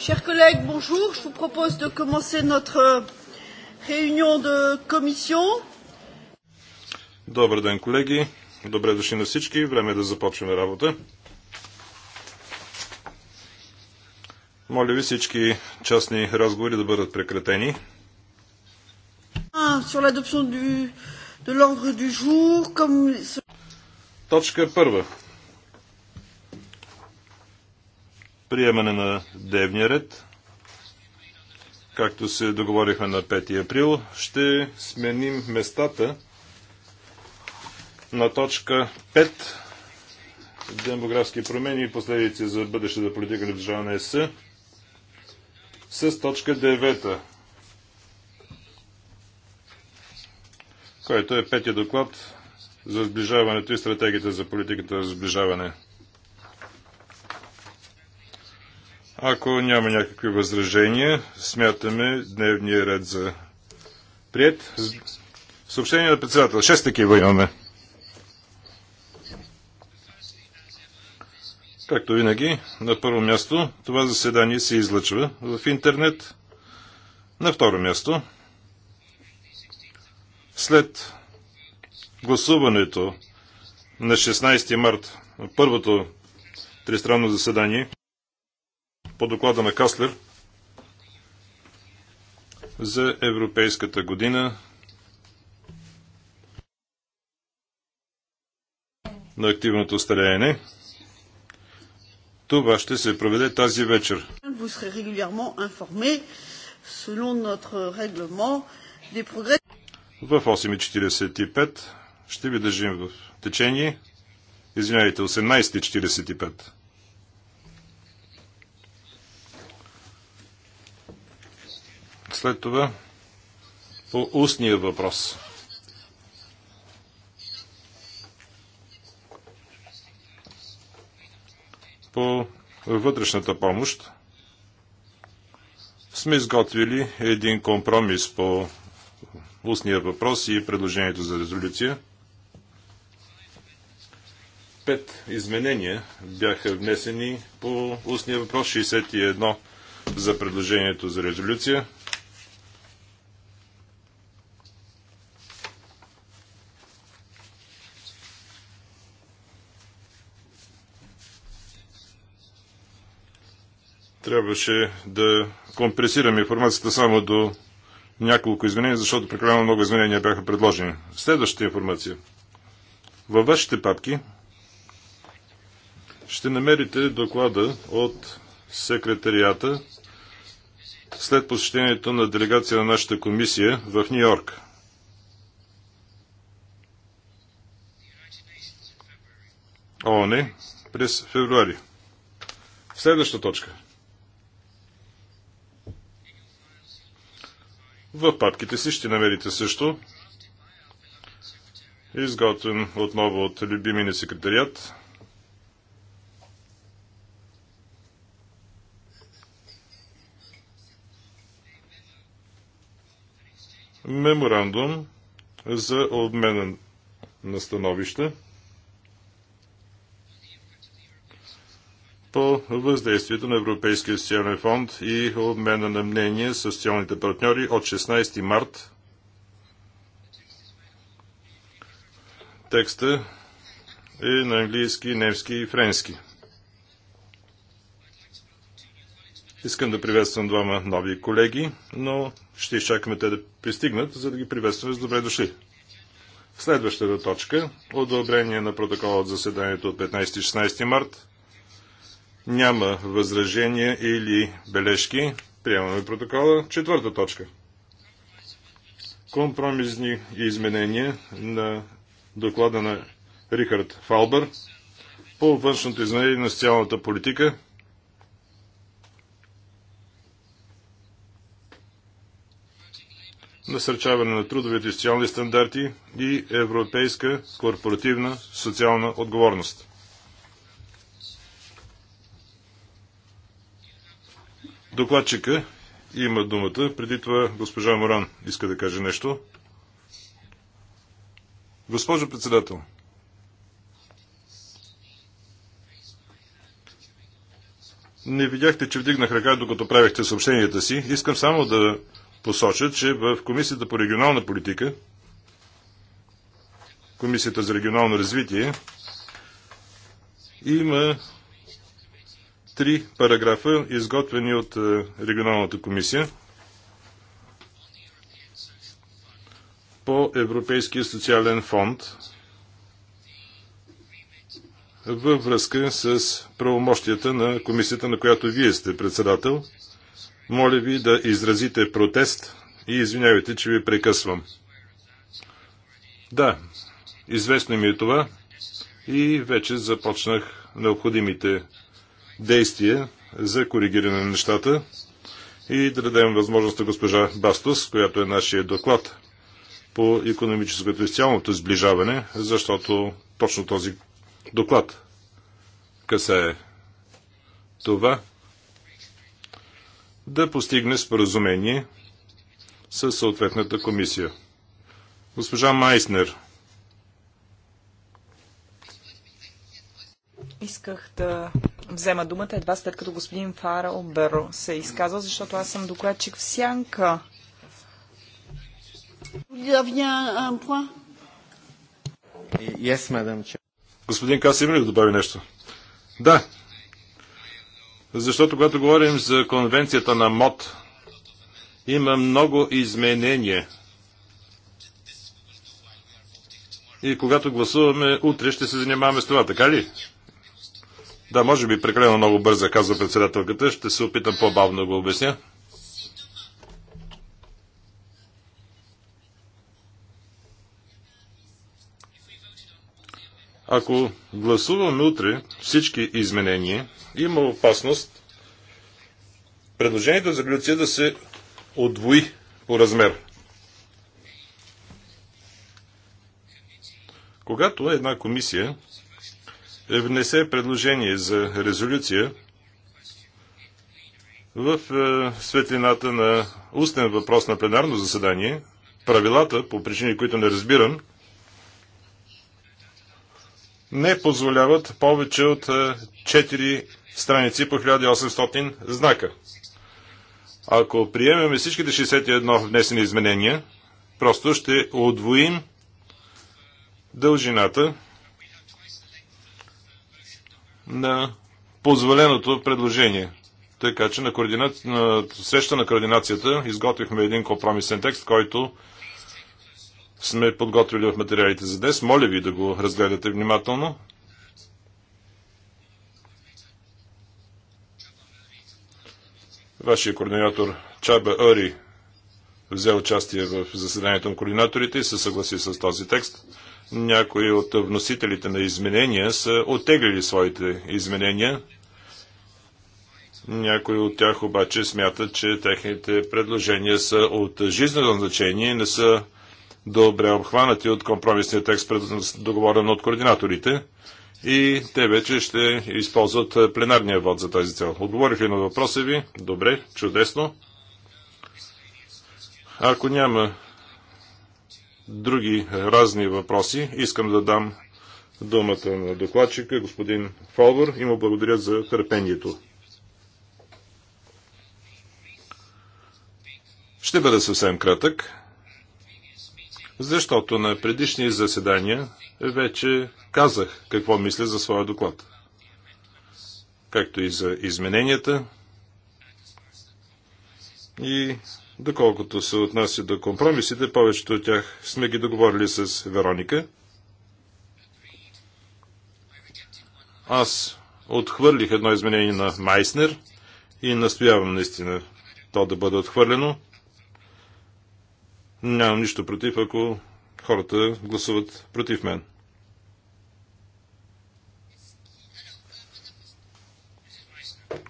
Chers collègues, bonjour. Je vous propose de commencer notre euh, réunion de commission. Добър ден, колеги. Добре дошли на всички. Време е да започваме работа. Моля ви всички частни разговори да бъдат прекратени. Точка първа Приемане на дневния ред. Както се договорихме на 5 април, ще сменим местата на точка 5 демографски промени и последици за бъдещата политика на държава на ЕС с точка 9, който е петия доклад за сближаването и стратегията за политиката за сближаване. Ако няма някакви възражения, смятаме дневния ред за прият. Съобщение на председател. Шест такива имаме. Както винаги, на първо място това заседание се излъчва в интернет. На второ място, след гласуването на 16 март, първото тристранно заседание, по доклада на Каслер за Европейската година на активното стареене. Това ще се проведе тази вечер. В 8.45 ще ви държим в течение. Извинявайте, 18.45. След това по устния въпрос. По вътрешната помощ сме изготвили един компромис по устния въпрос и предложението за резолюция. Пет изменения бяха внесени по устния въпрос, 61 за предложението за резолюция, трябваше да компресирам информацията само до няколко изменения, защото прекалено много изменения бяха предложени. Следващата информация. Във вашите папки ще намерите доклада от секретарията след посещението на делегация на нашата комисия в Нью Йорк. ООН през февруари. Следваща точка. В папките си ще намерите също изготвен отново от любими ни секретарият. Меморандум за обмена на становище. по въздействието на Европейския социален фонд и обмена на мнение с социалните партньори от 16 март. Текста е на английски, немски и френски. Искам да приветствам двама нови колеги, но ще изчакаме те да пристигнат, за да ги приветстваме с добре дошли. Следващата точка – одобрение на протокола от заседанието от 15-16 март няма възражения или бележки. Приемаме протокола. Четвърта точка. Компромисни изменения на доклада на Рихард Фалбър по външното изменение на социалната политика. насърчаване на трудовите и социални стандарти и европейска корпоративна социална отговорност. Докладчика има думата. Преди това госпожа Моран иска да каже нещо. Госпожо председател, не видяхте, че вдигнах ръка, докато правихте съобщенията си. Искам само да посоча, че в Комисията по регионална политика, Комисията за регионално развитие, има три параграфа, изготвени от е, регионалната комисия по Европейския социален фонд във връзка с правомощията на комисията, на която вие сте председател. Моля ви да изразите протест и извинявайте, че ви прекъсвам. Да, известно ми е това и вече започнах необходимите действия за коригиране на нещата и да дадем възможност на госпожа Бастус, която е нашия доклад по економическото и социалното сближаване, защото точно този доклад касае това да постигне споразумение със съответната комисия. Госпожа Майснер. Исках да взема думата едва след като господин Фарал Беро се е изказал, защото аз съм докладчик в сянка. господин Кас, има ли да добави нещо? Да. Защото когато говорим за конвенцията на МОД, има много изменения. И когато гласуваме, утре ще се занимаваме с това, така ли? Да, може би прекалено много бърза, казва председателката. Ще се опитам по-бавно да го обясня. Ако гласуваме утре всички изменения, има опасност предложението за глюция да се отвои по размер. Когато една комисия внесе предложение за резолюция в е, светлината на устен въпрос на пленарно заседание, правилата, по причини, които не разбирам, не позволяват повече от 4 е, страници по 1800 знака. Ако приемем всичките 61 внесени изменения, просто ще удвоим дължината на позволеното предложение. Така че на, координа... на среща на координацията изготвихме един компромисен текст, който сме подготвили в материалите за днес. Моля ви да го разгледате внимателно. Вашия координатор Чаба Ари взе участие в заседанието на координаторите и се съгласи с този текст. Някои от вносителите на изменения са отеглили своите изменения. Някои от тях обаче смятат, че техните предложения са от жизнено значение и не са добре обхванати от компромисния текст, договорен от координаторите и те вече ще използват пленарния вод за тази цел. Отговорих ли на въпроса ви? Добре, чудесно. Ако няма други разни въпроси. Искам да дам думата на докладчика, господин Фолвор, и му благодаря за търпението. Ще бъда съвсем кратък, защото на предишни заседания вече казах какво мисля за своя доклад, както и за измененията и Доколкото се отнася до компромисите, повечето от тях сме ги договорили с Вероника. Аз отхвърлих едно изменение на Майснер и настоявам наистина то да бъде отхвърлено. Нямам нищо против, ако хората гласуват против мен.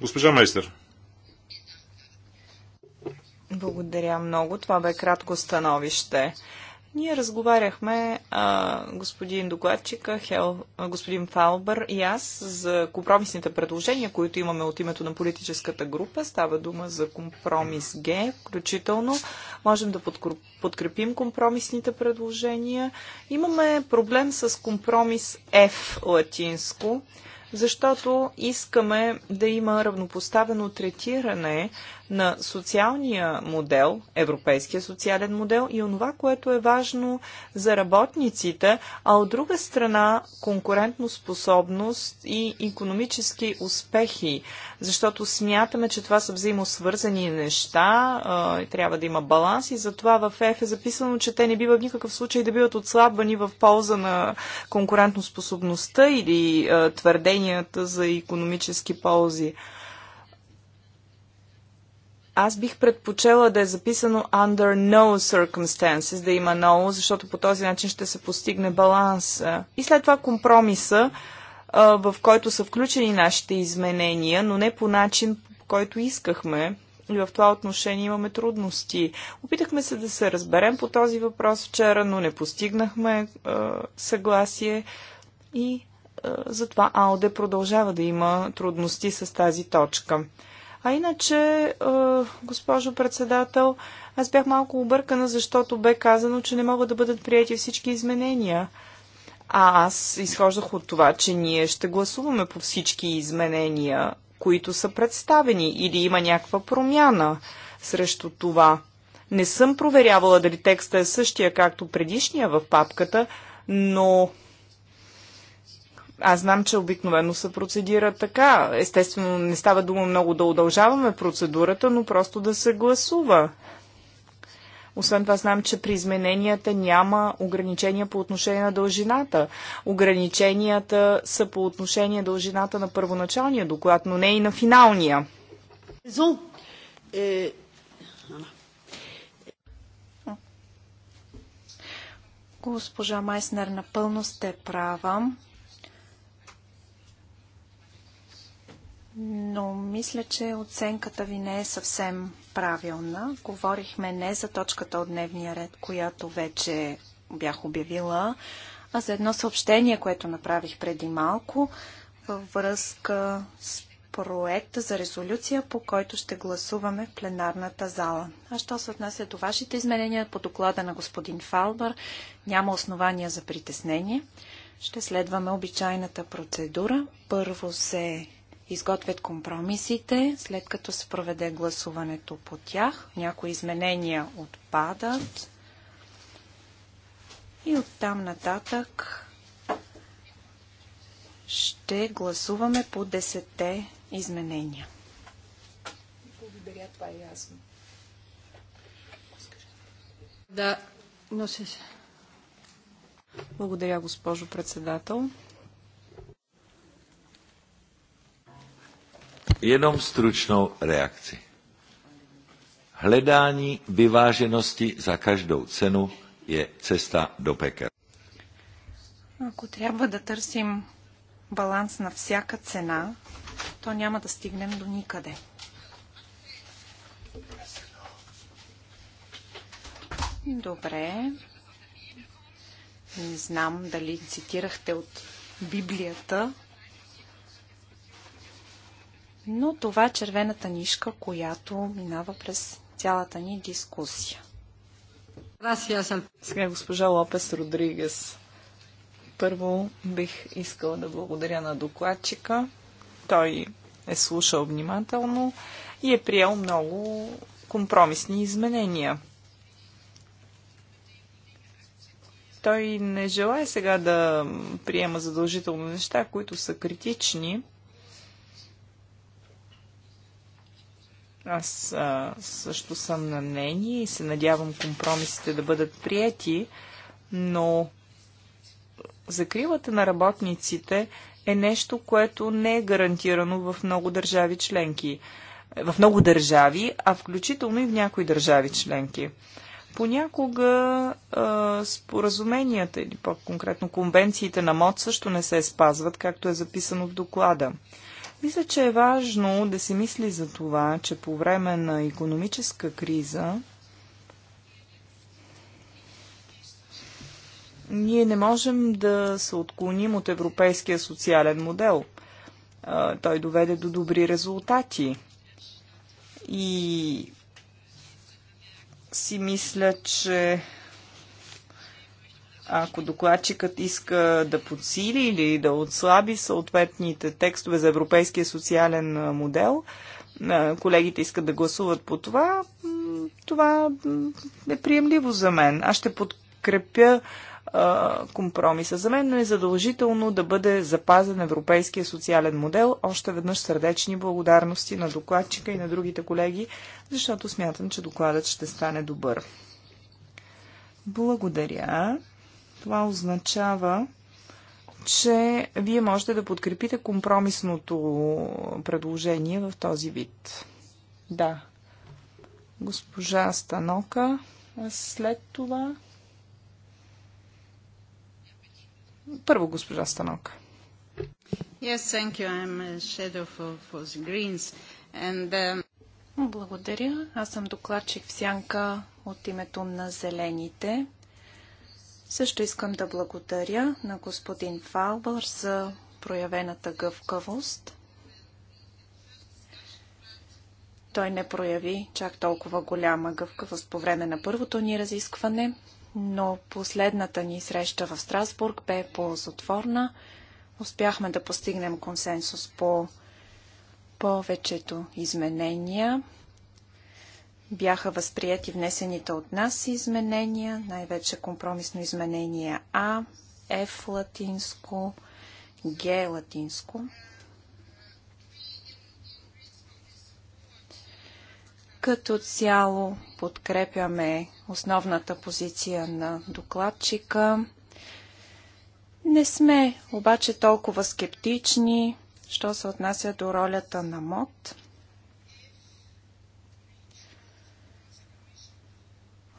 Госпожа Майстер. Благодаря много. Това бе кратко становище. Ние разговаряхме, а, господин докладчика, Хел, а, господин Фалбър и аз за компромисните предложения, които имаме от името на политическата група. Става дума за компромис Г, включително. Можем да подкрепим компромисните предложения. Имаме проблем с компромис F латинско защото искаме да има равнопоставено третиране на социалния модел, европейския социален модел и онова, което е важно за работниците, а от друга страна способност и економически успехи, защото смятаме, че това са взаимосвързани неща, трябва да има баланс и затова в ЕФ е записано, че те не бива в никакъв случай да биват отслабвани в полза на конкурентоспособността или а, твърдени решенията за економически ползи. Аз бих предпочела да е записано under no circumstances, да има no, защото по този начин ще се постигне баланс. И след това компромиса, в който са включени нашите изменения, но не по начин, по който искахме. И в това отношение имаме трудности. Опитахме се да се разберем по този въпрос вчера, но не постигнахме е, съгласие. И е, затова АОД продължава да има трудности с тази точка. А иначе, е, госпожо председател, аз бях малко объркана, защото бе казано, че не могат да бъдат прияти всички изменения. А аз изхождах от това, че ние ще гласуваме по всички изменения, които са представени или има някаква промяна срещу това. Не съм проверявала дали текста е същия, както предишния в папката, но аз знам, че обикновено се процедира така. Естествено, не става дума много да удължаваме процедурата, но просто да се гласува. Освен това знам, че при измененията няма ограничения по отношение на дължината. Ограниченията са по отношение дължината на първоначалния доклад, но не и на финалния. Госпожа Майснер, напълно сте права. но мисля, че оценката ви не е съвсем правилна. Говорихме не за точката от дневния ред, която вече бях обявила, а за едно съобщение, което направих преди малко във връзка с проекта за резолюция, по който ще гласуваме в пленарната зала. А що се отнася до вашите изменения по доклада на господин Фалбър, няма основания за притеснение. Ще следваме обичайната процедура. Първо се изготвят компромисите, след като се проведе гласуването по тях. Някои изменения отпадат. И оттам нататък ще гласуваме по 10 изменения. Благодаря, това е ясно. Да, но се. Благодаря, госпожо председател. jenom stručnou reakci. Hledání vyváženosti za každou cenu je cesta do пекара. Ако трябва да търсим баланс на всяка цена, то няма да стигнем до никъде. Добре. Не знам дали цитирахте от Библията, но това е червената нишка, която минава през цялата ни дискусия. Сега госпожа Лопес Родригес. Първо бих искала да благодаря на докладчика. Той е слушал внимателно и е приел много компромисни изменения. Той не желая сега да приема задължително неща, които са критични – Аз а, също съм на мнение и се надявам компромисите да бъдат прияти, но закривата на работниците е нещо, което не е гарантирано в много държави членки. В много държави, а включително и в някои държави членки. Понякога а, споразуменията или по-конкретно конвенциите на МОД също не се спазват, както е записано в доклада. Мисля, че е важно да се мисли за това, че по време на економическа криза ние не можем да се отклоним от европейския социален модел. Той доведе до добри резултати. И си мисля, че ако докладчикът иска да подсили или да отслаби съответните текстове за европейския социален модел, колегите искат да гласуват по това, това е приемливо за мен. Аз ще подкрепя компромиса. За мен е задължително да бъде запазен европейския социален модел. Още веднъж сърдечни благодарности на докладчика и на другите колеги, защото смятам, че докладът ще стане добър. Благодаря. Това означава, че вие можете да подкрепите компромисното предложение в този вид. Да. Госпожа Станока, след това. Първо госпожа Станока. Yes, thank you. I'm a shadow for, for the Greens. And, um... Благодаря. Аз съм докладчик в сянка от името на Зелените. Също искам да благодаря на господин Фалбър за проявената гъвкавост. Той не прояви чак толкова голяма гъвкавост по време на първото ни разискване, но последната ни среща в Страсбург бе ползотворна. Успяхме да постигнем консенсус по повечето изменения бяха възприяти внесените от нас изменения, най-вече компромисно изменение А, F латинско, Г латинско. Като цяло подкрепяме основната позиция на докладчика. Не сме обаче толкова скептични, що се отнася до ролята на МОД.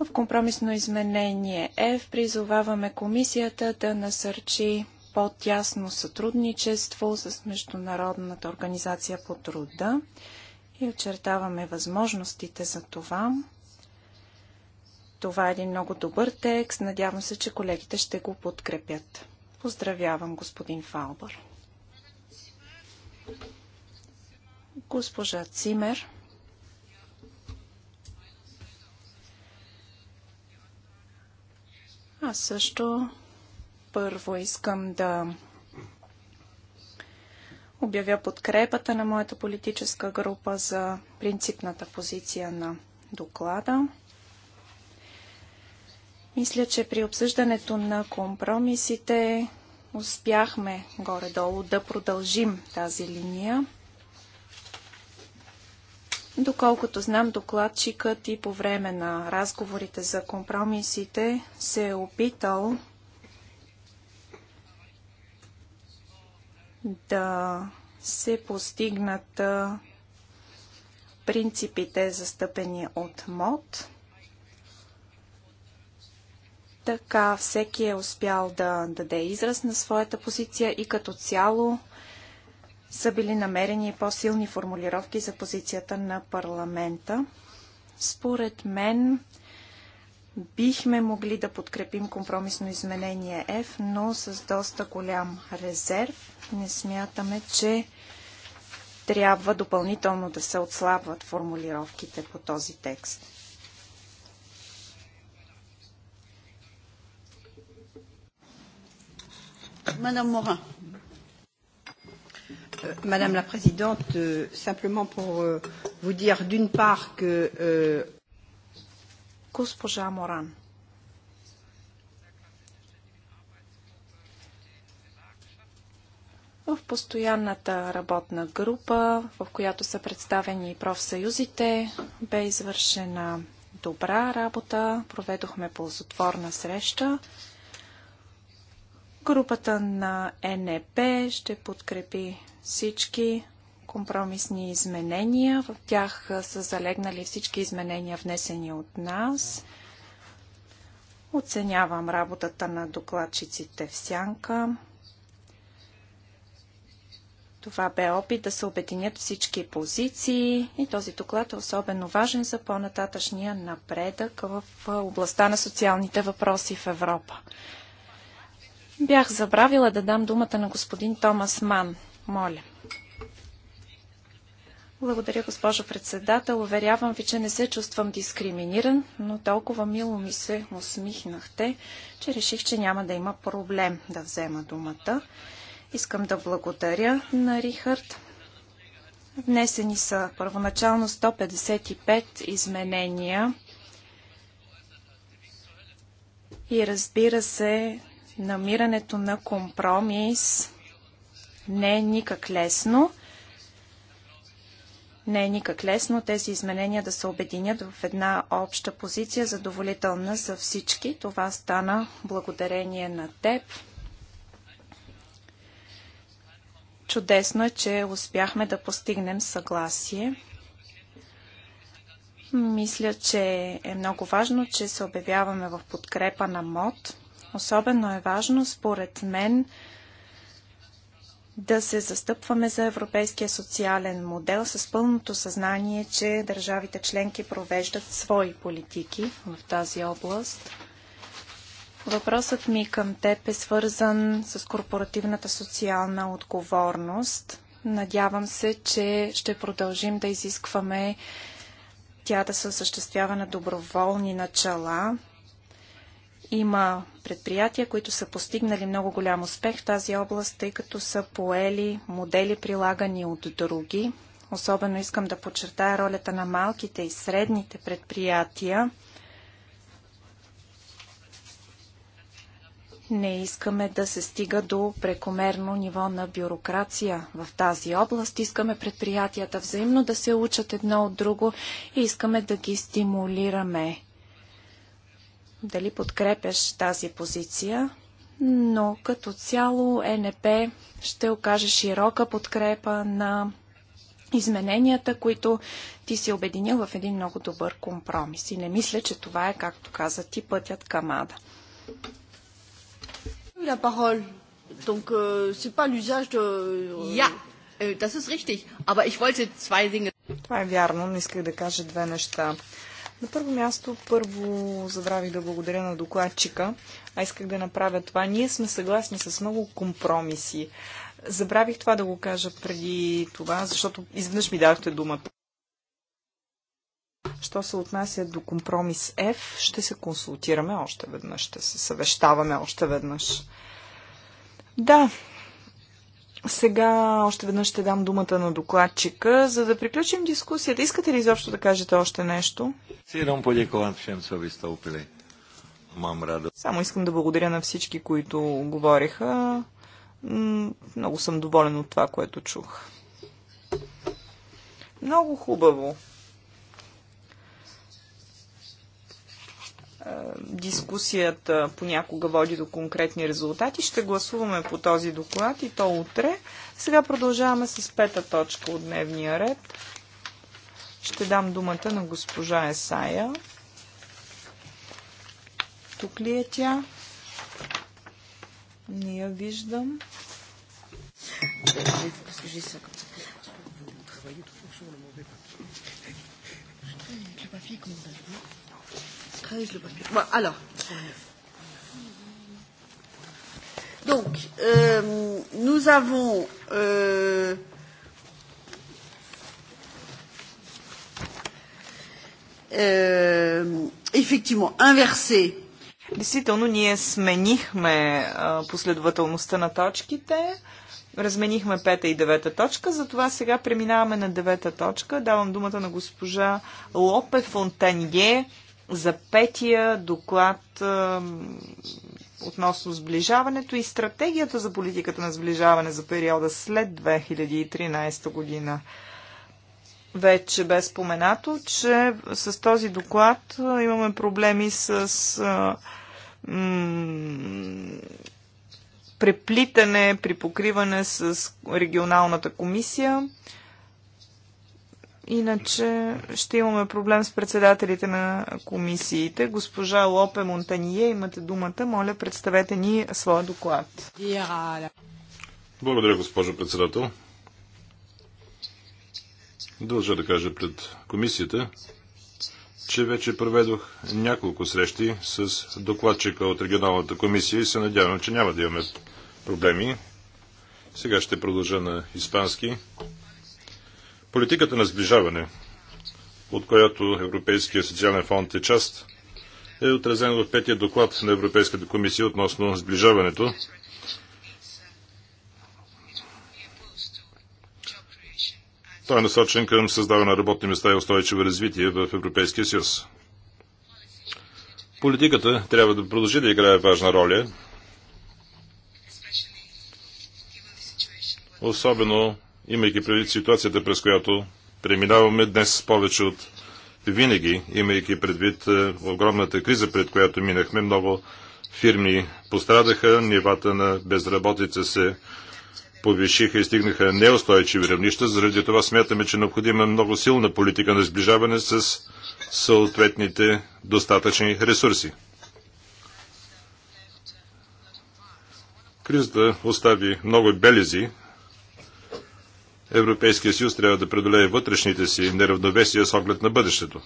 В компромисно изменение F призоваваме комисията да насърчи по-тясно сътрудничество с Международната организация по труда и очертаваме възможностите за това. Това е един много добър текст. Надявам се, че колегите ще го подкрепят. Поздравявам господин Фалбър. Госпожа Цимер. Аз също първо искам да обявя подкрепата на моята политическа група за принципната позиция на доклада. Мисля, че при обсъждането на компромисите успяхме горе-долу да продължим тази линия. Доколкото знам, докладчикът и по време на разговорите за компромисите се е опитал да се постигнат принципите застъпени от МОД. Така всеки е успял да даде израз на своята позиция и като цяло са били намерени и по-силни формулировки за позицията на парламента. Според мен бихме могли да подкрепим компромисно изменение F, но с доста голям резерв. Не смятаме, че трябва допълнително да се отслабват формулировките по този текст. Мадам Мора. Euh, Madame la Présidente, euh, simplement pour euh, vous dire d'une part que... Госпожа В постоянната работна група, в която са представени профсъюзите, бе извършена добра работа. Проведохме ползотворна среща. Групата на НЕП ще подкрепи всички компромисни изменения. В тях са залегнали всички изменения, внесени от нас. Оценявам работата на докладчиците в сянка. Това бе опит да се обединят всички позиции и този доклад е особено важен за по-нататъчния напредък в областта на социалните въпроси в Европа. Бях забравила да дам думата на господин Томас Ман. Моля. Благодаря, госпожо председател. Уверявам ви, че не се чувствам дискриминиран, но толкова мило ми се усмихнахте, че реших, че няма да има проблем да взема думата. Искам да благодаря на Рихард. Внесени са първоначално 155 изменения и разбира се, намирането на компромис – не е никак лесно. Не е никак лесно тези изменения да се обединят в една обща позиция, задоволителна за всички. Това стана благодарение на теб. Чудесно е, че успяхме да постигнем съгласие. Мисля, че е много важно, че се обявяваме в подкрепа на МОД. Особено е важно, според мен, да се застъпваме за европейския социален модел с пълното съзнание, че държавите членки провеждат свои политики в тази област. Въпросът ми към теб е свързан с корпоративната социална отговорност. Надявам се, че ще продължим да изискваме тя да се осъществява на доброволни начала, има предприятия, които са постигнали много голям успех в тази област, тъй като са поели модели прилагани от други. Особено искам да подчертая ролята на малките и средните предприятия. не искаме да се стига до прекомерно ниво на бюрокрация в тази област. Искаме предприятията взаимно да се учат едно от друго и искаме да ги стимулираме дали подкрепяш тази позиция, но като цяло ЕНП ще окаже широка подкрепа на измененията, които ти си обединил в един много добър компромис. И не мисля, че това е, както каза ти, пътят към Ада. La parole. Donc, euh, c'est pas l'usage de... Euh, äh, das ist richtig. Aber ich wollte zwei Dinge... Това е вярно, но исках да кажа две неща. На първо място, първо забравих да благодаря на докладчика, а исках да направя това. Ние сме съгласни с много компромиси. Забравих това да го кажа преди това, защото изведнъж ми дадохте думата. Що се отнася до компромис F, ще се консултираме още веднъж, ще се съвещаваме още веднъж. Да, сега още веднъж ще дам думата на докладчика, за да приключим дискусията. Искате ли изобщо да кажете още нещо? Само искам да благодаря на всички, които говориха. Много съм доволен от това, което чух. Много хубаво. дискусията понякога води до конкретни резултати. Ще гласуваме по този доклад и то утре. Сега продължаваме с пета точка от дневния ред. Ще дам думата на госпожа Есая. Тук ли е тя? Не я виждам. Je 13, le papier. Bon, alors. Donc, euh, nous avons. Euh, Euh, effectivement, inversé. Действително, ние сменихме а, последователността на точките. Разменихме пета и девета точка, затова сега преминаваме на девета точка. Давам думата на госпожа Лопе Фонтанье за петия доклад а, относно сближаването и стратегията за политиката на сближаване за периода след 2013 година. Вече бе споменато, че с този доклад имаме проблеми с а, преплитане, припокриване с регионалната комисия. Иначе ще имаме проблем с председателите на комисиите. Госпожа Лопе Монтанье, имате думата. Моля, представете ни своя доклад. Благодаря, госпожо председател. Дължа да кажа пред комисията, че вече проведох няколко срещи с докладчика от регионалната комисия и се надявам, че няма да имаме проблеми. Сега ще продължа на испански. Политиката на сближаване, от която Европейския социален фонд е част, е отразена в петия доклад на Европейската комисия относно сближаването. Той е насочен към създаване на работни места и устойчиво развитие в Европейския съюз. Политиката трябва да продължи да играе важна роля, особено имайки предвид ситуацията, през която преминаваме днес повече от винаги, имайки предвид е, огромната криза, пред която минахме, много фирми пострадаха, нивата на безработица се повишиха и стигнаха неустойчиви равнища. Заради това смятаме, че необходима много силна политика на сближаване с съответните достатъчни ресурси. Кризата остави много белези Европейския съюз трябва да преодолее вътрешните си неравновесия с оглед на бъдещето.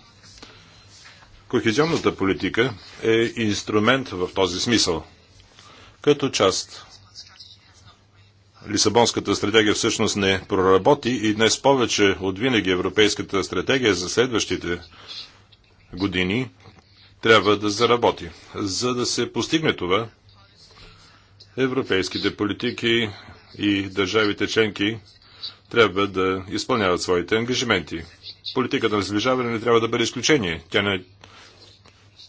Кохезионната политика е инструмент в този смисъл. Като част Лисабонската стратегия всъщност не проработи и днес повече от винаги Европейската стратегия за следващите години трябва да заработи. За да се постигне това, европейските политики и държавите членки трябва да изпълняват своите ангажименти. Политиката на сближаване не трябва да бъде изключение. Тя, не...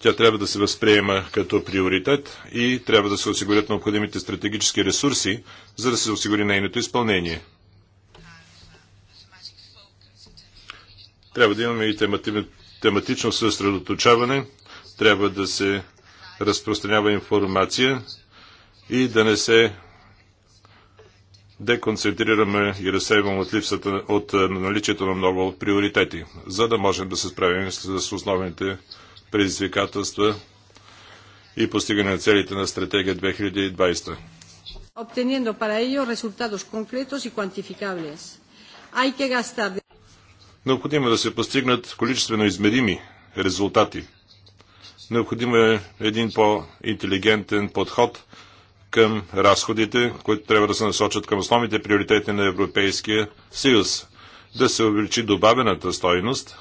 Тя трябва да се възприема като приоритет и трябва да се осигурят необходимите стратегически ресурси, за да се осигури нейното изпълнение. Трябва да имаме и темати... тематично съсредоточаване, трябва да се разпространява информация и да не се деконцентрираме и разсейваме от, липсата, от е, наличието на много приоритети, за да можем да се справим с основните предизвикателства и постигане на целите на стратегия 2020. Obteniendo para ello resultados concretos y cuantificables. Hay que gastar... Необходимо е да се постигнат количествено измерими резултати. Необходимо е един по-интелигентен подход – към разходите, които трябва да се насочат към основните приоритети на Европейския съюз. Да се увеличи добавената стойност,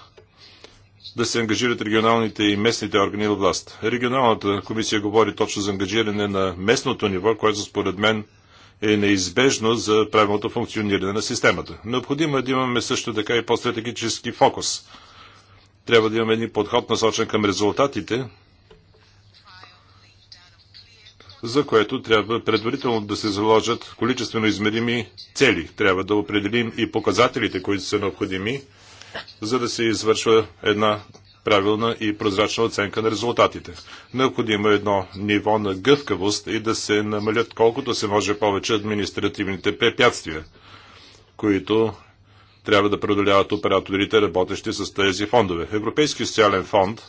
да се ангажират регионалните и местните органи на власт. Регионалната комисия говори точно за ангажиране на местното ниво, което според мен е неизбежно за правилното функциониране на системата. Необходимо е да имаме също така и по-стратегически фокус. Трябва да имаме един подход насочен към резултатите, за което трябва предварително да се заложат количествено измерими цели. Трябва да определим и показателите, които са необходими, за да се извършва една правилна и прозрачна оценка на резултатите. Необходимо е едно ниво на гъвкавост и да се намалят колкото се може повече административните препятствия, които трябва да преодоляват операторите, работещи с тези фондове. Европейски социален фонд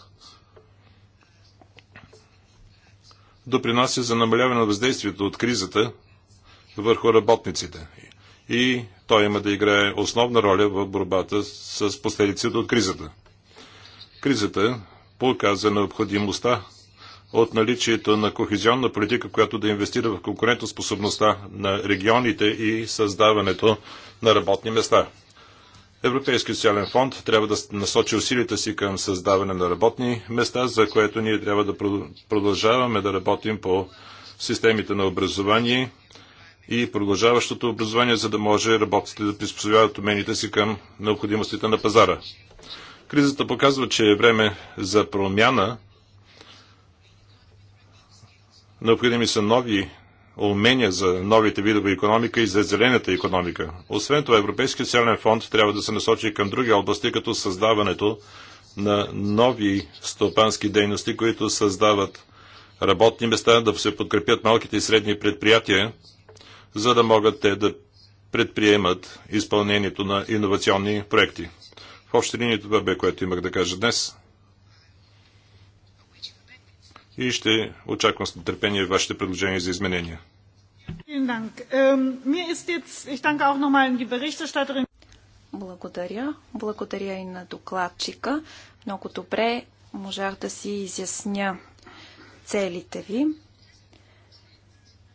допринася за намаляване на въздействието от кризата върху работниците. И той има да играе основна роля в борбата с последиците от кризата. Кризата показа необходимостта от наличието на кохезионна политика, която да инвестира в конкурентоспособността на регионите и създаването на работни места. Европейският социален фонд трябва да насочи усилията си към създаване на работни места, за което ние трябва да продължаваме да работим по системите на образование и продължаващото образование, за да може работите да приспособяват умените си към необходимостите на пазара. Кризата показва, че е време за промяна. Необходими са нови умения за новите видове економика и за зелената економика. Освен това, Европейския социален фонд трябва да се насочи към други области, като създаването на нови стопански дейности, които създават работни места, да се подкрепят малките и средни предприятия, за да могат те да предприемат изпълнението на иновационни проекти. В общи линии това бе, което имах да кажа днес и ще очаквам с нетърпение вашите предложения за изменения. Ähm, Благодаря. Благодаря и на докладчика. Много добре можах да си изясня целите ви,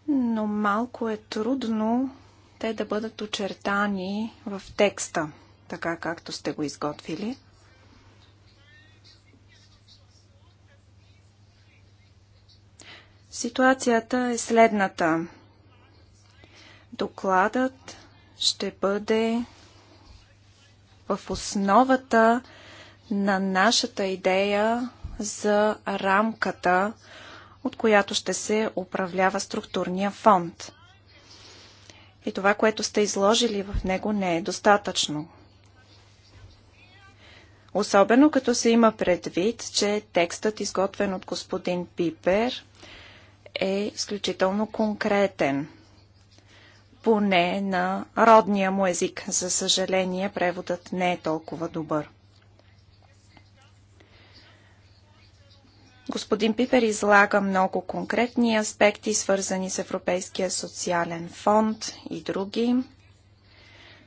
но малко е трудно те да бъдат очертани в текста, така както сте го изготвили. Ситуацията е следната. Докладът ще бъде в основата на нашата идея за рамката, от която ще се управлява структурния фонд. И това, което сте изложили в него, не е достатъчно. Особено като се има предвид, че текстът, изготвен от господин Пипер, е изключително конкретен, поне на родния му език. За съжаление, преводът не е толкова добър. Господин Пипер излага много конкретни аспекти, свързани с Европейския социален фонд и други.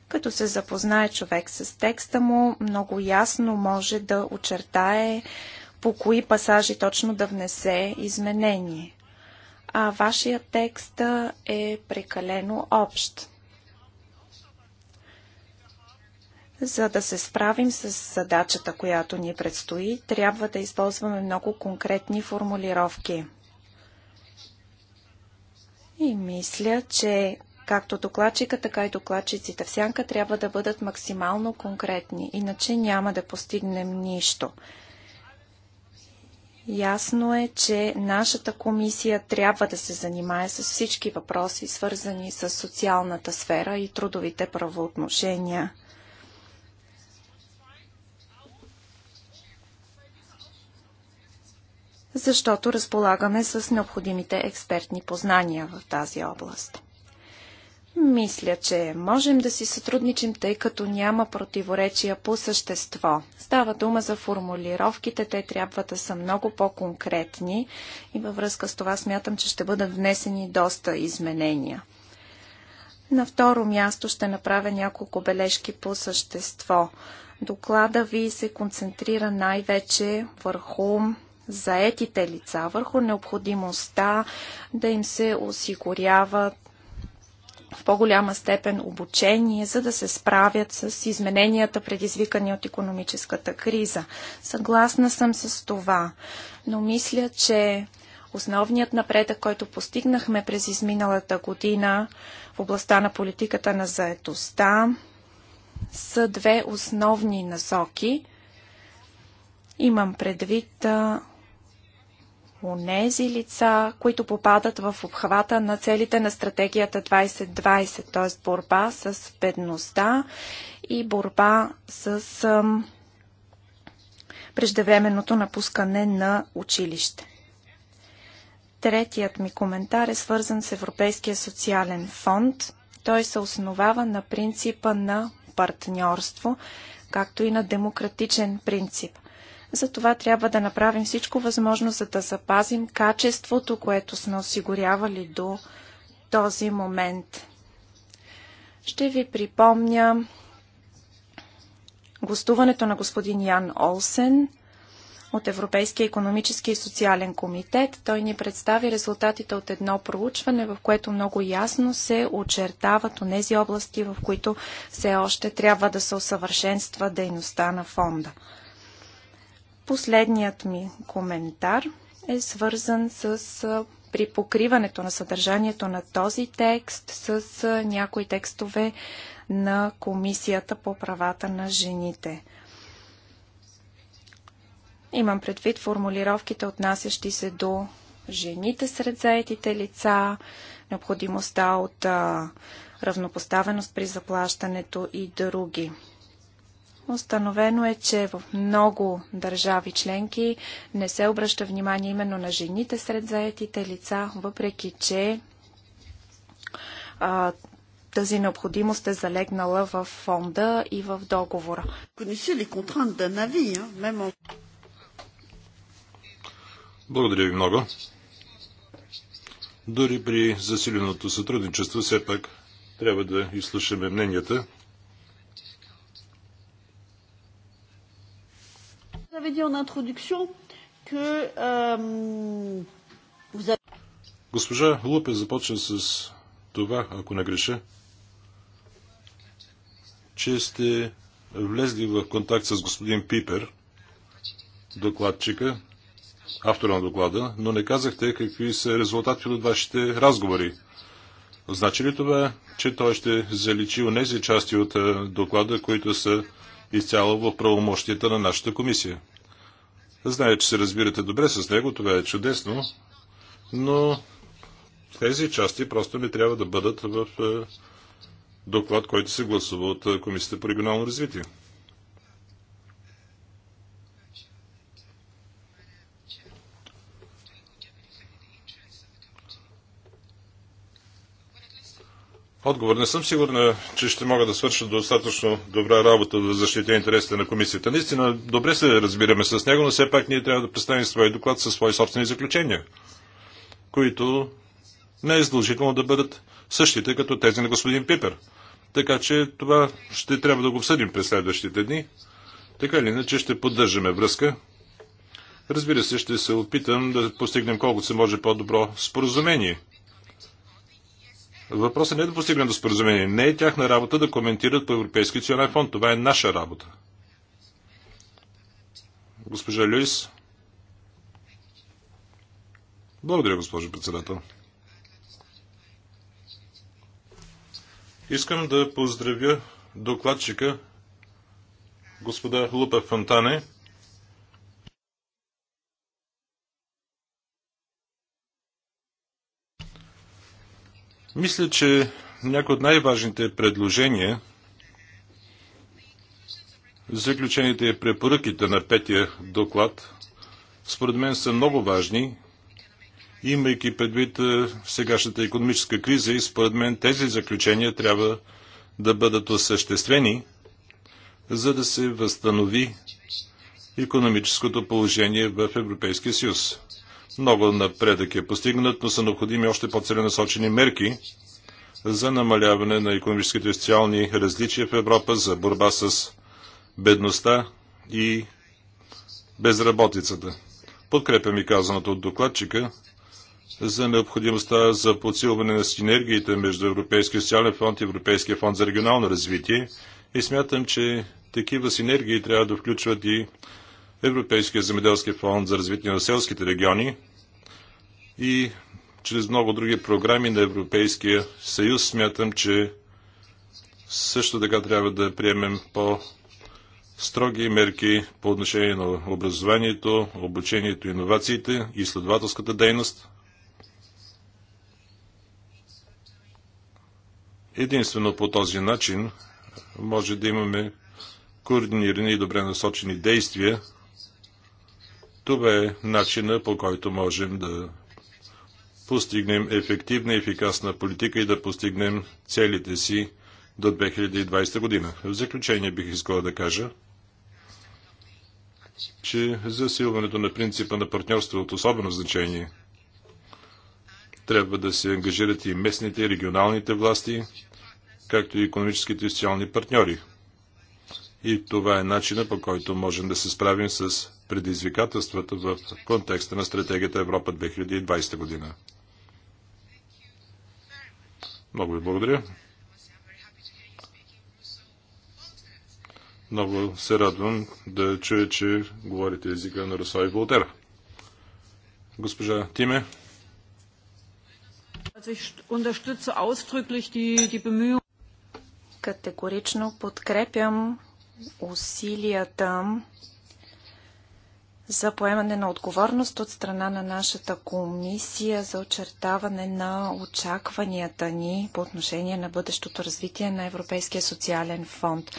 Като се запознае човек с текста му, много ясно може да очертае по кои пасажи точно да внесе изменение а вашия текст е прекалено общ. За да се справим с задачата, която ни предстои, трябва да използваме много конкретни формулировки. И мисля, че както докладчика, така и докладчиците в сянка трябва да бъдат максимално конкретни, иначе няма да постигнем нищо. Ясно е, че нашата комисия трябва да се занимае с всички въпроси, свързани с социалната сфера и трудовите правоотношения. защото разполагаме с необходимите експертни познания в тази област. Мисля, че можем да си сътрудничим, тъй като няма противоречия по същество. Става дума за формулировките, те трябва да са много по-конкретни и във връзка с това смятам, че ще бъдат внесени доста изменения. На второ място ще направя няколко бележки по същество. Доклада ви се концентрира най-вече върху заетите лица, върху необходимостта да им се осигуряват в по-голяма степен обучение, за да се справят с измененията, предизвикани от економическата криза. Съгласна съм с това, но мисля, че основният напредък, който постигнахме през изминалата година в областта на политиката на заетостта, са две основни насоки. Имам предвид онези лица, които попадат в обхвата на целите на стратегията 2020, т.е. борба с бедността и борба с ам, преждевременното напускане на училище. Третият ми коментар е свързан с Европейския социален фонд. Той се основава на принципа на партньорство, както и на демократичен принцип. Затова трябва да направим всичко възможно, за да запазим качеството, което сме осигурявали до този момент. Ще ви припомня гостуването на господин Ян Олсен от Европейския економически и социален комитет. Той ни представи резултатите от едно проучване, в което много ясно се очертават у нези области, в които все още трябва да се усъвършенства дейността на фонда. Последният ми коментар е свързан с при покриването на съдържанието на този текст с някои текстове на Комисията по правата на жените. Имам предвид формулировките, отнасящи се до жените сред заетите лица, необходимостта от равнопоставеност при заплащането и други. Установено е, че в много държави членки не се обръща внимание именно на жените сред заетите лица, въпреки че а, тази необходимост е залегнала в фонда и в договора. Благодаря ви много. Дори при засиленото сътрудничество, все пак трябва да изслушаме мненията Vous avez dit en introduction que euh, vous avez... Госпожа Лупе започва с това, ако не греша, че сте влезли в контакт с господин Пипер, докладчика, автора на доклада, но не казахте какви са резултати от вашите разговори. Значи ли това, че той ще заличи онези части от е, доклада, които са изцяло в правомощията на нашата комисия. Знае, че се разбирате добре с него, това е чудесно, но тези части просто не трябва да бъдат в е, доклад, който се гласува от е, Комисията по регионално развитие. отговор. Не съм сигурна, че ще мога да свърша достатъчно добра работа да защитя интересите на комисията. Наистина, добре се разбираме с него, но все пак ние трябва да представим своя доклад със свои собствени заключения, които не е издължително да бъдат същите, като тези на господин Пипер. Така че това ще трябва да го обсъдим през следващите дни. Така или иначе ще поддържаме връзка. Разбира се, ще се опитам да постигнем колкото се може по-добро споразумение Въпросът не е да постигнем до споразумение. Не е тяхна работа да коментират по Европейски национален фонд. Това е наша работа. Госпожа Люис. Благодаря, госпожо председател. Искам да поздравя докладчика господа Лупа Фонтане Мисля, че някои от най-важните предложения, заключените и препоръките на петия доклад, според мен са много важни, имайки предвид е, сегашната економическа криза и според мен тези заключения трябва да бъдат осъществени, за да се възстанови економическото положение в Европейския съюз. Много напредък е постигнат, но са необходими още по-целенасочени мерки за намаляване на економическите и социални различия в Европа, за борба с бедността и безработицата. Подкрепям и казаното от докладчика за необходимостта за подсилване на синергиите между Европейския социален фонд и Европейския фонд за регионално развитие и смятам, че такива синергии трябва да включват и Европейския земеделски фонд за развитие на селските региони и чрез много други програми на Европейския съюз. Смятам, че също така трябва да приемем по строги мерки по отношение на образованието, обучението, иновациите, и изследователската дейност. Единствено по този начин може да имаме координирани и добре насочени действия това е начина по който можем да постигнем ефективна и ефикасна политика и да постигнем целите си до 2020 година. В заключение бих искал да кажа, че засилването на принципа на партньорство е от особено значение. Трябва да се ангажират и местните, и регионалните власти, както и економическите и социални партньори – и това е начина по който можем да се справим с предизвикателствата в контекста на стратегията Европа 2020 година. Много ви благодаря. Много се радвам да чуя, че говорите езика на Руслав и Волтер. Госпожа Тиме. Категорично подкрепям усилията за поемане на отговорност от страна на нашата комисия за очертаване на очакванията ни по отношение на бъдещото развитие на Европейския социален фонд.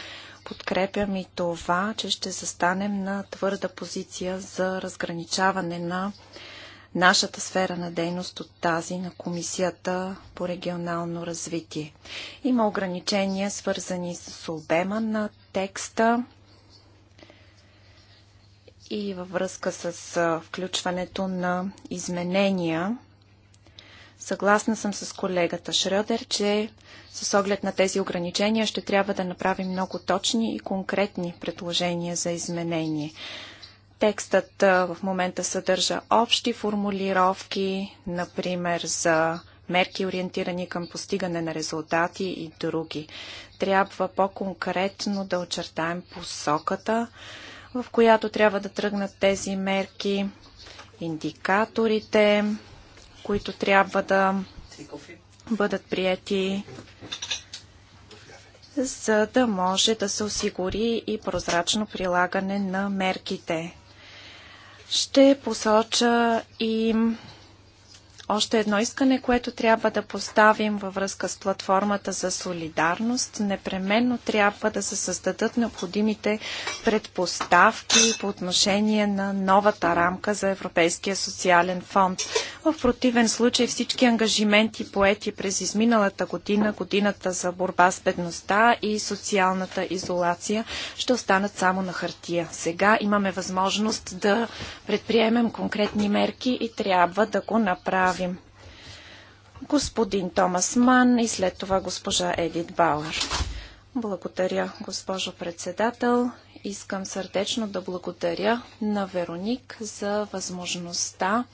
Подкрепям и това, че ще застанем на твърда позиция за разграничаване на нашата сфера на дейност от тази на Комисията по регионално развитие. Има ограничения, свързани с обема на текста и във връзка с включването на изменения. Съгласна съм с колегата Шрёдер, че с оглед на тези ограничения ще трябва да направим много точни и конкретни предложения за изменение. Текстът в момента съдържа общи формулировки, например за мерки ориентирани към постигане на резултати и други трябва по-конкретно да очертаем посоката, в която трябва да тръгнат тези мерки, индикаторите, които трябва да бъдат прияти, за да може да се осигури и прозрачно прилагане на мерките. Ще посоча и още едно искане, което трябва да поставим във връзка с платформата за солидарност, непременно трябва да се създадат необходимите предпоставки по отношение на новата рамка за Европейския социален фонд. В противен случай всички ангажименти поети през изминалата година, годината за борба с бедността и социалната изолация ще останат само на хартия. Сега имаме възможност да предприемем конкретни мерки и трябва да го направим направим. Господин Томас Ман и след това госпожа Едит Бауер. Благодаря, госпожо председател. Искам сърдечно да благодаря на Вероник за възможността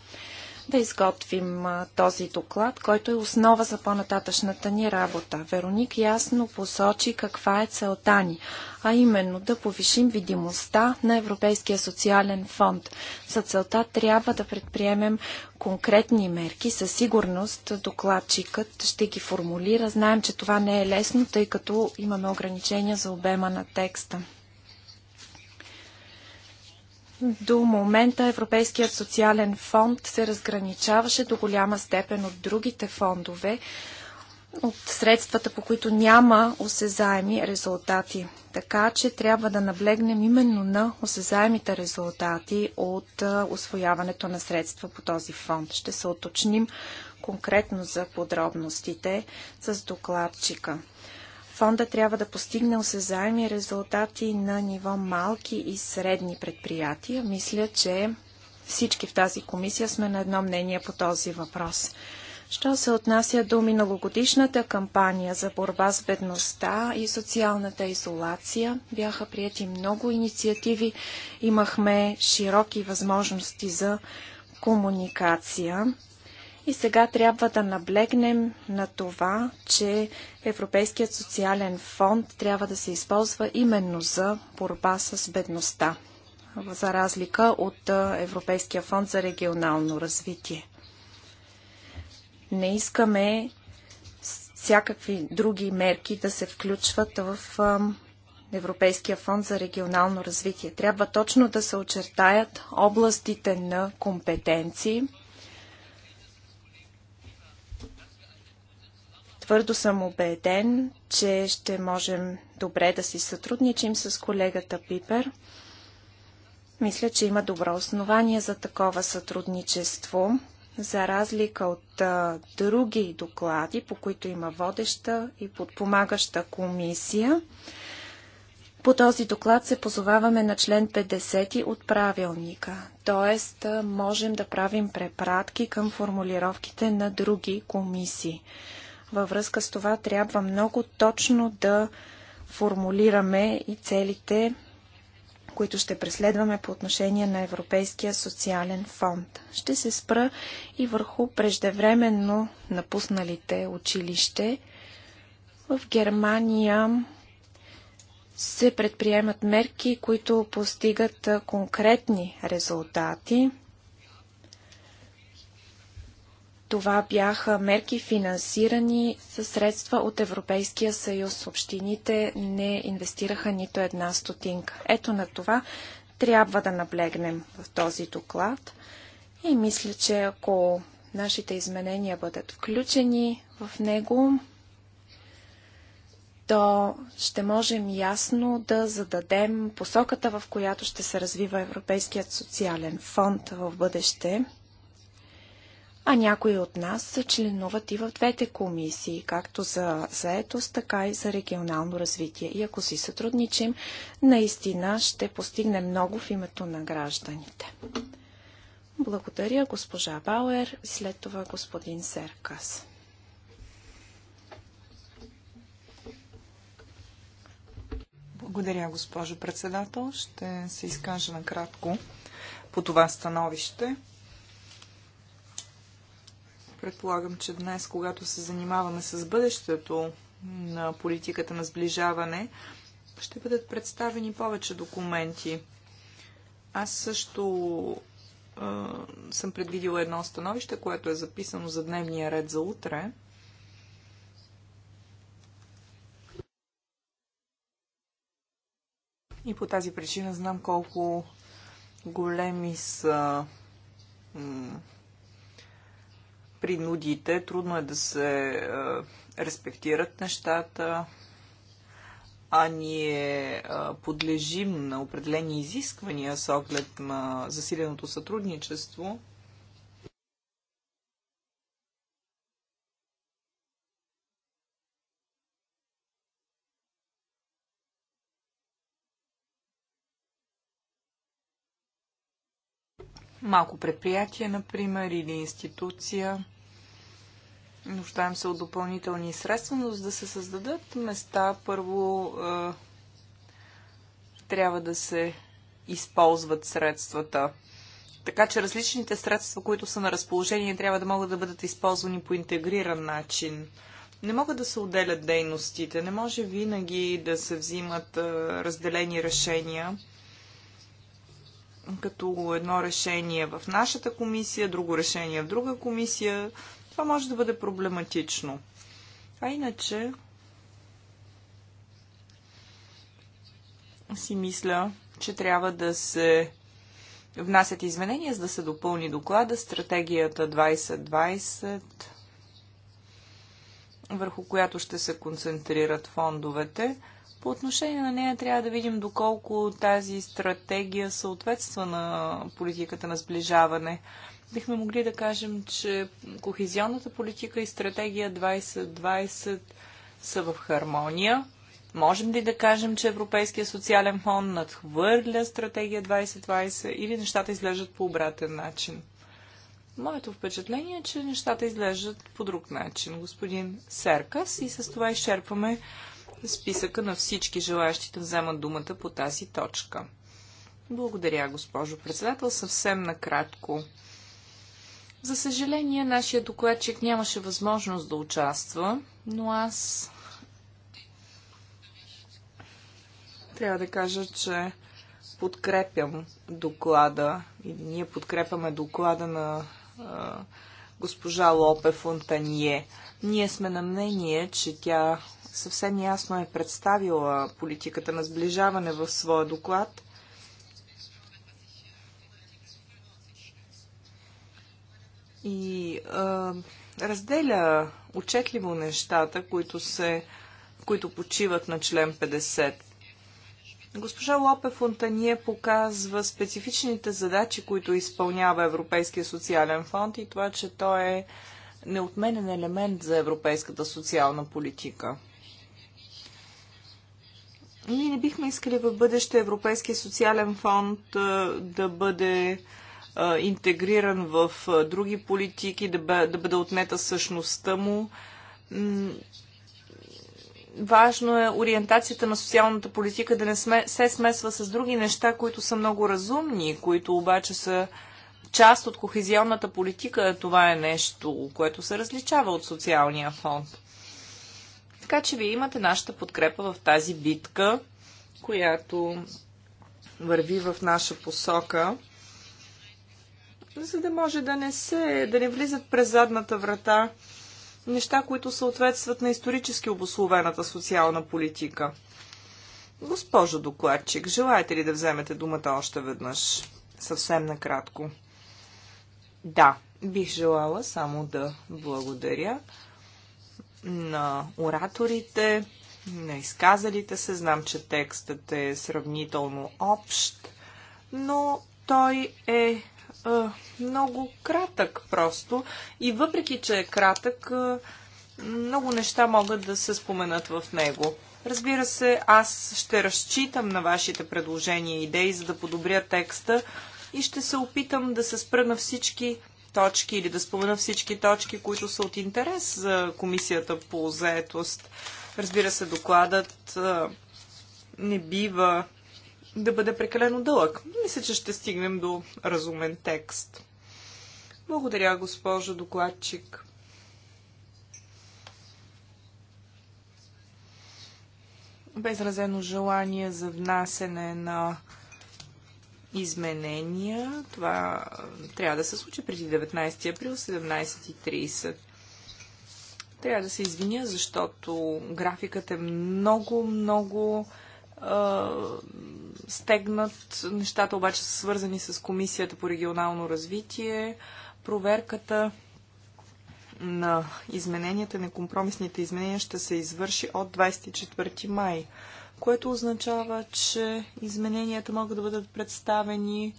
да изготвим този доклад, който е основа за по-нататъчната ни работа. Вероник ясно посочи каква е целта ни, а именно да повишим видимостта на Европейския социален фонд. За целта трябва да предприемем конкретни мерки. Със сигурност докладчикът ще ги формулира. Знаем, че това не е лесно, тъй като имаме ограничения за обема на текста. До момента Европейският социален фонд се разграничаваше до голяма степен от другите фондове, от средствата, по които няма осезаеми резултати. Така че трябва да наблегнем именно на осезаемите резултати от освояването на средства по този фонд. Ще се оточним конкретно за подробностите с докладчика. Фонда трябва да постигне осезаеми резултати на ниво малки и средни предприятия. Мисля, че всички в тази комисия сме на едно мнение по този въпрос. Що се отнася до миналогодишната кампания за борба с бедността и социалната изолация, бяха прияти много инициативи, имахме широки възможности за комуникация. И сега трябва да наблегнем на това, че Европейският социален фонд трябва да се използва именно за борба с бедността, за разлика от Европейския фонд за регионално развитие. Не искаме всякакви други мерки да се включват в Европейския фонд за регионално развитие. Трябва точно да се очертаят областите на компетенции – Твърдо съм убеден, че ще можем добре да си сътрудничим с колегата Пипер. Мисля, че има добро основание за такова сътрудничество, за разлика от а, други доклади, по които има водеща и подпомагаща комисия. По този доклад се позоваваме на член 50 от правилника, т.е. можем да правим препратки към формулировките на други комисии. Във връзка с това трябва много точно да формулираме и целите, които ще преследваме по отношение на Европейския социален фонд. Ще се спра и върху преждевременно напусналите училище. В Германия се предприемат мерки, които постигат конкретни резултати. Това бяха мерки финансирани със средства от Европейския съюз. Общините не инвестираха нито една стотинка. Ето на това трябва да наблегнем в този доклад. И мисля, че ако нашите изменения бъдат включени в него, то ще можем ясно да зададем посоката, в която ще се развива Европейският социален фонд в бъдеще – а някои от нас се членуват и в двете комисии, както за заетост, така и за регионално развитие. И ако си сътрудничим, наистина ще постигнем много в името на гражданите. Благодаря госпожа Бауер и след това господин Серкас. Благодаря, госпожо председател. Ще се изкажа накратко по това становище. Предполагам, че днес, когато се занимаваме с бъдещето на политиката на сближаване, ще бъдат представени повече документи. Аз също е, съм предвидила едно становище, което е записано за дневния ред за утре. И по тази причина знам колко големи са принудите, трудно е да се е, респектират нещата, а ние е, подлежим на определени изисквания с оглед на засиленото сътрудничество – малко предприятие, например, или институция. Нуждаем се от допълнителни средства, но за да се създадат места, първо е, трябва да се използват средствата. Така че различните средства, които са на разположение, трябва да могат да бъдат използвани по интегриран начин. Не могат да се отделят дейностите, не може винаги да се взимат е, разделени решения като едно решение в нашата комисия, друго решение в друга комисия. Това може да бъде проблематично. А иначе си мисля, че трябва да се внасят изменения, за да се допълни доклада стратегията 2020, върху която ще се концентрират фондовете. По отношение на нея трябва да видим доколко тази стратегия съответства на политиката на сближаване. Бихме могли да кажем, че кохезионната политика и стратегия 2020 са в хармония. Можем ли да кажем, че Европейския социален фонд надхвърля стратегия 2020 или нещата изглеждат по обратен начин? Моето впечатление е, че нещата изглеждат по друг начин. Господин Серкас и с това изчерпваме списъка на всички желаящи да вземат думата по тази точка. Благодаря, госпожо председател. Съвсем накратко. За съжаление, нашия докладчик нямаше възможност да участва, но аз трябва да кажа, че подкрепям доклада и ние подкрепяме доклада на госпожа Лопе Фонтанье. Ние сме на мнение, че тя съвсем ясно е представила политиката на сближаване в своя доклад. И а, разделя отчетливо нещата, които, се, които почиват на член 50. Госпожа Лопе Фонтание показва специфичните задачи, които изпълнява Европейския социален фонд и това, че той е неотменен елемент за европейската социална политика. Ние не бихме искали в бъдеще Европейския социален фонд да бъде интегриран в други политики, да, бъде отнета същността му. Важно е ориентацията на социалната политика да не сме, се смесва с други неща, които са много разумни, които обаче са част от кохезионната политика. Това е нещо, което се различава от социалния фонд. Така че вие имате нашата подкрепа в тази битка, която върви в наша посока, за да може да не се, да не влизат през задната врата неща, които съответстват на исторически обословената социална политика. Госпожо докладчик, желаете ли да вземете думата още веднъж? Съвсем накратко. Да, бих желала само да благодаря на ораторите, на изказалите се. Знам, че текстът е сравнително общ, но той е, е много кратък просто. И въпреки, че е кратък, е, много неща могат да се споменат в него. Разбира се, аз ще разчитам на вашите предложения и идеи, за да подобря текста и ще се опитам да се спра на всички точки или да спомена всички точки, които са от интерес за Комисията по заетост. Разбира се, докладът не бива да бъде прекалено дълъг. Мисля, че ще стигнем до разумен текст. Благодаря, госпожо докладчик. Безразено желание за внасене на изменения. Това трябва да се случи преди 19 април 17.30. Трябва да се извиня, защото графикът е много, много е, стегнат. Нещата обаче са свързани с Комисията по регионално развитие. Проверката на измененията, на компромисните изменения ще се извърши от 24 май което означава, че измененията могат да бъдат представени.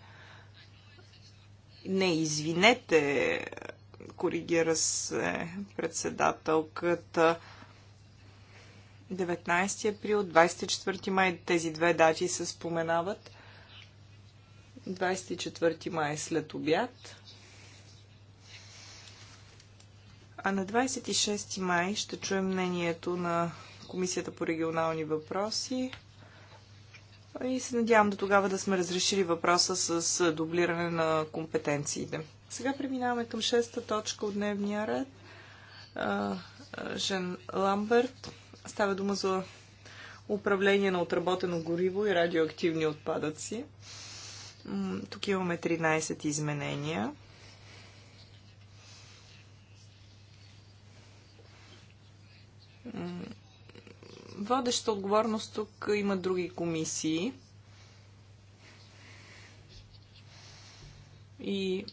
Не, извинете, коригира се председателката. 19 април, 24 май, тези две дати се споменават. 24 май е след обяд. А на 26 май ще чуем мнението на Комисията по регионални въпроси. И се надявам до тогава да сме разрешили въпроса с дублиране на компетенциите. Сега преминаваме към шеста точка от дневния ред. Жен Ламберт. Става дума за управление на отработено гориво и радиоактивни отпадъци. Тук имаме 13 изменения. Водеща отговорност тук има други комисии. И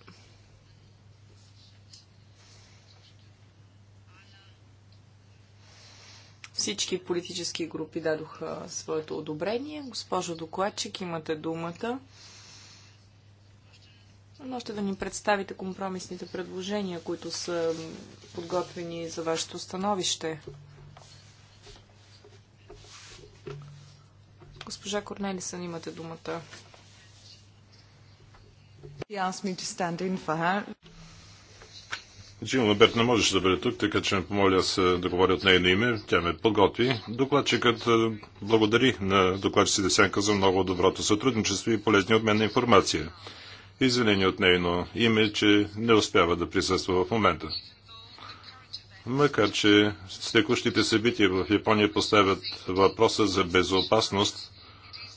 всички политически групи дадоха своето одобрение. Госпожо докладчик, имате думата. Можете да ни представите компромисните предложения, които са подготвени за вашето становище. Госпожа Корнелисън, имате думата. Джим Лаберт не можеше да бъде тук, така че ме помоля аз е, да говоря от нейно име. Тя ме подготви. Докладчикът е, благодари на докладчиците Сенка за много доброто сътрудничество и полезни от мен на информация. Извинение от нейно име, че не успява да присъства в момента. Макар, че стекущите събития в Япония поставят въпроса за безопасност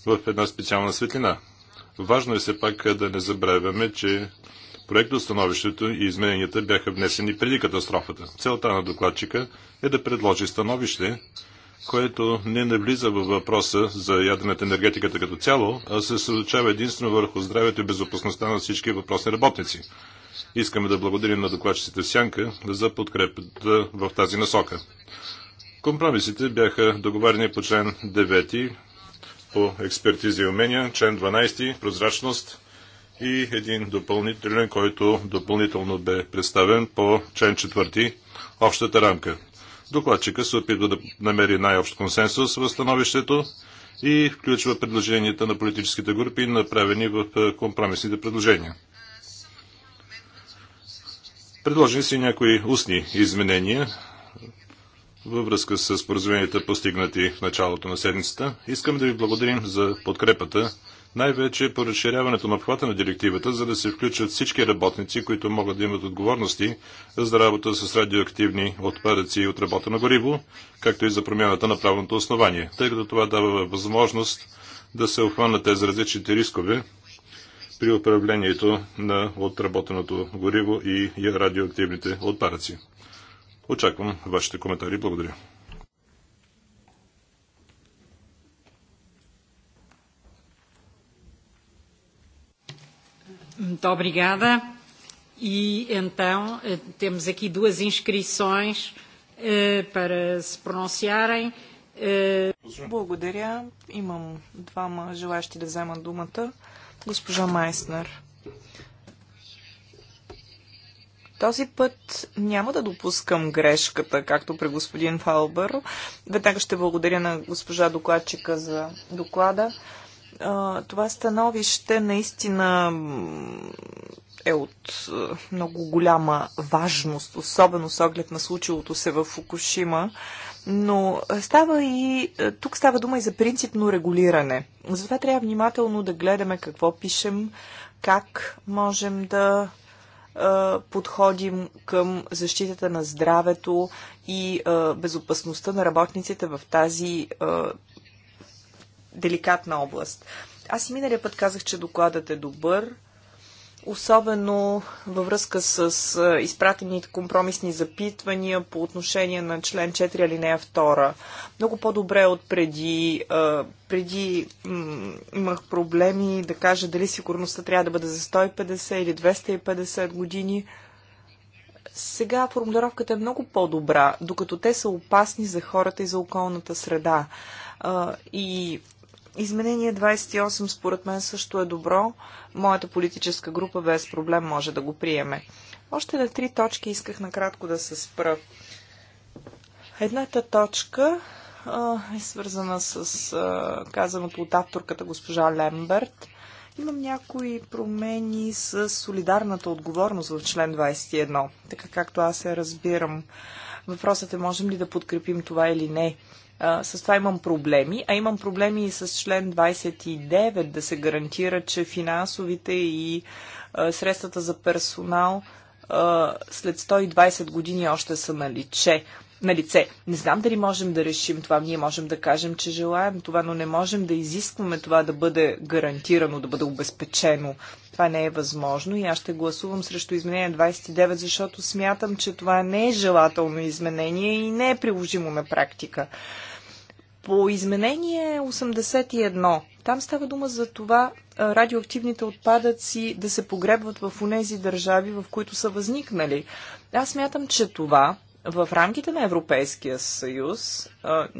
в една специална светлина. Важно е все пак да не забравяме, че проектостановището и измененията бяха внесени преди катастрофата. Целта на докладчика е да предложи становище, което не навлиза във въпроса за ядрената енергетиката като цяло, а се съсредоточава единствено върху здравето и безопасността на всички въпросни работници. Искаме да благодарим на докладчиците в Сянка за подкрепата в тази насока. Компромисите бяха договарени по член 9 по експертиза и умения, член 12, прозрачност и един допълнителен, който допълнително бе представен по член 4, общата рамка. Докладчика се опитва да намери най-общ консенсус в становището и включва предложенията на политическите групи, направени в компромисните предложения. Предложени си някои устни изменения във връзка с поразуменията постигнати в началото на седмицата. Искам да ви благодарим за подкрепата, най-вече по разширяването на обхвата на директивата, за да се включат всички работници, които могат да имат отговорности за работа с радиоактивни отпадъци и на гориво, както и за промяната на правното основание, тъй като това дава възможност да се обхванат тези различните рискове при управлението на отработеното гориво и радиоактивните отпадъци. Очаквам вашите коментари. Благодаря. Muito obrigada. E então eh, temos aqui duas inscrições eh, para se pronunciarem. Eh, Благодаря. Имам двама желащи да вземат думата. Госпожа Майснер. Този път няма да допускам грешката, както при господин Фалбър. Веднага ще благодаря на госпожа докладчика за доклада. Това становище наистина е от много голяма важност, особено с оглед на случилото се в Фукушима. Но става и, тук става дума и за принципно регулиране. Затова трябва внимателно да гледаме какво пишем, как можем да подходим към защитата на здравето и безопасността на работниците в тази деликатна област. Аз и миналия път казах, че докладът е добър особено във връзка с изпратените компромисни запитвания по отношение на член 4 алинея 2. Много по-добре от преди, преди имах проблеми да кажа дали сигурността трябва да бъде за 150 или 250 години. Сега формулировката е много по-добра, докато те са опасни за хората и за околната среда. И Изменение 28 според мен също е добро. Моята политическа група без проблем може да го приеме. Още на три точки исках накратко да се спра. Едната точка а, е свързана с а, казаното от авторката госпожа Лемберт. Имам някои промени с солидарната отговорност в член 21, така както аз я разбирам. Въпросът е можем ли да подкрепим това или не с това имам проблеми, а имам проблеми и с член 29 да се гарантира, че финансовите и средствата за персонал след 120 години още са на лице на лице. Не знам дали можем да решим това. Ние можем да кажем, че желаем това, но не можем да изискваме това да бъде гарантирано, да бъде обезпечено. Това не е възможно и аз ще гласувам срещу изменение 29, защото смятам, че това не е желателно изменение и не е приложимо на практика. По изменение 81, там става дума за това радиоактивните отпадъци да се погребват в унези държави, в които са възникнали. Аз мятам, че това в рамките на Европейския съюз,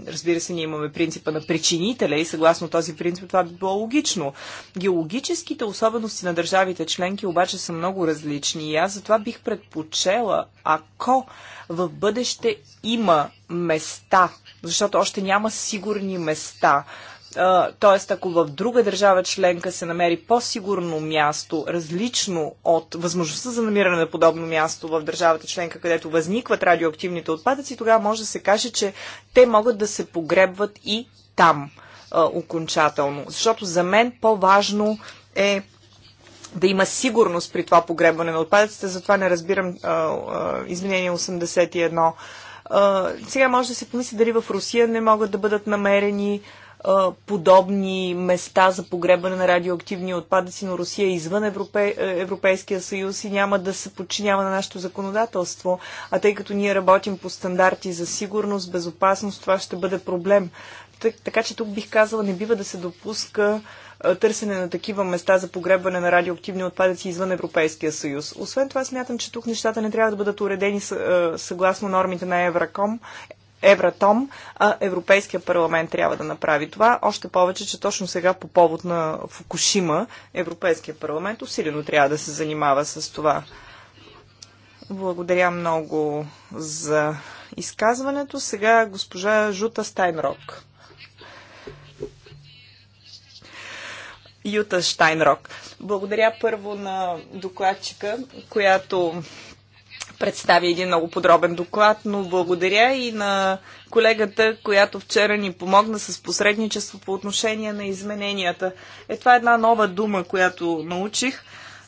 разбира се, ние имаме принципа на причинителя и съгласно този принцип това би било логично. Геологическите особености на държавите членки обаче са много различни и аз затова бих предпочела, ако в бъдеще има места, защото още няма сигурни места, Тоест, ако в друга държава членка се намери по-сигурно място, различно от възможността за намиране на подобно място в държавата членка, където възникват радиоактивните отпадъци, тогава може да се каже, че те могат да се погребват и там а, окончателно. Защото за мен по-важно е да има сигурност при това погребване на отпадъците, затова не разбирам а, а, изменение 81. Uh, сега може да се помисли дали в Русия не могат да бъдат намерени подобни места за погребане на радиоактивни отпадъци, но Русия е извън Европе, е, Европейския съюз и няма да се подчинява на нашето законодателство. А тъй като ние работим по стандарти за сигурност, безопасност, това ще бъде проблем. Така че тук бих казала, не бива да се допуска търсене на такива места за погребване на радиоактивни отпадъци извън Европейския съюз. Освен това, смятам, че тук нещата не трябва да бъдат уредени съгласно нормите на Евраком, Евратом, а Европейския парламент трябва да направи това. Още повече, че точно сега по повод на Фукушима Европейския парламент усилено трябва да се занимава с това. Благодаря много за изказването. Сега госпожа Жута Стайнрок. Юта Штайнрок. Благодаря първо на докладчика, която представи един много подробен доклад, но благодаря и на колегата, която вчера ни помогна с посредничество по отношение на измененията. Е, това е една нова дума, която научих.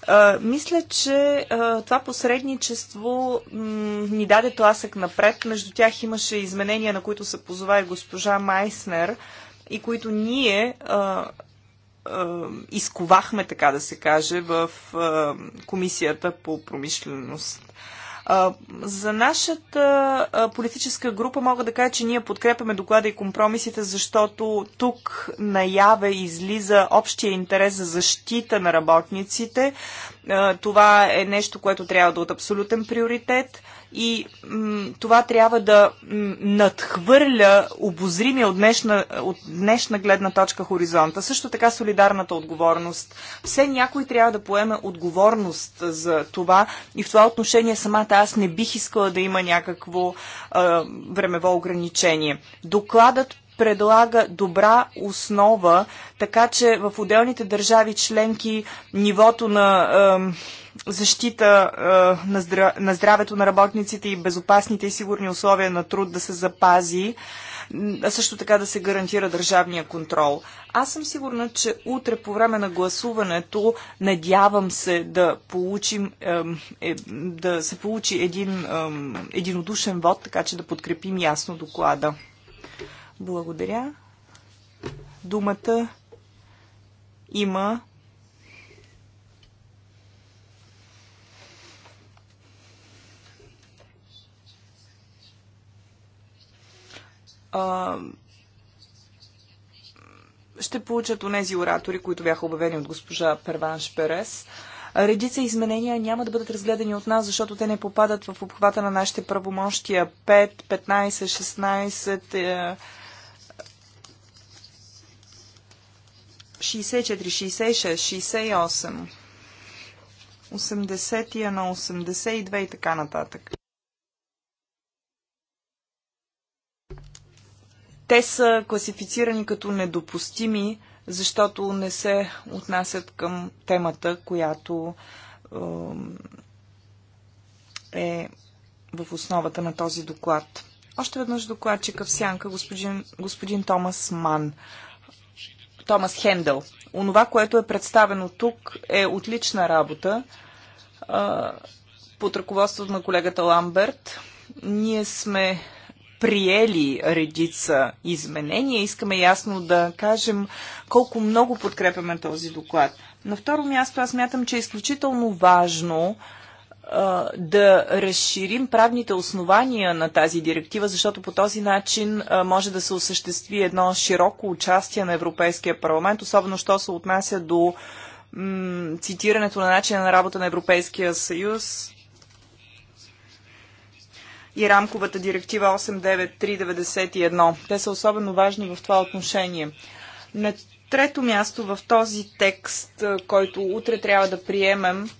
А, мисля, че а, това посредничество ни даде тласък напред. Между тях имаше изменения, на които се позова и госпожа Майснер и които ние а, изковахме, така да се каже, в Комисията по промишленост. За нашата политическа група мога да кажа, че ние подкрепяме доклада и компромисите, защото тук наяве излиза общия интерес за защита на работниците. Това е нещо, което трябва да е от абсолютен приоритет и това трябва да надхвърля обозримия от днешна, от днешна гледна точка хоризонта. Също така солидарната отговорност. Все някой трябва да поеме отговорност за това и в това отношение самата аз не бих искала да има някакво а, времево ограничение. Докладът предлага добра основа, така че в отделните държави членки нивото на. А, защита на, на здравето на работниците и безопасните и сигурни условия на труд да се запази, а също така да се гарантира държавния контрол. Аз съм сигурна, че утре по време на гласуването надявам се да получим е, да се получи един е, единодушен вод, така че да подкрепим ясно доклада. Благодаря. Думата има ще получат онези оратори, които бяха обявени от госпожа Перванш Перес. Редица изменения няма да бъдат разгледани от нас, защото те не попадат в обхвата на нашите правомощия 5, 15, 16, 64, 66, 68, 81, 82 и така нататък. Те са класифицирани като недопустими, защото не се отнасят към темата, която е в основата на този доклад. Още веднъж докладчика в сянка, господин, господин Томас Ман. Томас Хендъл. Онова, което е представено тук, е отлична работа под ръководството на колегата Ламберт. Ние сме приели редица изменения. Искаме ясно да кажем колко много подкрепяме този доклад. На второ място аз мятам, че е изключително важно да разширим правните основания на тази директива, защото по този начин може да се осъществи едно широко участие на Европейския парламент, особено що се отнася до цитирането на начина на работа на Европейския съюз, и рамковата директива 89391. Те са особено важни в това отношение. На трето място в този текст, който утре трябва да приемем,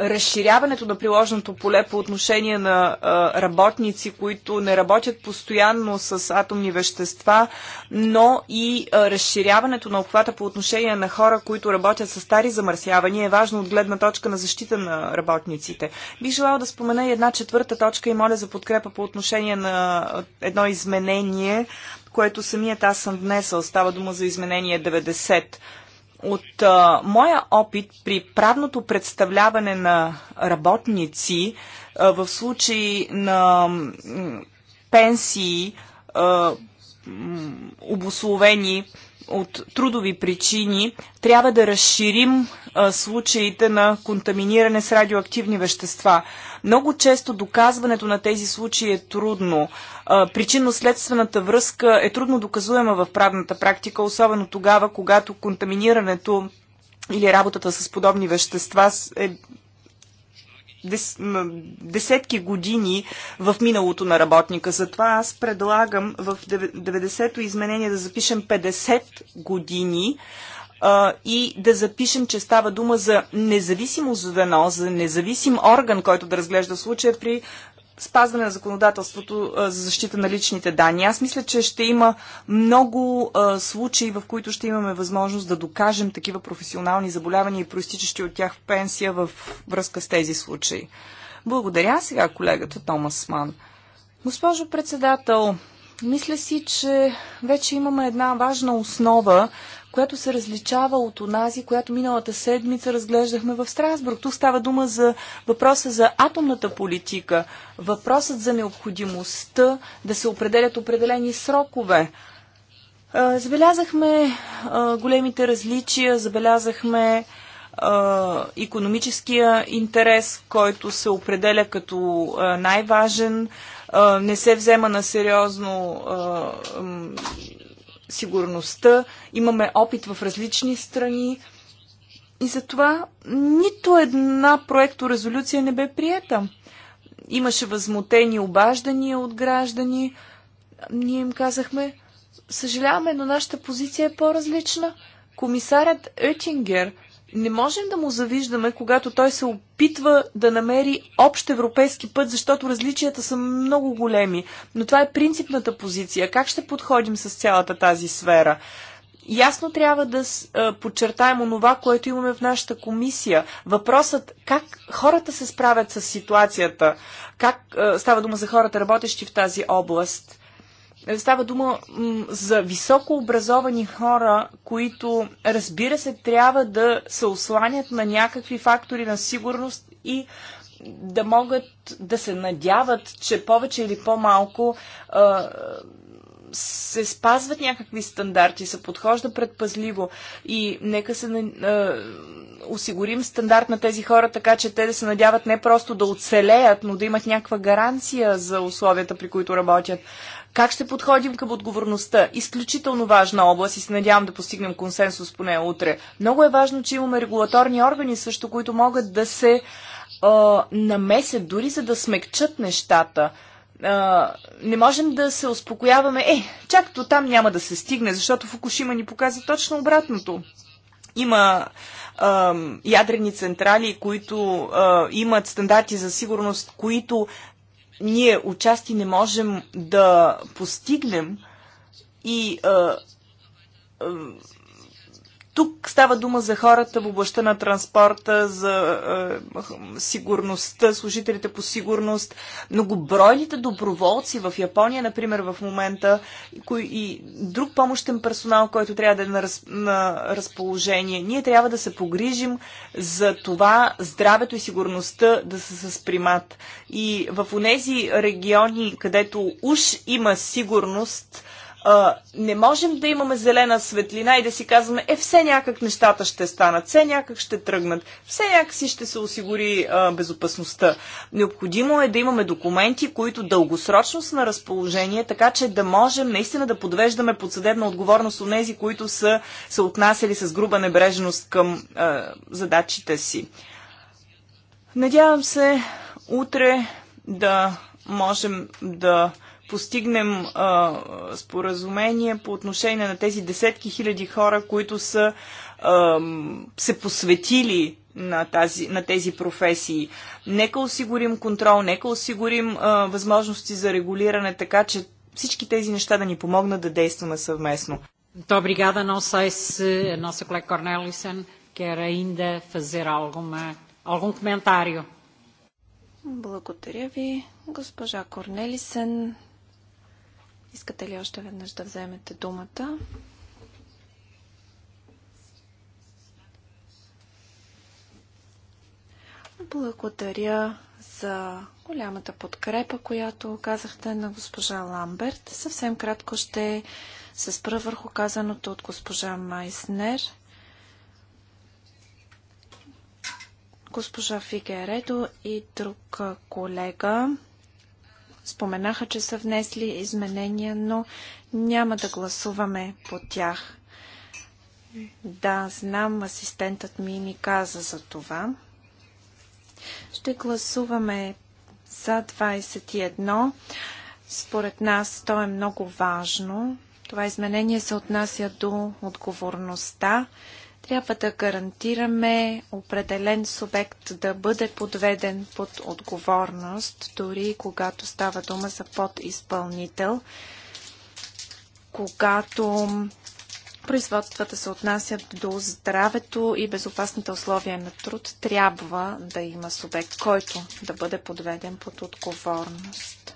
разширяването на приложеното поле по отношение на работници, които не работят постоянно с атомни вещества, но и разширяването на обхвата по отношение на хора, които работят с стари замърсявания е важно от гледна точка на защита на работниците. Бих желала да спомена и една четвърта точка и моля за подкрепа по отношение на едно изменение, което самият аз съм внесъл. Става дума за изменение 90 от а, моя опит при правното представляване на работници а, в случай на пенсии, а, обословени от трудови причини, трябва да разширим а, случаите на контаминиране с радиоактивни вещества. Много често доказването на тези случаи е трудно. Причинно-следствената връзка е трудно доказуема в правната практика, особено тогава, когато контаминирането или работата с подобни вещества е дес, десетки години в миналото на работника. Затова аз предлагам в 90-то изменение да запишем 50 години а, и да запишем, че става дума за независимо звено, за независим орган, който да разглежда случая при спазване на законодателството за защита на личните данни. Аз мисля, че ще има много а, случаи, в които ще имаме възможност да докажем такива професионални заболявания и проистичащи от тях пенсия в връзка с тези случаи. Благодаря сега колегата Томас Ман. Госпожо председател, мисля си, че вече имаме една важна основа, която се различава от онази, която миналата седмица разглеждахме в Страсбург. Тук става дума за въпроса за атомната политика, въпросът за необходимостта да се определят определени срокове. Забелязахме големите различия, забелязахме економическия интерес, който се определя като най-важен, не се взема на сериозно сигурността, имаме опит в различни страни. И затова нито една проекторезолюция не бе приета. Имаше възмутени обаждания от граждани. Ние им казахме, съжаляваме, но нашата позиция е по-различна. Комисарят Етингер не можем да му завиждаме, когато той се опитва да намери общ европейски път, защото различията са много големи. Но това е принципната позиция. Как ще подходим с цялата тази сфера? Ясно трябва да подчертаем онова, което имаме в нашата комисия. Въпросът как хората се справят с ситуацията, как става дума за хората, работещи в тази област. Става дума за високо образовани хора, които, разбира се, трябва да се осланят на някакви фактори на сигурност и да могат да се надяват, че повече или по-малко се спазват някакви стандарти, се подхожда предпазливо и нека се осигурим стандарт на тези хора, така че те да се надяват не просто да оцелеят, но да имат някаква гаранция за условията, при които работят. Как ще подходим към отговорността? Изключително важна област и се надявам да постигнем консенсус поне утре. Много е важно, че имаме регулаторни органи също, които могат да се а, намесят, дори за да смекчат нещата а, не можем да се успокояваме, е, чак до там няма да се стигне, защото Фукушима ни показа точно обратното. Има а, ядрени централи, които а, имат стандарти за сигурност, които ние участи не можем да постигнем и а, а, тук става дума за хората в областта на транспорта, за е, сигурността, служителите по сигурност, многобройните доброволци в Япония, например, в момента, кои, и друг помощен персонал, който трябва да е на, раз, на разположение. Ние трябва да се погрижим за това здравето и сигурността да са с примат. И в тези региони, където уж има сигурност, а, не можем да имаме зелена светлина и да си казваме, е, все някак нещата ще станат, все някак ще тръгнат, все някак си ще се осигури а, безопасността. Необходимо е да имаме документи, които дългосрочно са на разположение, така че да можем наистина да подвеждаме подсъдебна отговорност от тези, които са се отнасяли с груба небрежност към а, задачите си. Надявам се утре да можем да постигнем а, споразумение по отношение на тези десетки хиляди хора, които са а, се посветили на, тази, на тези професии. Нека осигурим контрол, нека осигурим а, възможности за регулиране, така че всички тези неща да ни помогнат да действаме съвместно. Благодаря ви, госпожа Корнелисен. Искате ли още веднъж да вземете думата? Благодаря за голямата подкрепа, която казахте на госпожа Ламберт. Съвсем кратко ще се спра върху казаното от госпожа Майснер. Госпожа Фигередо и друг колега Споменаха, че са внесли изменения, но няма да гласуваме по тях. Да, знам, асистентът ми ми каза за това. Ще гласуваме за 21. Според нас то е много важно. Това изменение се отнася до отговорността трябва да гарантираме определен субект да бъде подведен под отговорност, дори когато става дума за подизпълнител, когато производствата се отнасят до здравето и безопасните условия на труд, трябва да има субект, който да бъде подведен под отговорност.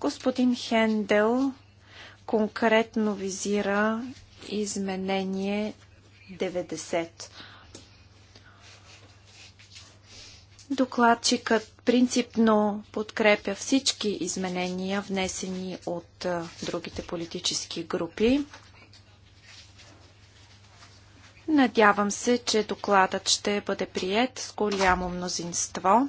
Господин Хендел конкретно визира изменение 90. Докладчикът принципно подкрепя всички изменения, внесени от другите политически групи. Надявам се, че докладът ще бъде прият с голямо мнозинство.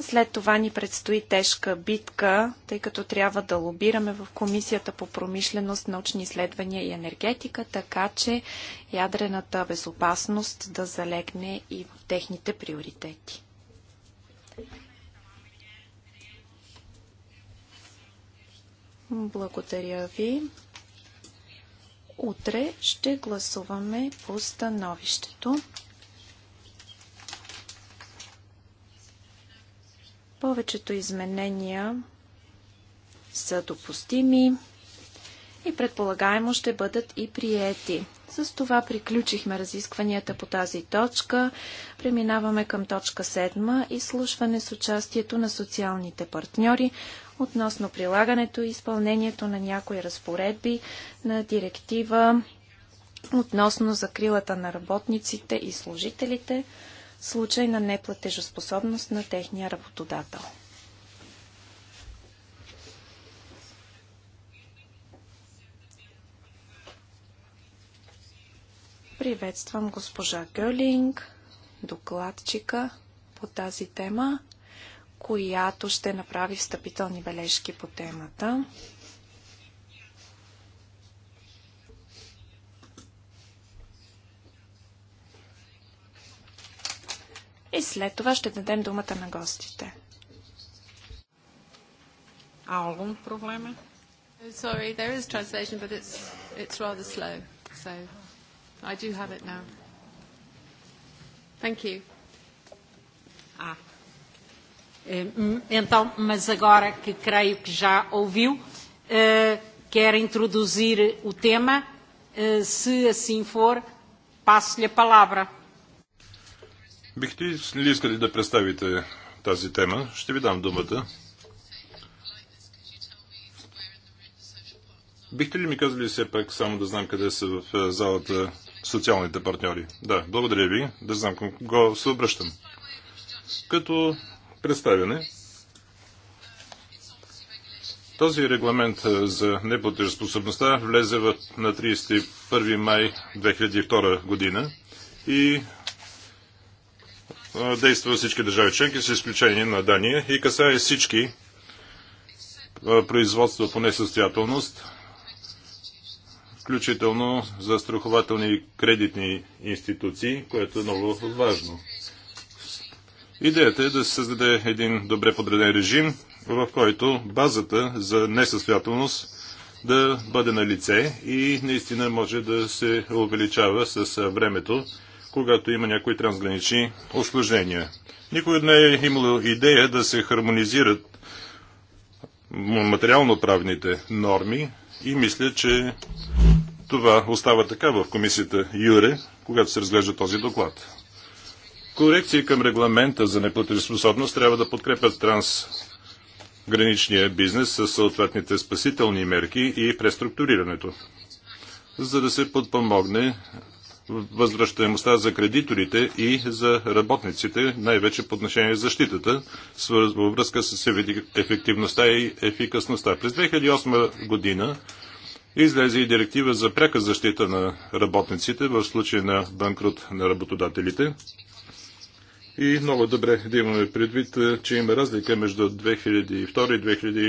След това ни предстои тежка битка, тъй като трябва да лобираме в Комисията по промишленост, научни изследвания и енергетика, така че ядрената безопасност да залегне и в техните приоритети. Благодаря ви. Утре ще гласуваме по становището. Повечето изменения са допустими и предполагаемо ще бъдат и приети. С това приключихме разискванията по тази точка. Преминаваме към точка 7 изслушване с участието на социалните партньори относно прилагането и изпълнението на някои разпоредби на директива относно закрилата на работниците и служителите случай на неплатежоспособност на техния работодател. Приветствам госпожа Гърлинг, докладчика по тази тема, която ще направи встъпителни бележки по темата. и след това ще дадем думата на гостите. проблем е? Sorry, there is translation, but it's, it's rather slow. So I do have it now. Thank you. Ah. Então, mas agora que creio que já ouviu, quer introduzir o tema? Se assim for, passo-lhe a palavra. Бихте ли искали да представите тази тема? Ще ви дам думата. Бихте ли ми казали все пак само да знам къде са в е, залата социалните партньори? Да, благодаря ви. Да знам към кого се обръщам. Като представяне, този регламент е, за неплатежеспособността влезе на 31 май 2002 година и действа всички държави членки, с изключение на Дания и касае всички производства по несъстоятелност, включително за страхователни кредитни институции, което е много важно. Идеята е да се създаде един добре подреден режим, в който базата за несъстоятелност да бъде на лице и наистина може да се увеличава с времето когато има някои трансгранични осложнения. Никой не е имал идея да се хармонизират материално-правните норми и мисля, че това остава така в комисията Юре, когато се разглежда този доклад. Корекции към регламента за неплатежеспособност трябва да подкрепят трансграничния бизнес с съответните спасителни мерки и преструктурирането, за да се подпомогне възвръщаемостта за кредиторите и за работниците, най-вече по отношение на защитата, във връзка с ефективността и ефикасността. През 2008 година излезе и директива за пряка защита на работниците в случай на банкрут на работодателите. И много добре да имаме предвид, е, че има разлика между 2002 и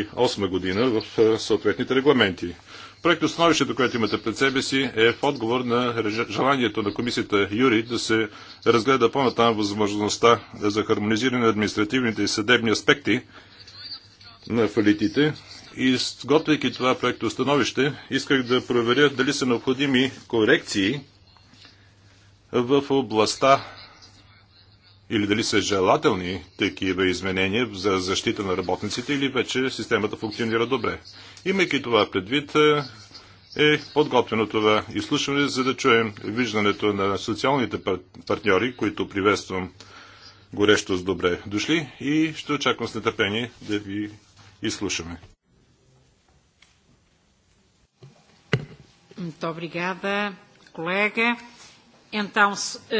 2008 година в е, съответните регламенти. Проектостановището, което имате пред себе си, е в отговор на желанието на комисията Юри да се разгледа по-натам възможността за хармонизиране на административните и съдебни аспекти на фалитите. И изготвяйки това проектостановище, исках да проверя дали са необходими корекции в областта или дали са желателни такива изменения за защита на работниците или вече системата функционира добре. Имайки това предвид, е, е подготвено това изслушване, за да чуем виждането на социалните партньори, които приветствам горещо с добре дошли и ще очаквам с нетърпение да ви изслушаме. Muito obrigada, colega. Então, е,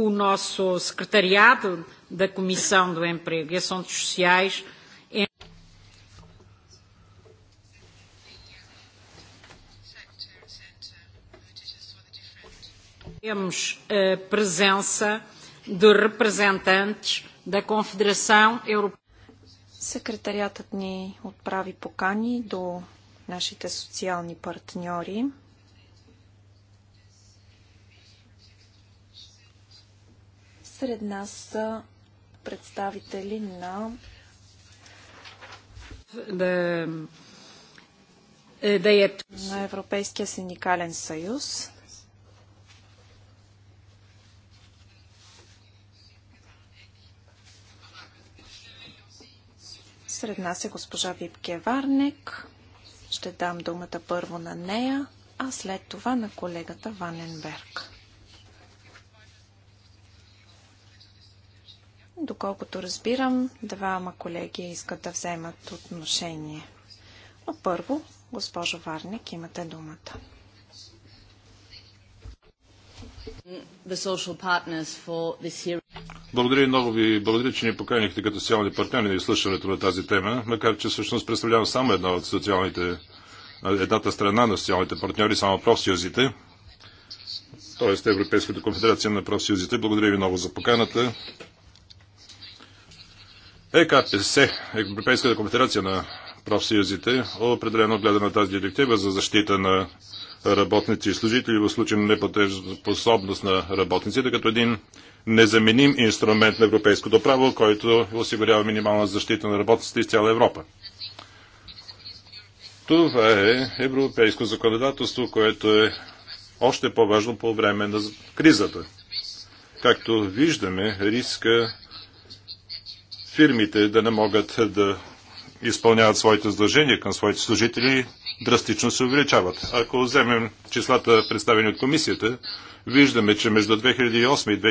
o nosso secretariado da Comissão do Emprego e Assuntos Sociais. Temos a eh, presença de representantes da Confederação Europeia. Секретариатът ни отправи покани до нашите социални партньори. Сред нас са представители на е, е на Европейския синдикален съюз. Сред нас е госпожа Випке Варник. Ще дам думата първо на нея, а след това на колегата Ваненберг. Доколкото разбирам, двама колеги искат да вземат отношение. Но първо, госпожо Варник, имате думата. Благодаря много ви. Благодаря, че ни поканихте като социални партньори на изслушването на тази тема, макар че всъщност представлявам само една от социалните, едната страна на социалните партньори, само профсъюзите, т.е. Европейската конфедерация на профсъюзите. Благодаря ви много за поканата. ЕКПС, Европейската конфедерация на профсъюзите, определено гледа на тази директива за защита на работници и служители в случай на неплатежоспособност на работниците, като един незаменим инструмент на европейското право, който осигурява минимална защита на работниците из цяла Европа. Това е европейско законодателство, което е още по-важно по време на кризата. Както виждаме, риска фирмите да не могат да изпълняват своите задължения към своите служители драстично се увеличават. Ако вземем числата, представени от комисията, виждаме, че между 2008 и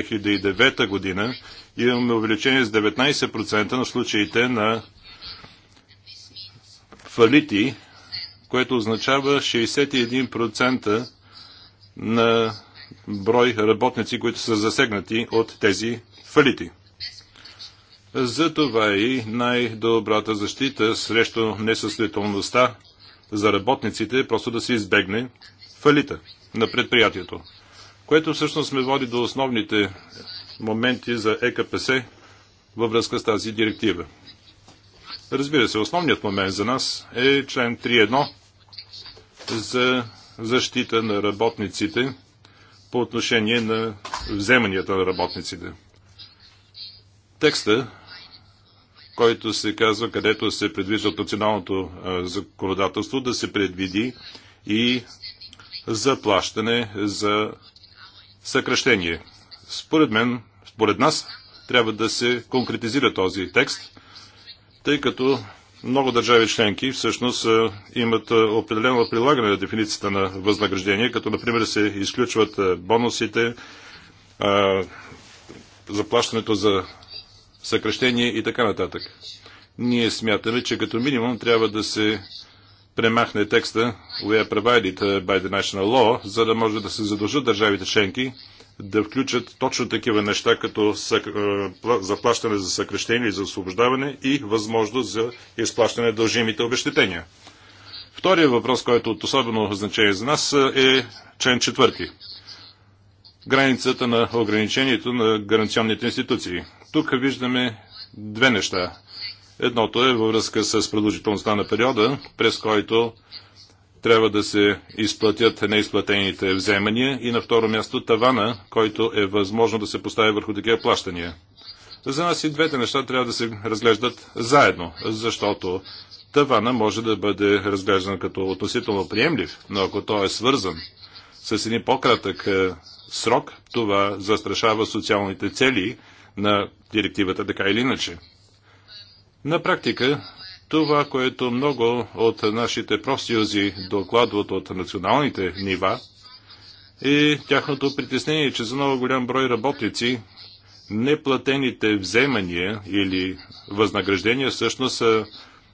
2009 година имаме увеличение с 19% на случаите на фалити, което означава 61% на брой работници, които са засегнати от тези фалити. Затова е и най-добрата защита срещу несъстоятелността за работниците е просто да се избегне фалита на предприятието. Което всъщност ме води до основните моменти за ЕКПС във връзка с тази директива. Разбира се, основният момент за нас е член 3.1 за защита на работниците по отношение на вземанията на работниците. Текста който се казва, където се предвижда от националното законодателство да се предвиди и заплащане за съкръщение. Според мен, според нас, трябва да се конкретизира този текст, тъй като много държави членки всъщност имат определено прилагане на дефиницията на възнаграждение, като например се изключват бонусите, заплащането за съкръщение и така нататък. Ние смятаме, че като минимум трябва да се премахне текста We are provided by the national law, за да може да се задължат държавите членки да включат точно такива неща, като заплащане за съкрещение и за освобождаване и възможност за изплащане на дължимите обещетения. Втория въпрос, който е от особено значение за нас е член четвърти. Границата на ограничението на гаранционните институции. Тук виждаме две неща. Едното е във връзка с продължителността на периода, през който трябва да се изплатят неизплатените вземания и на второ място тавана, който е възможно да се постави върху такива плащания. За нас и двете неща трябва да се разглеждат заедно, защото тавана може да бъде разглеждан като относително приемлив, но ако той е свързан с един по-кратък е, срок, това застрашава социалните цели на директивата, така или иначе. На практика, това, което много от нашите профсъюзи докладват от националните нива, е тяхното притеснение, че за много голям брой работници неплатените вземания или възнаграждения всъщност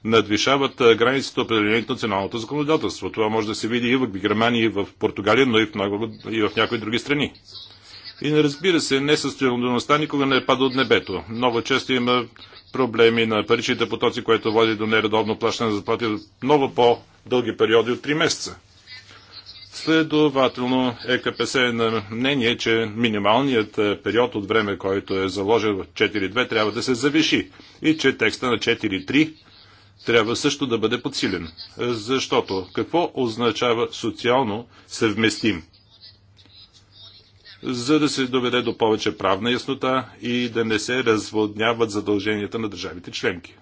надвишават границите определени от националното законодателство. Това може да се види и в Германия, и в Португалия, но и в, много, и в някои други страни. И не разбира се, несъстоятелността никога не е пада от небето. Много често има проблеми на паричните потоци, което води до нередовно плащане за заплати много по-дълги периоди от 3 месеца. Следователно ЕКПС е на мнение, че минималният е, период от време, който е заложен в 4.2, трябва да се завиши и че текста на 4.3 трябва също да бъде подсилен. Е, защото какво означава социално съвместим? за да се доведе до повече правна яснота и да не се разводняват задълженията на държавите членки.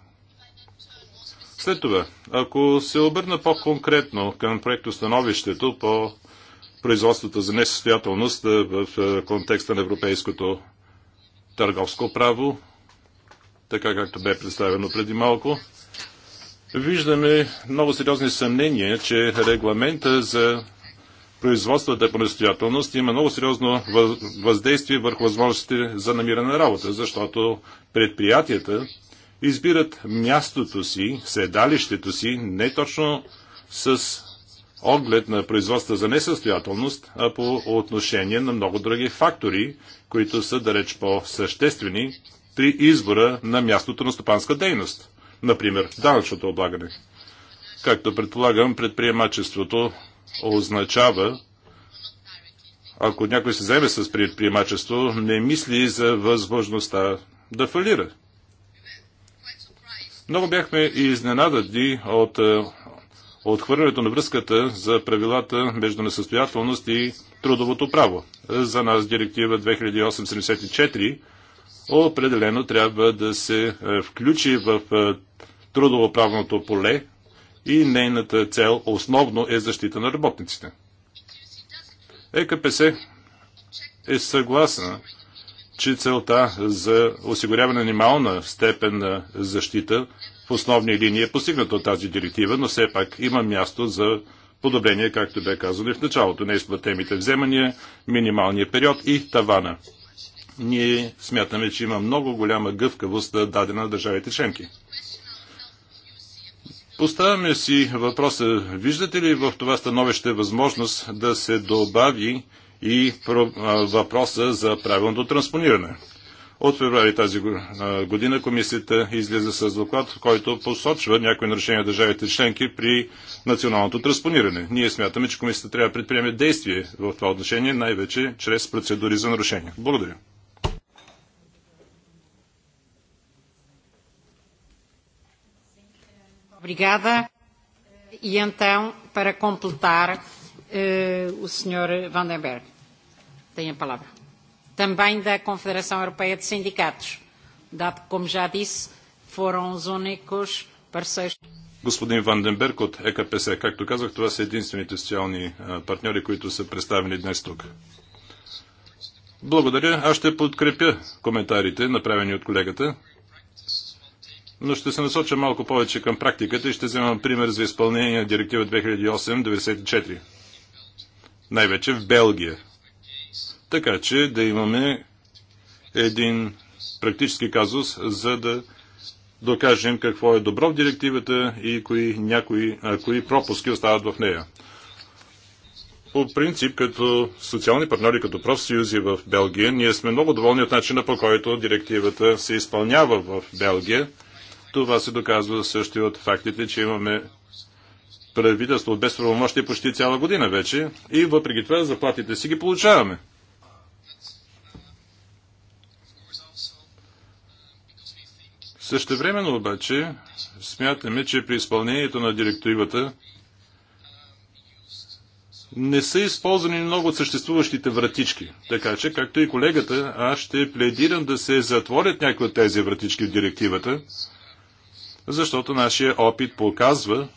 След това, ако се обърна по-конкретно към становището по производството за несъстоятелност в контекста на европейското търговско право, така както бе представено преди малко, виждаме много сериозни съмнения, че регламента за по простоятелност има много сериозно въздействие върху възможностите за намиране на работа, защото предприятията избират мястото си, седалището си, не точно с оглед на производства за несъстоятелност, а по отношение на много други фактори, които са далеч по-съществени при избора на мястото на стопанска дейност. Например, данъчното облагане. Както предполагам, предприемачеството означава, ако някой се заеме с предприемачество, не мисли за възможността да фалира. Много бяхме изненадани от е, отхвърлянето на връзката за правилата между несъстоятелност и трудовото право. За нас директива 2874 определено трябва да се е, включи в е, трудовоправното поле и нейната цел основно е защита на работниците. ЕКПС е съгласна, че целта за осигуряване на минимална степен на защита в основни линии е постигната от тази директива, но все пак има място за подобрение, както бе казано и в началото, на изплатемите е вземания, минималния период и тавана. Ние смятаме, че има много голяма гъвкавост дадена на държавите членки. Поставяме си въпроса, виждате ли в това становище възможност да се добави и въпроса за правилното транспониране? От феврари тази година комисията излиза с доклад, който посочва някои нарушения на държавите членки при националното транспониране. Ние смятаме, че комисията трябва да предприеме действие в това отношение, най-вече чрез процедури за нарушения. Благодаря. Obrigada. E então, para completar, eh, o Sr. Vandenberg tem a palavra. Também da Confederação Europeia de Sindicatos, dado que, como já disse, foram os únicos parceiros. Господин Ванденберг от ЕКПС, както казах, това са единствените социални партньори, които са представени днес тук. Благодаря. Аз ще подкрепя коментарите, направени от колегата но ще се насоча малко повече към практиката и ще вземам пример за изпълнение на директива 2008-94. Най-вече в Белгия. Така че да имаме един практически казус, за да докажем какво е добро в директивата и кои, някои, а, кои пропуски остават в нея. По принцип, като социални партньори, като профсъюзи в Белгия, ние сме много доволни от начина по който директивата се изпълнява в Белгия това се доказва също и от фактите, че имаме правителство без правомощие почти цяла година вече и въпреки това заплатите си ги получаваме. Също времено обаче смятаме, че при изпълнението на директивата не са използвани много от съществуващите вратички. Така че, както и колегата, аз ще пледирам да се затворят някои от тези вратички в директивата, защото нашия опит показва,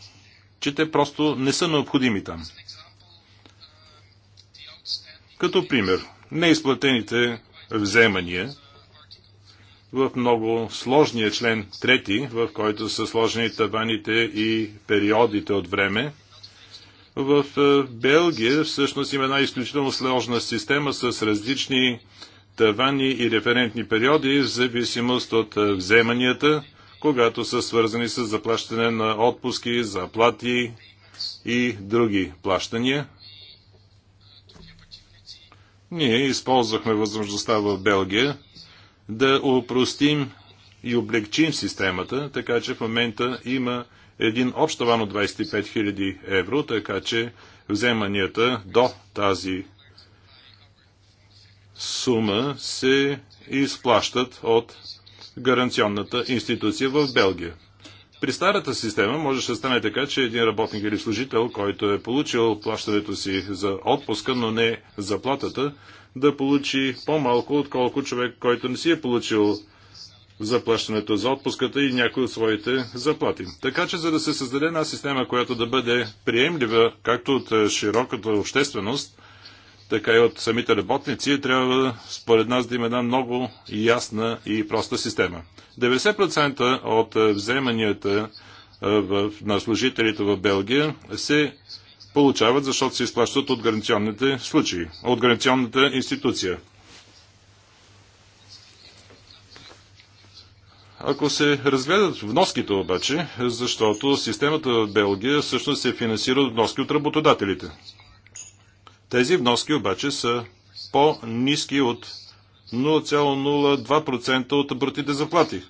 че те просто не са необходими там. Като пример, неизплатените вземания в много сложния член 3, в който са сложени табаните и периодите от време. В е, Белгия всъщност има една изключително сложна система с различни тавани и референтни периоди в зависимост от е, вземанията, когато са свързани с заплащане на отпуски, заплати и други плащания. Ние използвахме възможността в Белгия да упростим и облегчим системата, така че в момента има един общ таван от 25 000 евро, така че вземанията до тази сума се изплащат от гаранционната институция в Белгия. При старата система можеше да стане така, че един работник или служител, който е получил плащането си за отпуска, но не заплатата, да получи по-малко, отколко човек, който не си е получил заплащането за отпуската и някои от своите заплати. Така че, за да се създаде една система, която да бъде приемлива както от е, широката общественост, така и от самите работници, трябва според нас да има една много ясна и проста система. 90% от вземанията на служителите в Белгия се получават, защото се изплащат от гаранционните случаи, от гаранционната институция. Ако се разгледат вноските обаче, защото системата в Белгия всъщност се финансира от вноски от работодателите. Тези вноски обаче са по-низки от 0,02% от обратите заплати.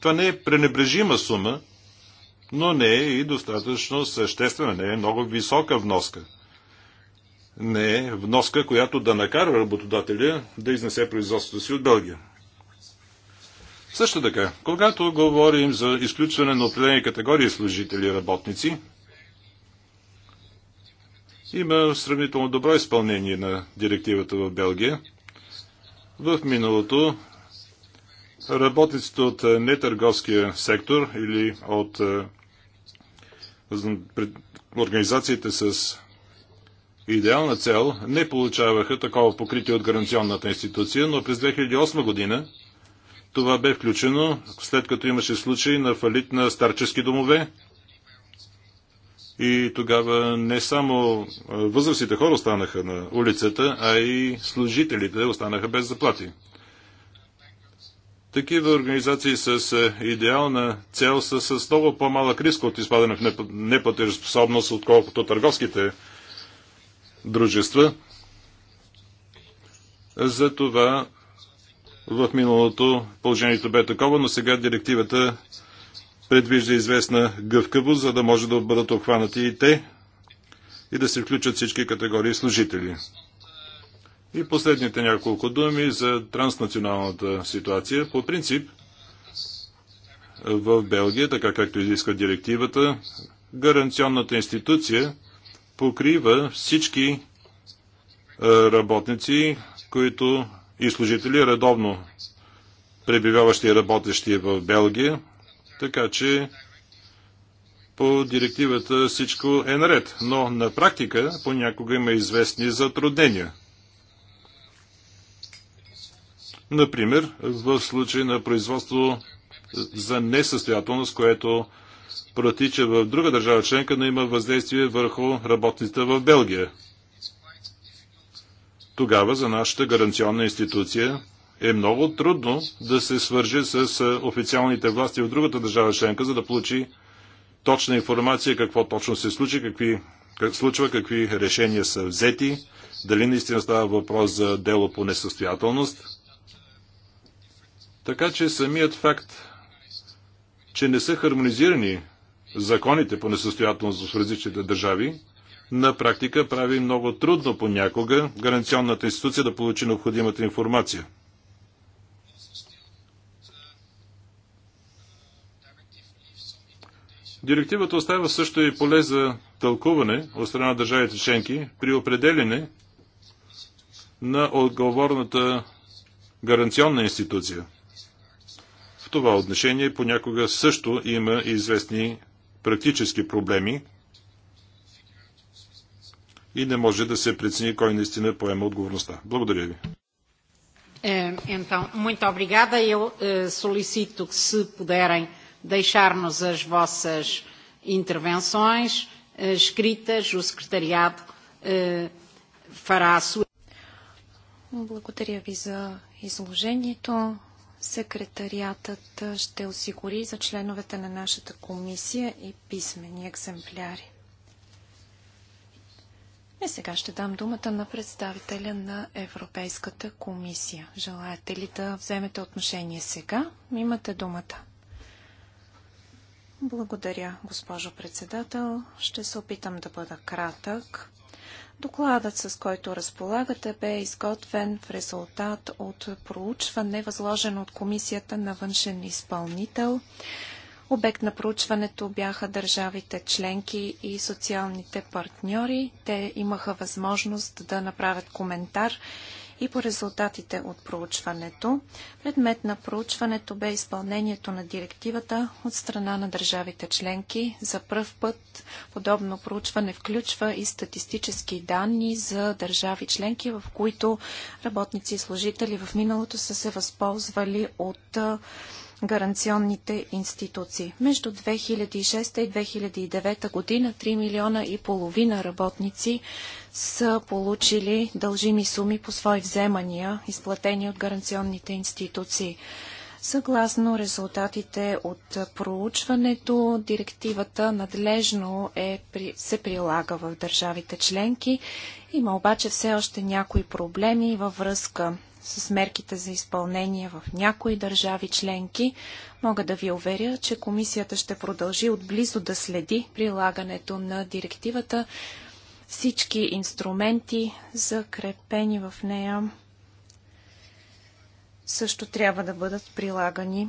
Това не е пренебрежима сума, но не е и достатъчно съществена, не е много висока вноска. Не е вноска, която да накара работодателя да изнесе производството си от Белгия. Също така, когато говорим за изключване на определени категории служители и работници, има сравнително добро изпълнение на директивата в Белгия. В миналото работниците от е, нетърговския сектор или от е, организациите с идеална цел не получаваха такова покритие от гаранционната институция, но през 2008 година това бе включено, след като имаше случаи на фалит на старчески домове и тогава не само възрастните хора останаха на улицата, а и служителите останаха без заплати. Такива организации с идеална цел са с много по-малък риск от изпадане в неплатежеспособност, отколкото търговските дружества. Затова в миналото положението бе такова, но сега директивата предвижда известна гъвкавост, за да може да бъдат обхванати и те и да се включат всички категории служители. И последните няколко думи за транснационалната ситуация. По принцип, в Белгия, така както изисква директивата, гаранционната институция покрива всички е, работници, които и служители редовно пребиваващи и работещи в Белгия, така че по директивата всичко е наред, но на практика понякога има известни затруднения. Например, в случай на производство за несъстоятелност, което протича в друга държава членка, но има въздействие върху работниците в Белгия. Тогава за нашата гаранционна институция е много трудно да се свърже с официалните власти в другата държава членка, за да получи точна информация какво точно се случи, какви, как случва, какви решения са взети, дали наистина става въпрос за дело по несъстоятелност. Така че самият факт, че не са хармонизирани законите по несъстоятелност в различните държави, на практика прави много трудно понякога гаранционната институция да получи необходимата информация. Директивата остава също и поле за тълкуване от страна на държавите членки при определене на отговорната гаранционна институция. В това отношение понякога също има и известни практически проблеми и не може да се прецени кой наистина поема отговорността. Благодаря ви. Então, muito obrigada. Eu solicito que, se puderem, deixar-nos as vossas intervenções eh, escritas, o secretariado eh, fará a sua. Благодаря ви за изложението. Секретариатът ще осигури за членовете на нашата комисия и писмени екземпляри. И сега ще дам думата на представителя на Европейската комисия. Желаете ли да вземете отношение сега? Имате думата. Благодаря, госпожо председател. Ще се опитам да бъда кратък. Докладът, с който разполагате, бе изготвен в резултат от проучване, възложено от Комисията на външен изпълнител. Обект на проучването бяха държавите членки и социалните партньори. Те имаха възможност да направят коментар и по резултатите от проучването. Предмет на проучването бе изпълнението на директивата от страна на държавите членки. За пръв път подобно проучване включва и статистически данни за държави членки, в които работници и служители в миналото са се възползвали от гаранционните институции. Между 2006 и 2009 година 3 милиона и половина работници са получили дължими суми по свои вземания, изплатени от гаранционните институции. Съгласно резултатите от проучването, директивата надлежно е, се прилага в държавите членки. Има обаче все още някои проблеми във връзка с мерките за изпълнение в някои държави членки, мога да ви уверя, че комисията ще продължи отблизо да следи прилагането на директивата. Всички инструменти, закрепени в нея, също трябва да бъдат прилагани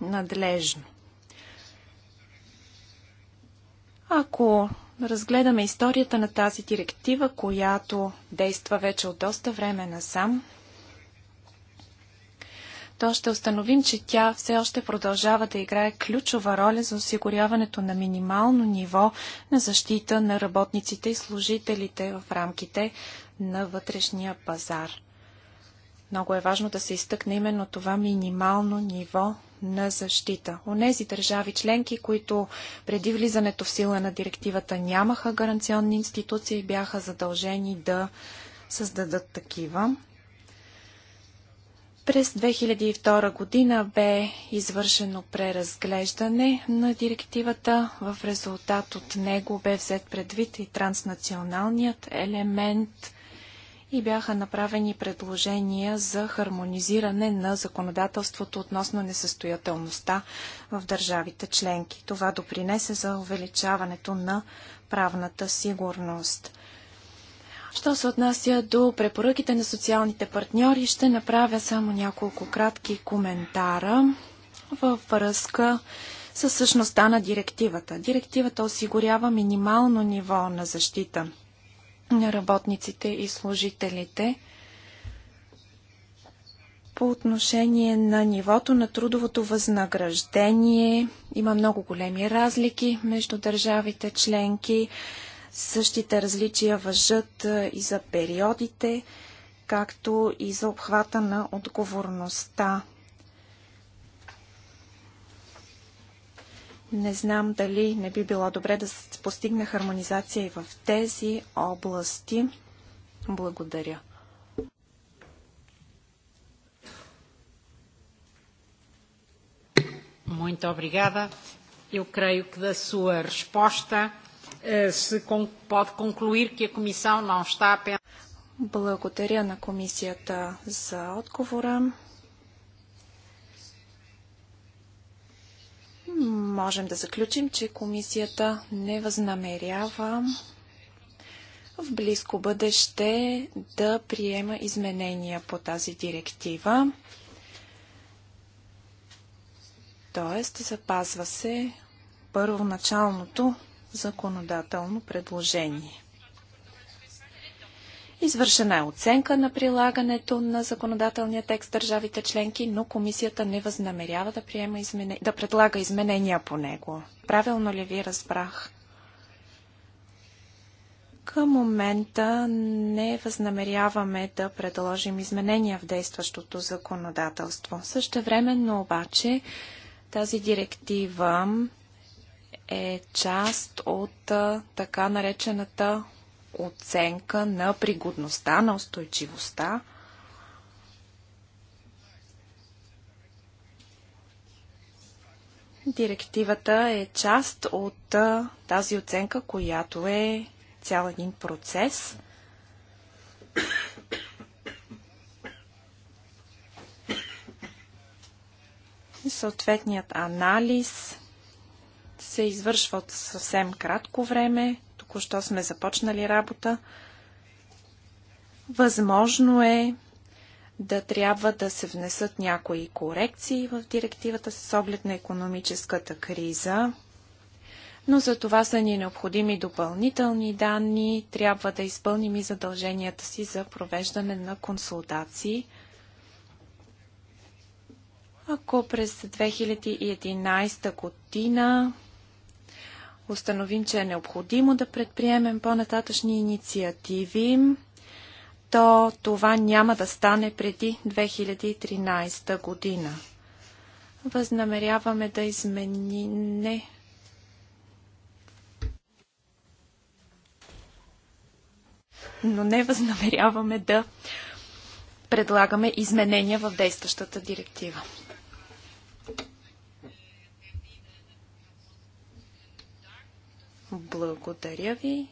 надлежно. Ако разгледаме историята на тази директива, която действа вече от доста време насам, то ще установим, че тя все още продължава да играе ключова роля за осигуряването на минимално ниво на защита на работниците и служителите в рамките на вътрешния пазар. Много е важно да се изтъкне именно това минимално ниво на защита. Онези държави членки, които преди влизането в сила на директивата нямаха гаранционни институции, бяха задължени да създадат такива. През 2002 година бе извършено преразглеждане на директивата. В резултат от него бе взет предвид и транснационалният елемент и бяха направени предложения за хармонизиране на законодателството относно несъстоятелността в държавите членки. Това допринесе за увеличаването на правната сигурност. Що се отнася до препоръките на социалните партньори, ще направя само няколко кратки коментара във връзка с същността на директивата. Директивата осигурява минимално ниво на защита на работниците и служителите по отношение на нивото на трудовото възнаграждение. Има много големи разлики между държавите членки. Същите различия въжат и за периодите, както и за обхвата на отговорността. Не знам дали не би било добре да се постигне хармонизация и в тези области. Благодаря. Muito obrigada. Eu creio que da sua resposta Eh, Благодаря на комисията за отговора. Можем да заключим, че комисията не възнамерява в близко бъдеще да приема изменения по тази директива. Тоест, запазва се първоначалното законодателно предложение. Извършена е оценка на прилагането на законодателния текст държавите членки, но комисията не възнамерява да, приема измене... да предлага изменения по него. Правилно ли ви разбрах? Към момента не възнамеряваме да предложим изменения в действащото законодателство. Същевременно обаче тази директива е част от така наречената оценка на пригодността, на устойчивостта. Директивата е част от тази оценка, която е цял един процес. Съответният анализ се извършва от съвсем кратко време. Току-що сме започнали работа. Възможно е да трябва да се внесат някои корекции в директивата с оглед на економическата криза, но за това са ни необходими допълнителни данни, трябва да изпълним и задълженията си за провеждане на консултации. Ако през 2011 година установим, че е необходимо да предприемем по-нататъчни инициативи, то това няма да стане преди 2013 година. Възнамеряваме да измени... Не. Но не възнамеряваме да предлагаме изменения в действащата директива. Благодаря ви.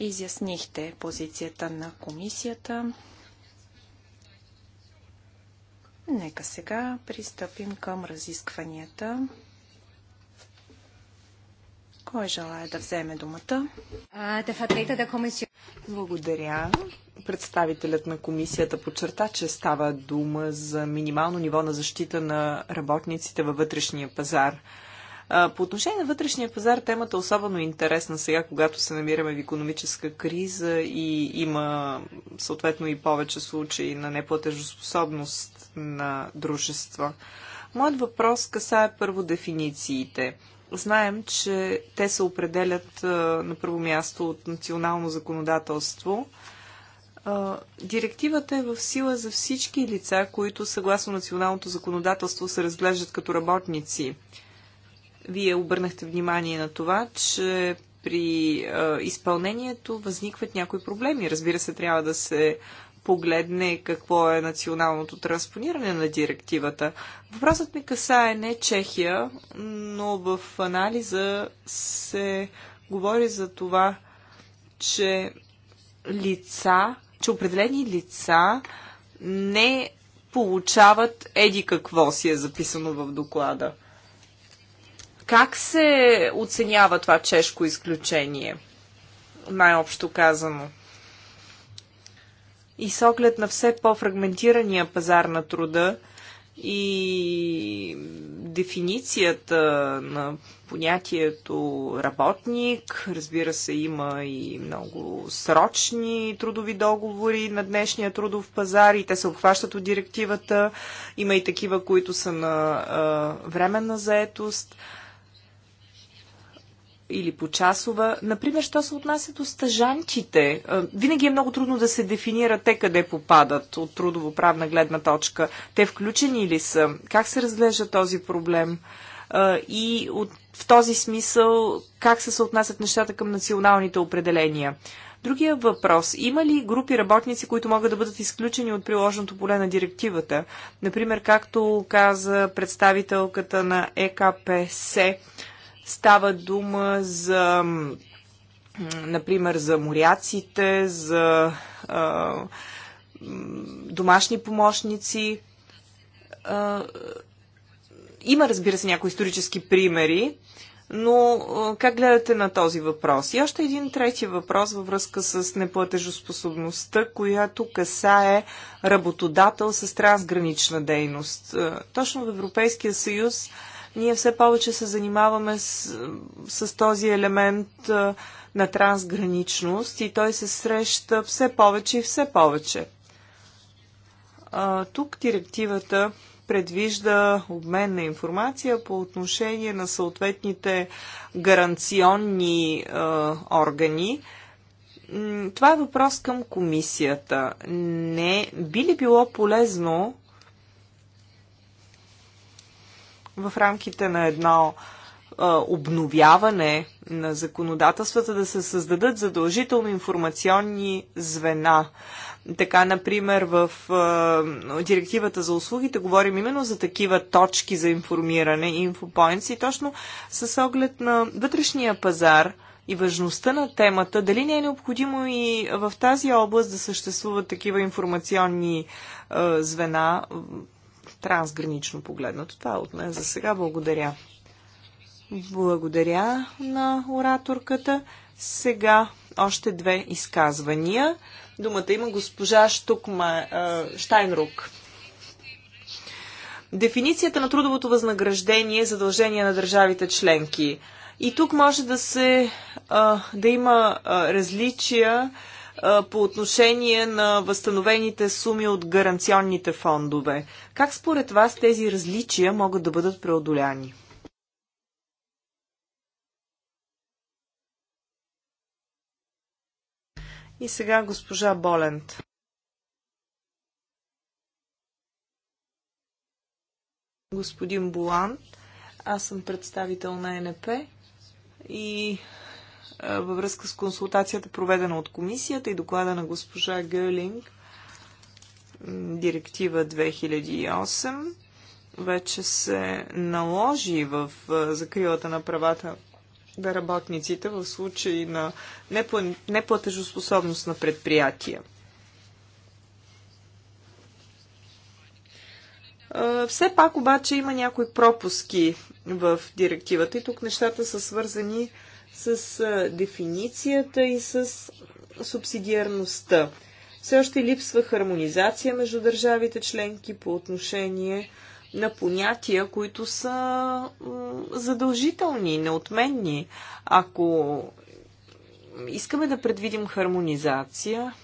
Изяснихте позицията на комисията. Нека сега пристъпим към разискванията. Кой желая да вземе думата? Благодаря. Представителят на комисията подчерта, че става дума за минимално ниво на защита на работниците във вътрешния пазар. По отношение на вътрешния пазар, темата е особено интересна сега, когато се намираме в економическа криза и има съответно и повече случаи на неплатежоспособност на дружества. Моят въпрос касае първо дефинициите. Знаем, че те се определят на първо място от национално законодателство. Директивата е в сила за всички лица, които съгласно националното законодателство се разглеждат като работници. Вие обърнахте внимание на това, че при а, изпълнението възникват някои проблеми. Разбира се, трябва да се погледне какво е националното транспониране на директивата. Въпросът ми касае не Чехия, но в анализа се говори за това, че лица, че определени лица не получават еди какво си е записано в доклада. Как се оценява това чешко изключение? Най-общо казано. И с оглед на все по-фрагментирания пазар на труда и дефиницията на понятието работник, разбира се, има и много срочни трудови договори на днешния трудов пазар и те се обхващат от директивата. Има и такива, които са на а, временна заетост. А, или по часова. Например, що се отнася до стъжанчите? Винаги е много трудно да се дефинира те къде попадат от трудово-правна гледна точка. Те включени ли са? Как се разглежда този проблем? И от, в този смисъл, как се съотнасят нещата към националните определения? Другия въпрос. Има ли групи работници, които могат да бъдат изключени от приложеното поле на директивата? Например, както каза представителката на ЕКПС, Става дума за, например, за моряците, за а, домашни помощници. А, има, разбира се, някои исторически примери, но как гледате на този въпрос? И още един трети въпрос във връзка с неплатежоспособността, която касае работодател с трансгранична дейност. Точно в Европейския съюз ние все повече се занимаваме с, с този елемент на трансграничност и той се среща все повече и все повече. А, тук директивата предвижда обмен на информация по отношение на съответните гаранционни а, органи. Това е въпрос към комисията. Не би ли било полезно в рамките на едно обновяване на законодателствата да се създадат задължително информационни звена. Така, например, в директивата за услугите говорим именно за такива точки за информиране, инфопоинтс и точно с оглед на вътрешния пазар и важността на темата, дали не е необходимо и в тази област да съществуват такива информационни звена трансгранично погледнато. Това е от мен за сега. Благодаря. Благодаря на ораторката. Сега още две изказвания. Думата има госпожа Штукма, Штайнрук. Дефиницията на трудовото възнаграждение е задължение на държавите членки. И тук може да, се, да има различия по отношение на възстановените суми от гаранционните фондове. Как според вас тези различия могат да бъдат преодоляни? И сега госпожа Болент. Господин Булан, аз съм представител на НП и във връзка с консултацията, проведена от комисията и доклада на госпожа Гърлинг, директива 2008, вече се наложи в закрилата на правата на работниците в случай на неплатежоспособност на предприятия. Все пак обаче има някои пропуски в директивата и тук нещата са свързани с дефиницията и с субсидиарността. Все още липсва хармонизация между държавите членки по отношение на понятия, които са задължителни, неотменни. Ако искаме да предвидим хармонизация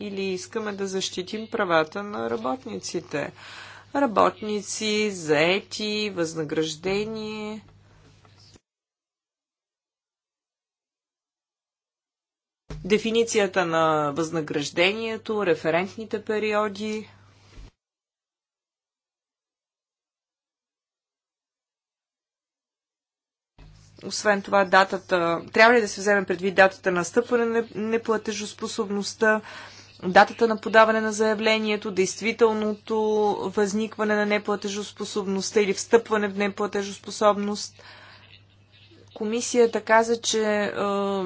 или искаме да защитим правата на работниците, работници, заети, възнаграждение, дефиницията на възнаграждението, референтните периоди. Освен това, датата, трябва ли да се вземе предвид датата на стъпване на неплатежоспособността, датата на подаване на заявлението, действителното възникване на неплатежоспособността или встъпване в неплатежоспособност – Комисията каза, че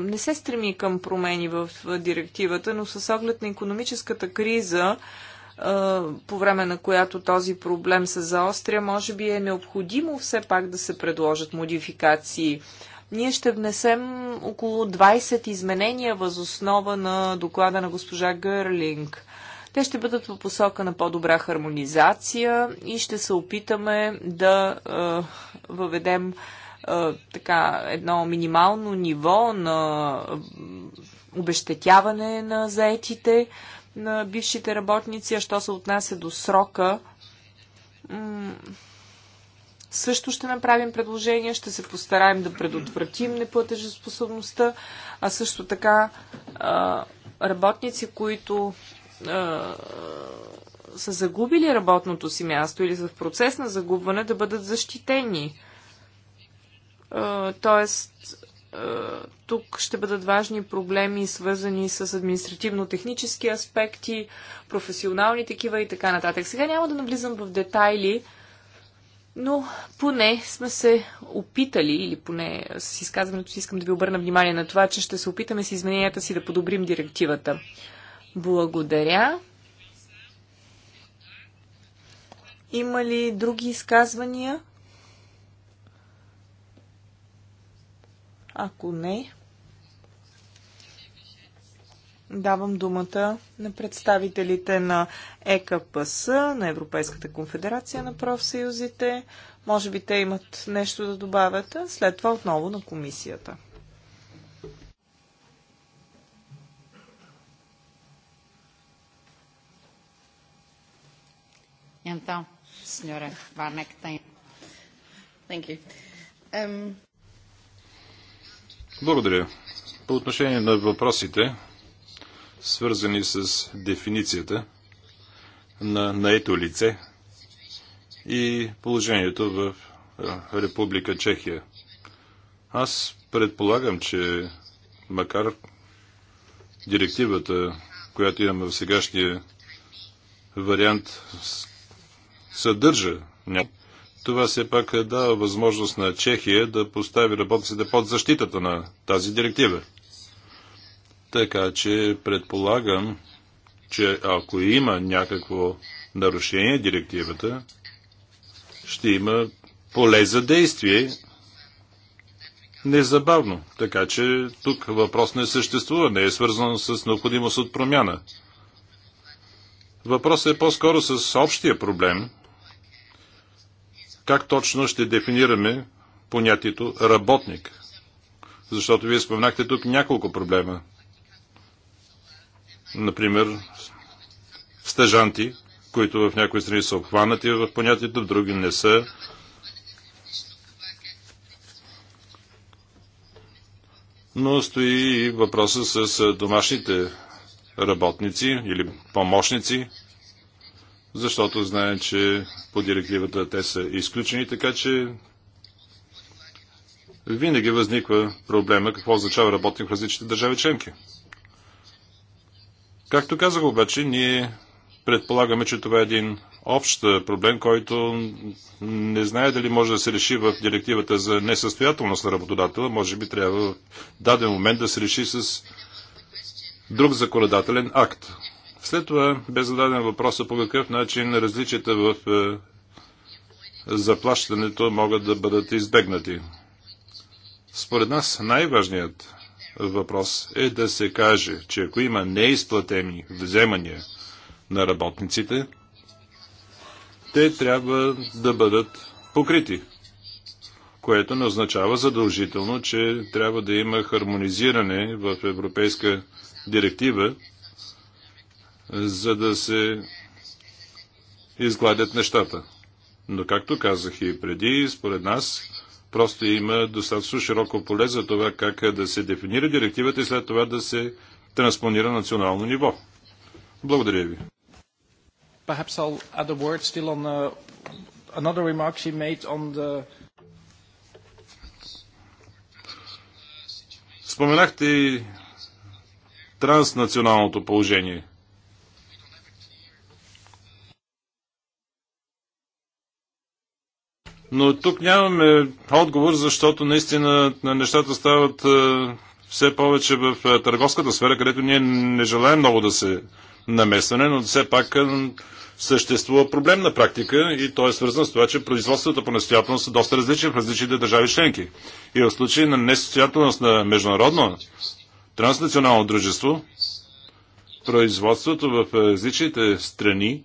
не се стреми към промени в директивата, но с оглед на економическата криза, по време на която този проблем се заостря, може би е необходимо все пак да се предложат модификации. Ние ще внесем около 20 изменения възоснова на доклада на госпожа Гърлинг. Те ще бъдат по посока на по-добра хармонизация и ще се опитаме да е, въведем е, така, едно минимално ниво на обещетяване на заетите на бившите работници, а що се отнася до срока, също ще направим предложения, ще се постараем да предотвратим неплатежеспособността, а също така работници, които са загубили работното си място или са в процес на загубване, да бъдат защитени. Е, тоест, е, тук ще бъдат важни проблеми, свързани с административно-технически аспекти, професионални такива и така нататък. Сега няма да навлизам в детайли, но поне сме се опитали, или поне с изказването си искам да ви обърна внимание на това, че ще се опитаме с измененията си да подобрим директивата. Благодаря. Има ли други изказвания? Ако не, давам думата на представителите на ЕКПС, на Европейската конфедерация на профсъюзите. Може би те имат нещо да добавят, след това отново на комисията. Então, senhora Varnek tem. Thank you. Um... Благодаря. По отношение на въпросите, свързани с дефиницията на наето лице и положението в Република Чехия. Аз предполагам, че макар директивата, която имаме в сегашния вариант, съдържа някакъв това все пак е дава възможност на Чехия да постави работниците под защитата на тази директива. Така че предполагам, че ако има някакво нарушение директивата, ще има поле за действие незабавно. Така че тук въпрос не съществува, не е свързан с необходимост от промяна. Въпросът е по-скоро с общия проблем, как точно ще дефинираме понятието работник? Защото вие споменахте тук няколко проблема. Например, стъжанти, които в някои страни са обхванати в понятието, в други не са. Но стои и въпроса с домашните работници или помощници защото знаем, че по директивата те са изключени, така че винаги възниква проблема какво означава работник в различните държави членки. Както казах обаче, ние предполагаме, че това е един общ проблем, който не знае дали може да се реши в директивата за несъстоятелност на работодателя. Може би трябва в даден момент да се реши с друг законодателен акт. След това бе зададен въпроса по какъв начин различията в е, заплащането могат да бъдат избегнати. Според нас най-важният въпрос е да се каже, че ако има неизплатени вземания на работниците, те трябва да бъдат покрити, което не означава задължително, че трябва да има хармонизиране в Европейска директива за да се изгладят нещата. Но, както казах и преди, според нас просто има достатъчно широко поле за това как да се дефинира директивата и след това да се транспонира на национално ниво. Благодаря ви. Uh, Споменахте и транснационалното положение. Но тук нямаме отговор, защото наистина нещата стават е, все повече в е, търговската сфера, където ние не желаем много да се намесваме, но все пак е, съществува проблем на практика и той е свързан с това, че производствата по настоятелност са доста различни в различните държави членки. И в случай на несъстоятелност на международно транснационално дружество, производството в различните страни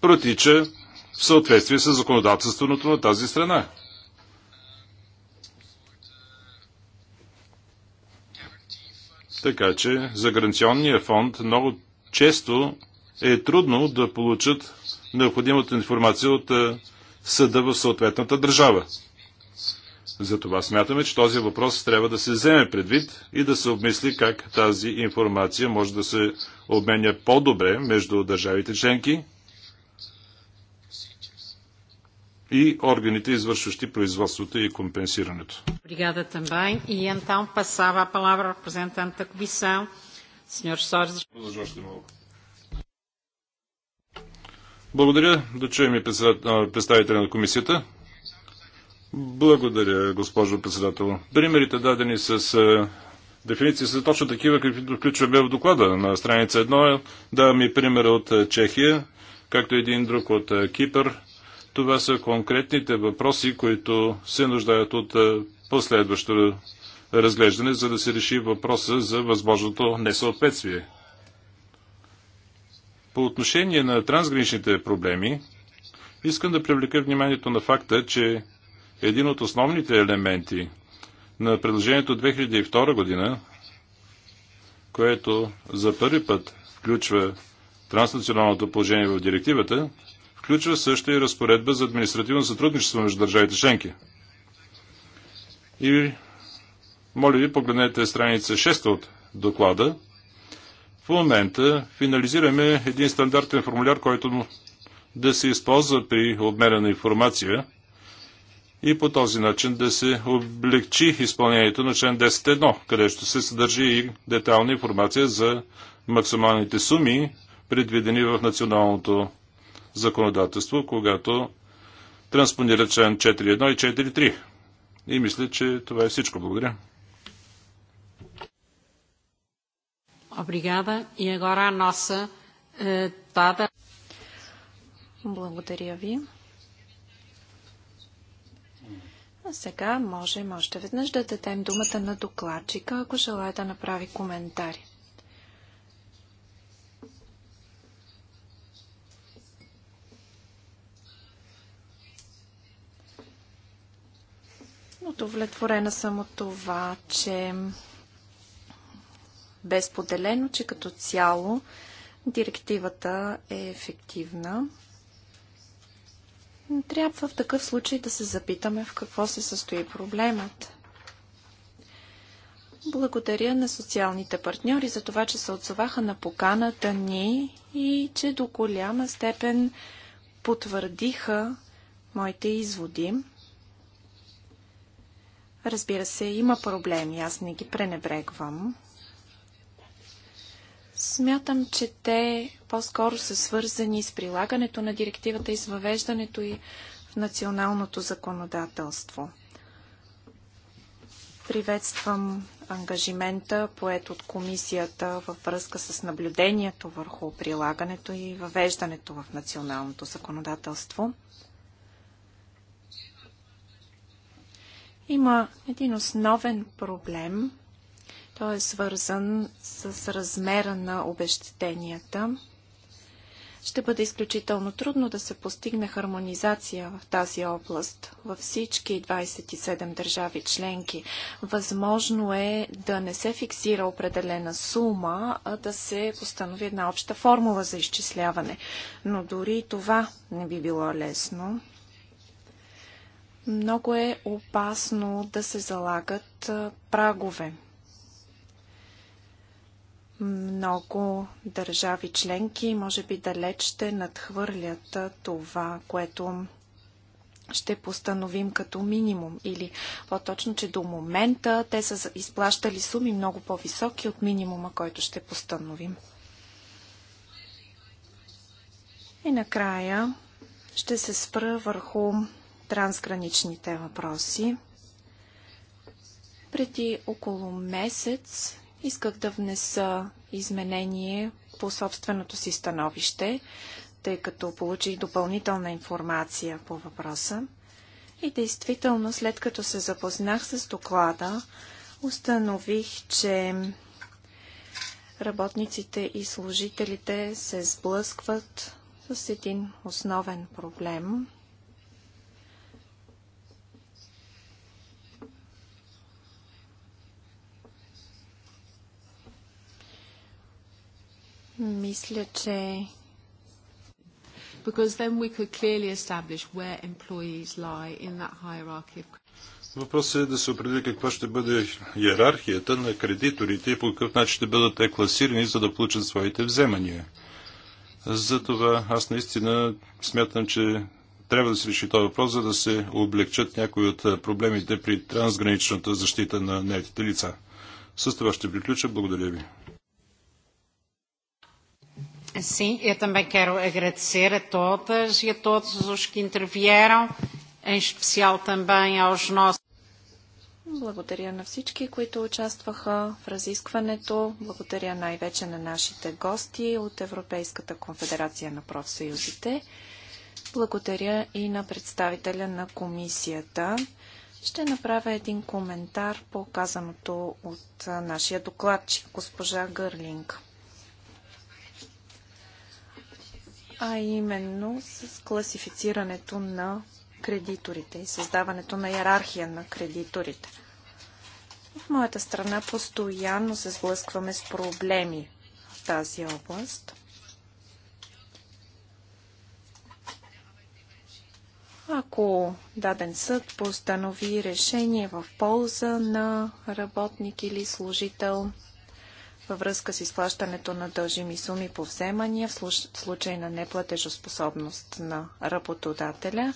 протича в съответствие с законодателството на тази страна. Така че за гаранционния фонд много често е трудно да получат необходимата информация от съда в съответната държава. Затова смятаме, че този въпрос трябва да се вземе предвид и да се обмисли как тази информация може да се обменя по-добре между държавите членки и органите, извършващи производството и компенсирането. Obrigada também. E então passava a palavra ao representante da Comissão, Sr. Soares. Благодаря. Да чуем и представителя на комисията. Благодаря, госпожо председател. Примерите дадени с дефиниции са точно такива, каквито включваме в доклада. На страница 1 да ми примера от Чехия, както един друг от Кипър, това са конкретните въпроси, които се нуждаят от е, последващо разглеждане, за да се реши въпроса за възможното несъответствие. По отношение на трансграничните проблеми, искам да привлека вниманието на факта, че един от основните елементи на предложението 2002 година, което за първи път включва транснационалното положение в директивата, включва също и разпоредба за административно сътрудничество между държавите членки. И моля ви, погледнете страница 6 от доклада. В момента финализираме един стандартен формуляр, който да се използва при обмена на информация и по този начин да се облегчи изпълнението на член 10.1, където се съдържи и детална информация за максималните суми, предвидени в националното законодателство, когато транспонира член 4.1 и 4.3. И мисля, че това е всичко. Благодаря. E eh, Благодаря ви. А сега можем още веднъж да дадем думата на докладчика, ако желая да направи коментари. Удовлетворена съм от това, че безподелено, че като цяло директивата е ефективна. Трябва в такъв случай да се запитаме в какво се състои проблемът. Благодаря на социалните партньори за това, че се отзоваха на поканата ни и че до голяма степен потвърдиха моите изводи. Разбира се, има проблеми, аз не ги пренебрегвам. Смятам, че те по-скоро са свързани с прилагането на директивата и с въвеждането и в националното законодателство. Приветствам ангажимента, поет от комисията във връзка с наблюдението върху прилагането и въвеждането в националното законодателство. Има един основен проблем. Той е свързан с размера на обещетенията. Ще бъде изключително трудно да се постигне хармонизация в тази област във всички 27 държави членки. Възможно е да не се фиксира определена сума, а да се постанови една обща формула за изчисляване. Но дори това не би било лесно. Много е опасно да се залагат прагове. Много държави членки, може би далеч ще надхвърлят това, което ще постановим като минимум. Или по-точно, че до момента те са изплащали суми много по-високи от минимума, който ще постановим. И накрая ще се спра върху трансграничните въпроси. Преди около месец исках да внеса изменение по собственото си становище, тъй като получих допълнителна информация по въпроса. И действително, след като се запознах с доклада, установих, че работниците и служителите се сблъскват с един основен проблем – Мисля, че because then we could clearly establish where employees lie in that hierarchy of Въпросът е да се определи каква ще бъде иерархията на кредиторите и по какъв начин ще бъдат те класирани, за да получат своите вземания. Затова аз наистина смятам, че трябва да се реши този въпрос, за да се облегчат някои от проблемите при трансграничната защита на неетите лица. С това ще приключа. Благодаря ви. Sim, eu também quero agradecer a todas e a todos os que intervieram, em especial também aos nossos. Благодаря на всички, които участваха в разискването. Благодаря най-вече на нашите гости от Европейската конфедерация на профсъюзите. Благодаря и на представителя на комисията. Ще направя един коментар по казаното от нашия докладчик, госпожа Гърлинг. а именно с класифицирането на кредиторите и създаването на иерархия на кредиторите. В моята страна постоянно се сблъскваме с проблеми в тази област. Ако даден съд постанови решение в полза на работник или служител, във връзка с изплащането на дължими суми по вземания в случай на неплатежоспособност на работодателя,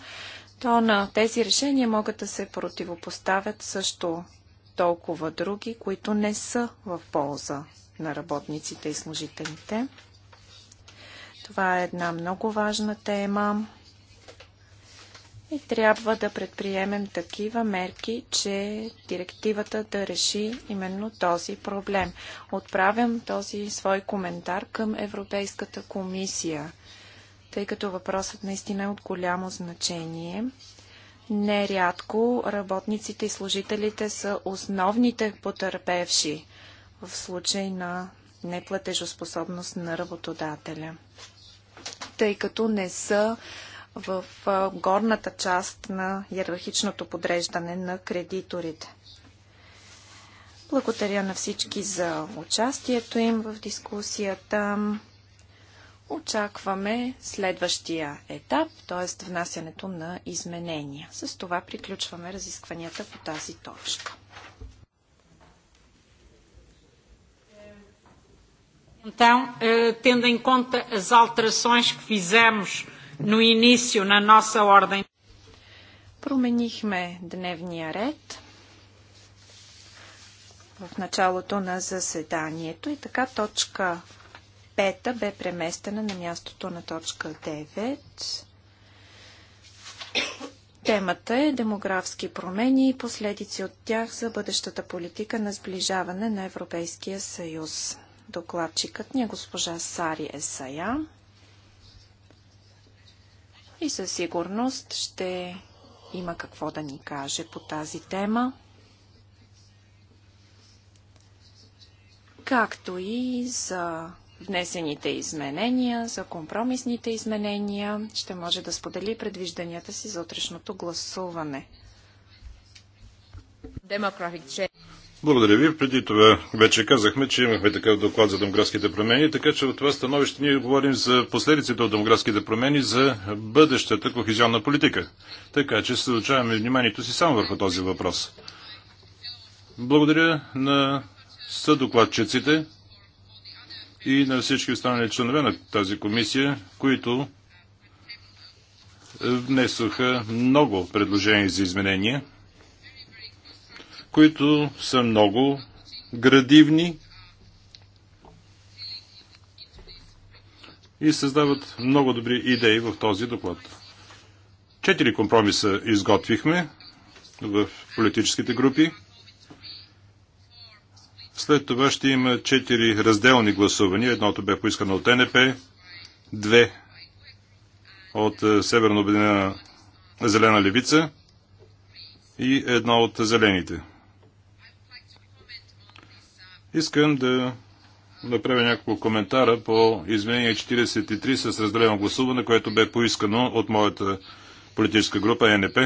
то на тези решения могат да се противопоставят също толкова други, които не са в полза на работниците и служителите. Това е една много важна тема. И трябва да предприемем такива мерки, че директивата да реши именно този проблем. Отправям този свой коментар към Европейската комисия, тъй като въпросът наистина е от голямо значение. Нерядко работниците и служителите са основните потърпевши в случай на неплатежоспособност на работодателя, тъй като не са в горната част на иерархичното подреждане на кредиторите. Благодаря на всички за участието им в дискусията. Очакваме следващия етап, т.е. внасянето на изменения. С това приключваме разискванията по тази точка. Então, eh, tendo em conta as alterações que fizemos no início na nossa ordem. Променихме дневния ред в началото на заседанието и така точка 5 бе преместена на мястото на точка 9. Темата е демографски промени и последици от тях за бъдещата политика на сближаване на Европейския съюз. Докладчикът ни е госпожа Сари Есая и със сигурност ще има какво да ни каже по тази тема. Както и за внесените изменения, за компромисните изменения, ще може да сподели предвижданията си за утрешното гласуване. Благодаря ви. Преди това вече казахме, че имахме такъв доклад за демографските промени, така че от това становище ние говорим за последиците от демографските промени за бъдещата кохезионна политика. Така че съдочаваме вниманието си само върху този въпрос. Благодаря на съдокладчиците и на всички останали членове на тази комисия, които внесоха много предложения за изменения които са много градивни и създават много добри идеи в този доклад. Четири компромиса изготвихме в политическите групи. След това ще има четири разделни гласувания. Едното бе поискано от НП, две от е, Северно Обединена Зелена левица и едно от зелените. Искам да направя няколко коментара по изменение 43 с разделено гласуване, което бе поискано от моята политическа група е НП.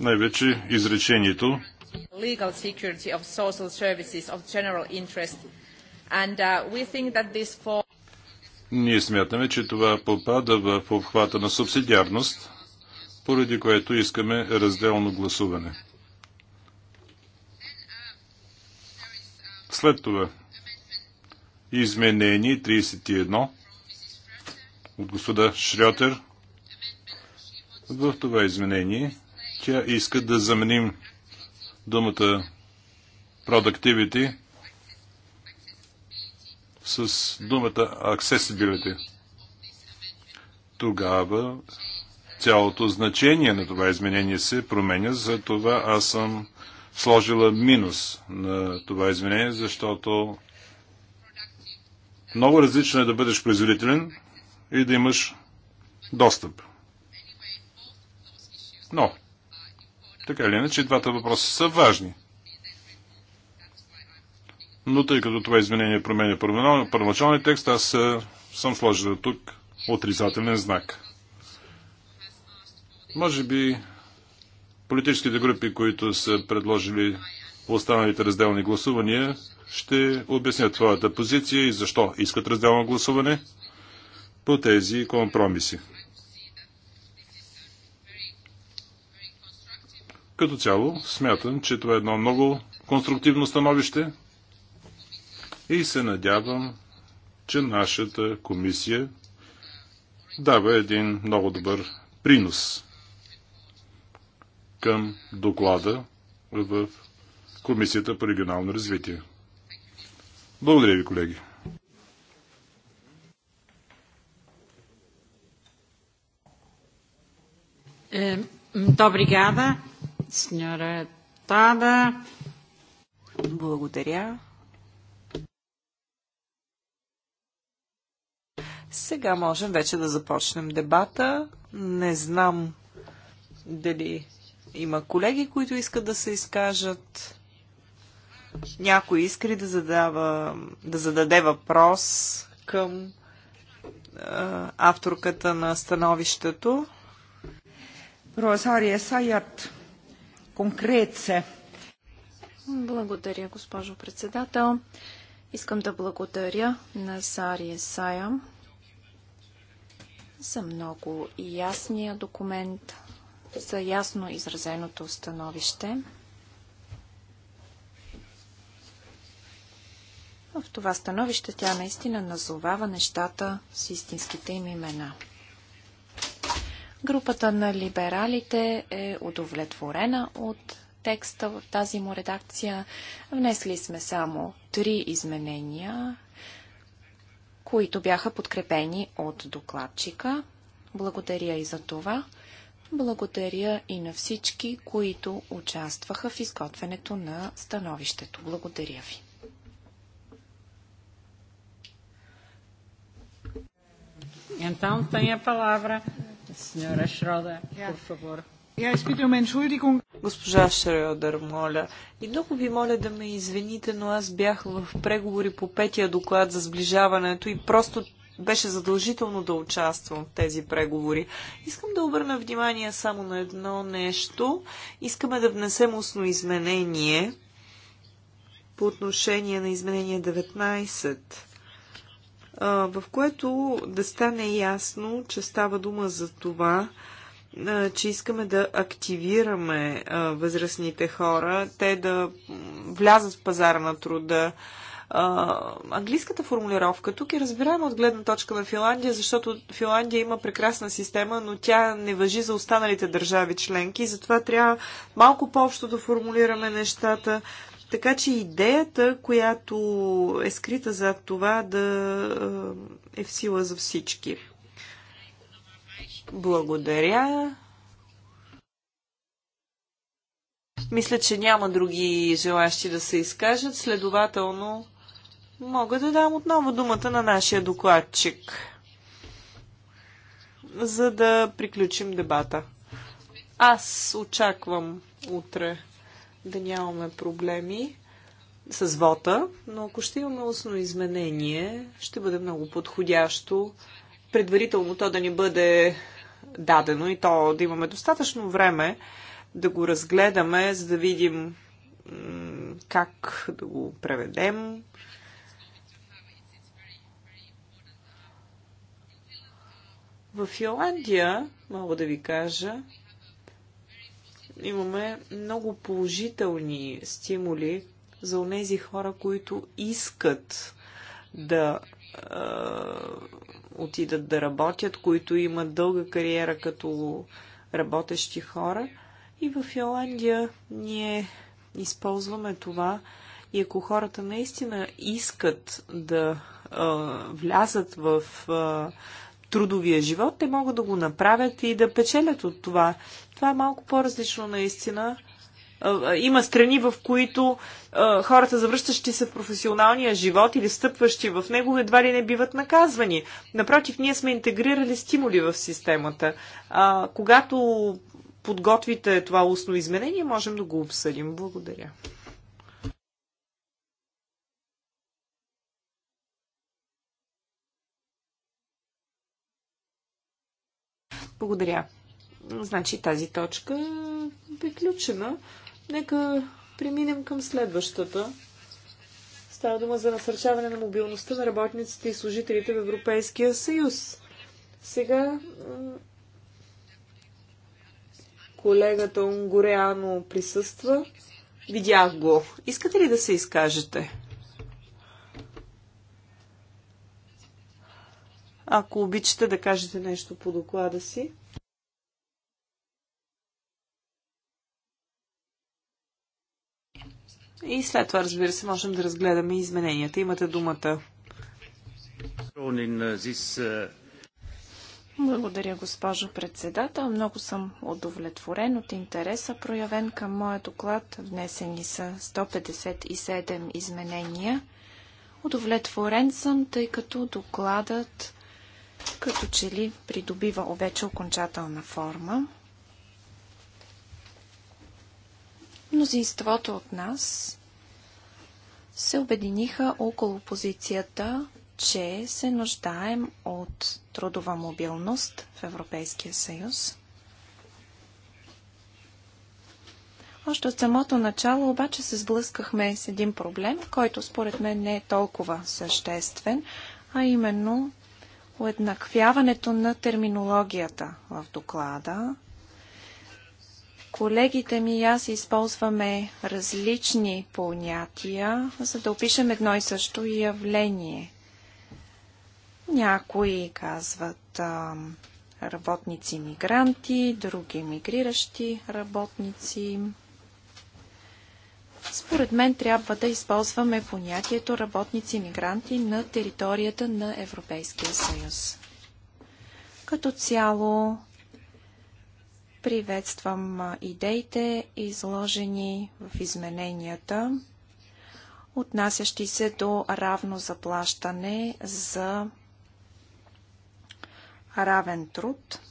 Най-вече изречението legal security of social services of general interest. And uh, we think that this Ние смятаме, че това попада в обхвата на субсидиарност поради което искаме разделно гласуване. След това изменение 31 от господа Шрьотер. В това изменение тя иска да заменим думата productivity с думата accessibility. Тогава цялото значение на това изменение се променя, за това аз съм сложила минус на това изменение, защото много различно е да бъдеш производителен и да имаш достъп. Но, така или иначе, двата въпроса са важни. Но тъй като това изменение променя първоначалния текст, аз е, съм сложил тук отрицателен знак. Може би политическите групи, които са предложили останалите разделни гласувания, ще обяснят твоята позиция и защо искат разделно гласуване по тези компромиси. Като цяло смятам, че това е едно много конструктивно становище и се надявам, че нашата комисия дава един много добър принос към доклада в Комисията по регионално развитие. Благодаря ви, колеги. Muito obrigada, senhora Благодаря. Сега можем вече да започнем дебата. Не знам дали има колеги, които искат да се изкажат. Някой искри да, задава, да зададе въпрос към а, авторката на становището? Розария е Саят, конкретце. Благодаря, госпожо председател. Искам да благодаря на Сария е Сая за много ясния документ, за ясно изразеното становище. В това становище тя наистина назовава нещата с истинските им имена. Групата на либералите е удовлетворена от текста в тази му редакция. Внесли сме само три изменения, които бяха подкрепени от докладчика. Благодаря и за това. Благодаря и на всички, които участваха в изготвянето на становището. Благодаря ви. Então tem a palavra a senhora Schroeder, por favor. Госпожа Шредър, моля. И много ви моля да ме извините, но аз бях в преговори по петия доклад за сближаването и просто беше задължително да участвам в тези преговори. Искам да обърна внимание само на едно нещо. Искаме да внесем устно изменение по отношение на изменение 19 в което да стане ясно, че става дума за това, че искаме да активираме възрастните хора, те да влязат в пазара на труда, английската формулировка тук е разбираема от гледна точка на Финландия, защото Финландия има прекрасна система, но тя не въжи за останалите държави членки, затова трябва малко по-общо да формулираме нещата. Така че идеята, която е скрита за това да е в сила за всички. Благодаря. Мисля, че няма други желащи да се изкажат, следователно Мога да дам отново думата на нашия докладчик, за да приключим дебата. Аз очаквам утре да нямаме проблеми с вота, но ако ще имаме устно изменение, ще бъде много подходящо предварително то да ни бъде дадено и то да имаме достатъчно време да го разгледаме, за да видим как да го преведем, В Йоландия, мога да ви кажа, имаме много положителни стимули за онези хора, които искат да е, отидат да работят, които имат дълга кариера като работещи хора. И в Йоландия ние използваме това. И ако хората наистина искат да е, влязат в е, трудовия живот, те могат да го направят и да печелят от това. Това е малко по-различно наистина. Има страни, в които хората, завръщащи се в професионалния живот или стъпващи в него, едва ли не биват наказвани. Напротив, ние сме интегрирали стимули в системата. когато подготвите това устно изменение, можем да го обсъдим. Благодаря. Благодаря. Значи тази точка е приключена. Нека преминем към следващата. Става дума за насърчаване на мобилността на работниците и служителите в Европейския съюз. Сега колегата Унгоряно присъства. Видях го. Искате ли да се изкажете? Ако обичате да кажете нещо по доклада си. И след това, разбира се, можем да разгледаме измененията. Имате думата. Благодаря, госпожо председател. Много съм удовлетворен от интереса, проявен към моя доклад. Внесени са 157 изменения. Удовлетворен съм, тъй като докладът като че ли придобива вече окончателна форма. Мнозинството от нас се обединиха около позицията, че се нуждаем от трудова мобилност в Европейския съюз. Още от самото начало обаче се сблъскахме с един проблем, който според мен не е толкова съществен, а именно уеднаквяването на терминологията в доклада. Колегите ми и аз използваме различни понятия, за да опишем едно и също явление. Някои казват а, работници-мигранти, други мигриращи работници. Според мен трябва да използваме понятието работници-мигранти на територията на Европейския съюз. Като цяло приветствам идеите, изложени в измененията, отнасящи се до равно заплащане за равен труд –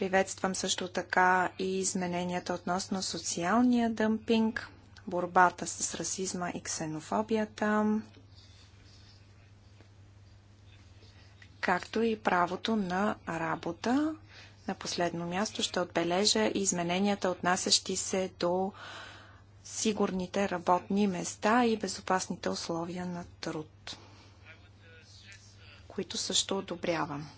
Приветствам също така и измененията относно социалния дъмпинг, борбата с расизма и ксенофобията, както и правото на работа. На последно място ще отбележа измененията, отнасящи се до сигурните работни места и безопасните условия на труд, които също одобрявам.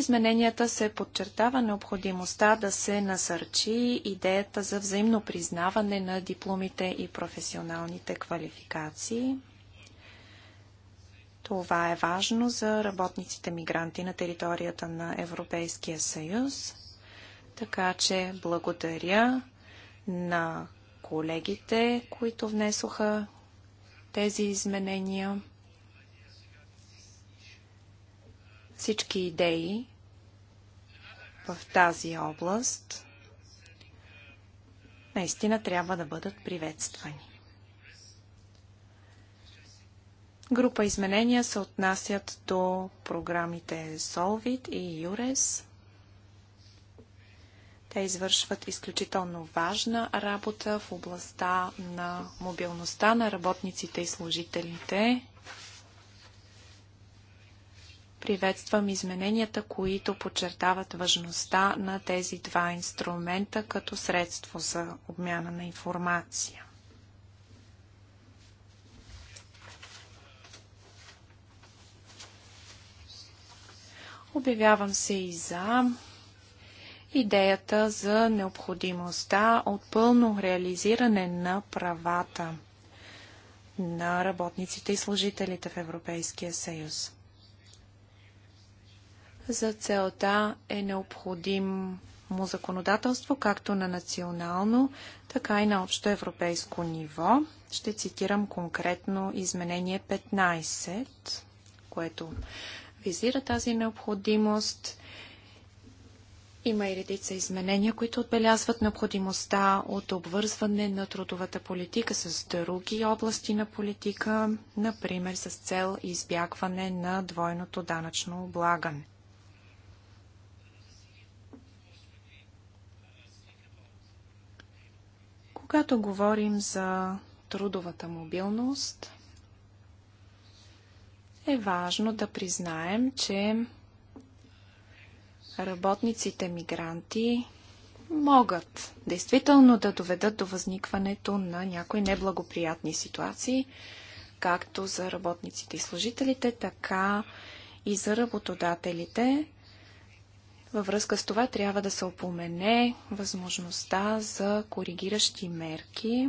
измененията се подчертава необходимостта да се насърчи идеята за взаимно признаване на дипломите и професионалните квалификации. Това е важно за работниците мигранти на територията на Европейския съюз. Така че благодаря на колегите, които внесоха тези изменения. Всички идеи, в тази област наистина трябва да бъдат приветствани. Група изменения се отнасят до програмите Solvit и Юрес. Те извършват изключително важна работа в областта на мобилността на работниците и служителите. Приветствам измененията, които подчертават важността на тези два инструмента като средство за обмяна на информация. Обявявам се и за идеята за необходимостта от пълно реализиране на правата на работниците и служителите в Европейския съюз. За целта е необходимо законодателство, както на национално, така и на общо европейско ниво. Ще цитирам конкретно изменение 15, което визира тази необходимост. Има и редица изменения, които отбелязват необходимостта от обвързване на трудовата политика с други области на политика, например с цел избягване на двойното данъчно облагане. Когато говорим за трудовата мобилност, е важно да признаем, че работниците мигранти могат действително да доведат до възникването на някои неблагоприятни ситуации, както за работниците и служителите, така и за работодателите. Във връзка с това трябва да се опомене възможността за коригиращи мерки,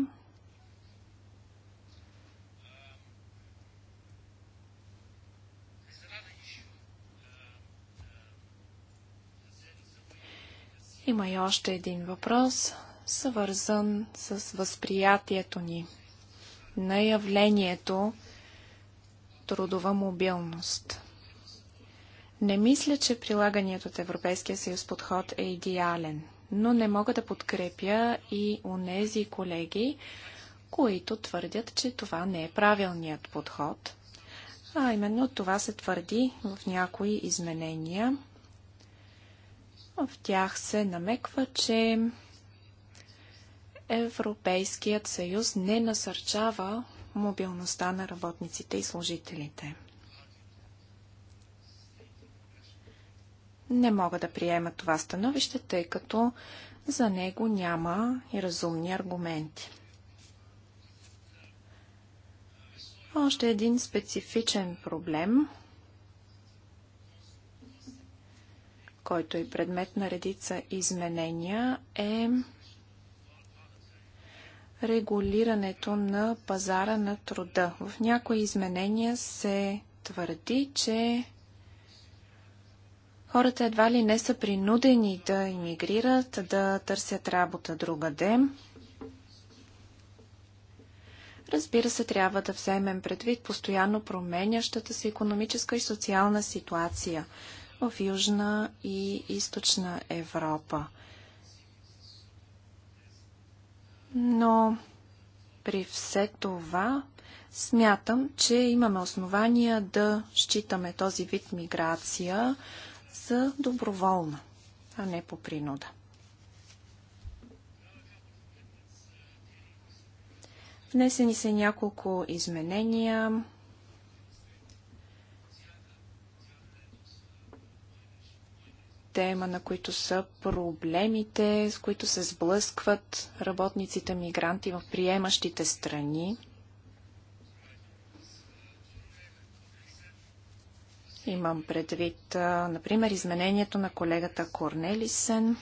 Има и още един въпрос, съвързан с възприятието ни на явлението трудова мобилност. Не мисля, че прилаганият от Европейския съюз подход е идеален, но не мога да подкрепя и нези колеги, които твърдят, че това не е правилният подход. А именно това се твърди в някои изменения. В тях се намеква, че Европейският съюз не насърчава мобилността на работниците и служителите. Не мога да приема това становище, тъй като за него няма и разумни аргументи. Още един специфичен проблем, който е предмет на редица изменения, е регулирането на пазара на труда. В някои изменения се твърди, че Хората едва ли не са принудени да иммигрират, да търсят работа другаде. Разбира се, трябва да вземем предвид постоянно променящата се економическа и социална ситуация в Южна и Източна Европа. Но при все това смятам, че имаме основания да считаме този вид миграция са доброволна, а не по принуда. Внесени са няколко изменения. Тема, на които са проблемите, с които се сблъскват работниците мигранти в приемащите страни. Имам предвид, например, изменението на колегата Корнелисен.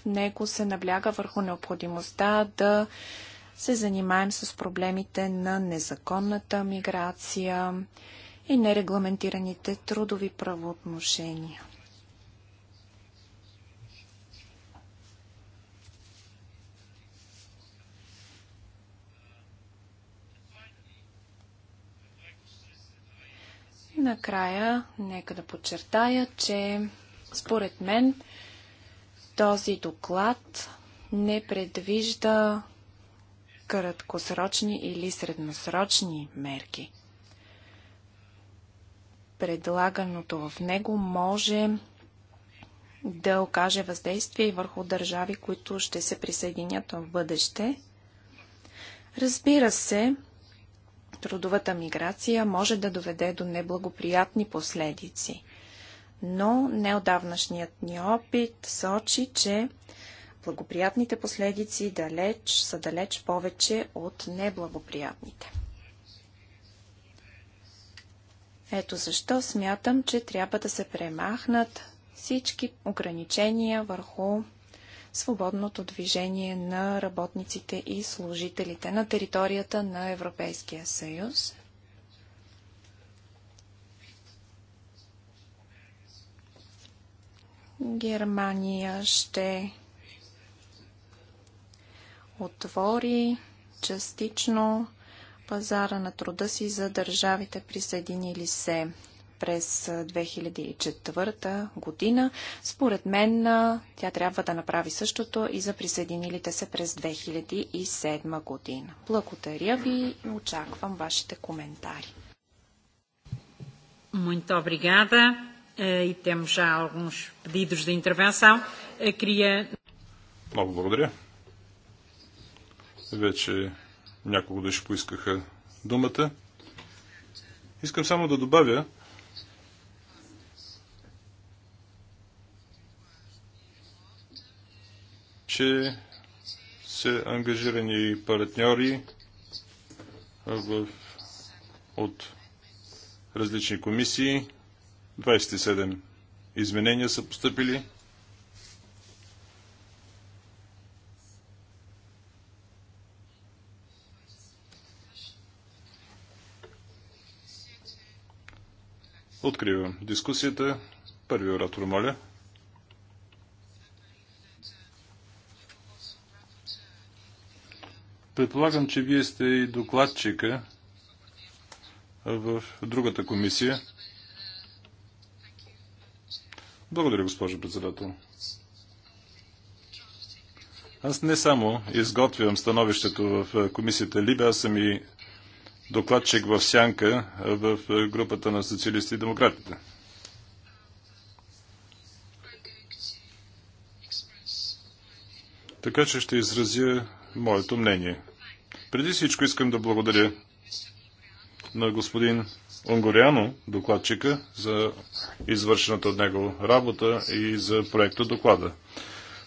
В него се набляга върху необходимостта да се занимаем с проблемите на незаконната миграция и нерегламентираните трудови правоотношения. И накрая, нека да подчертая, че според мен този доклад не предвижда краткосрочни или средносрочни мерки. Предлаганото в него може да окаже въздействие върху държави, които ще се присъединят в бъдеще. Разбира се, Трудовата миграция може да доведе до неблагоприятни последици, но неодавнашният ни опит сочи, че благоприятните последици далеч са далеч повече от неблагоприятните. Ето защо смятам, че трябва да се премахнат всички ограничения върху свободното движение на работниците и служителите на територията на Европейския съюз. Германия ще отвори частично пазара на труда си за държавите присъединили се през 2004 година. Според мен тя трябва да направи същото и за присъединилите се през 2007 година. Благодаря ви и очаквам вашите коментари. Muito obrigada. E temos já alguns pedidos de intervenção. Queria... Е, Много благодаря. Вече няколко души поискаха думата. Искам само да добавя, че са ангажирани партньори в, от различни комисии. 27 изменения са поступили. Откривам дискусията. Първи оратор, моля. Предполагам, че вие сте и докладчика в другата комисия. Благодаря, госпожо председател. Аз не само изготвям становището в е, комисията Либе, аз съм и докладчик в Сянка е, в е, групата на социалисти и демократите. Така че ще изразя моето мнение. Преди всичко искам да благодаря на господин Онгоряно, докладчика, за извършената от него работа и за проекта доклада.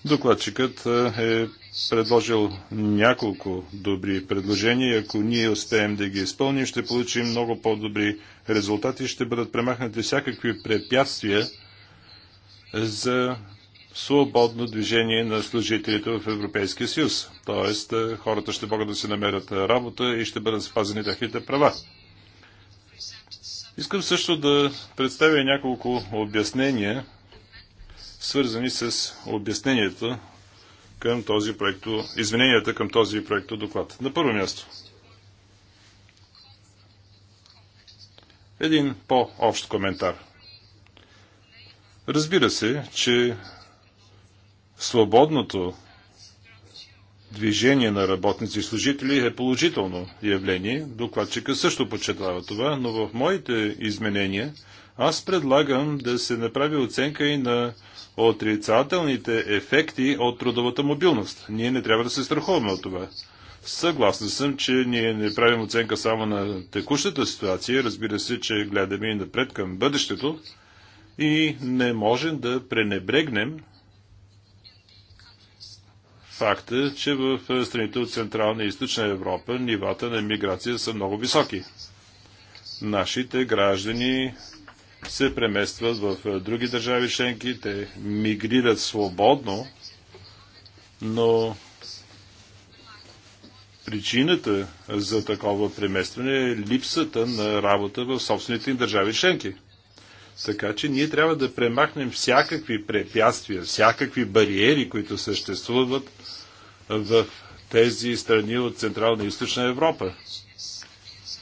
Докладчикът е, е предложил няколко добри предложения. Ако ние успеем да ги изпълним, ще получим много по-добри резултати. Ще бъдат премахнати всякакви препятствия за свободно движение на служителите в Европейския съюз. Тоест, е, хората ще могат да си намерят е, работа и ще бъдат спазени техните права. Искам също да представя няколко обяснения, свързани с обяснението към този проекто, измененията към този проекто доклад. На първо място. Един по-общ коментар. Разбира се, че свободното движение на работници и служители е положително явление. Докладчика също подчертава това, но в моите изменения аз предлагам да се направи оценка и на отрицателните ефекти от трудовата мобилност. Ние не трябва да се страхуваме от това. Съгласен съм, че ние не правим оценка само на текущата ситуация. Разбира се, че гледаме и напред към бъдещето и не можем да пренебрегнем факта, че в е, страните от Централна и Източна Европа нивата на миграция са много високи. Нашите граждани се преместват в е, други държави членки, те мигрират свободно, но причината за такова преместване е липсата на работа в собствените им държави членки – така че ние трябва да премахнем всякакви препятствия, всякакви бариери, които съществуват в тези страни от Централна и Източна Европа.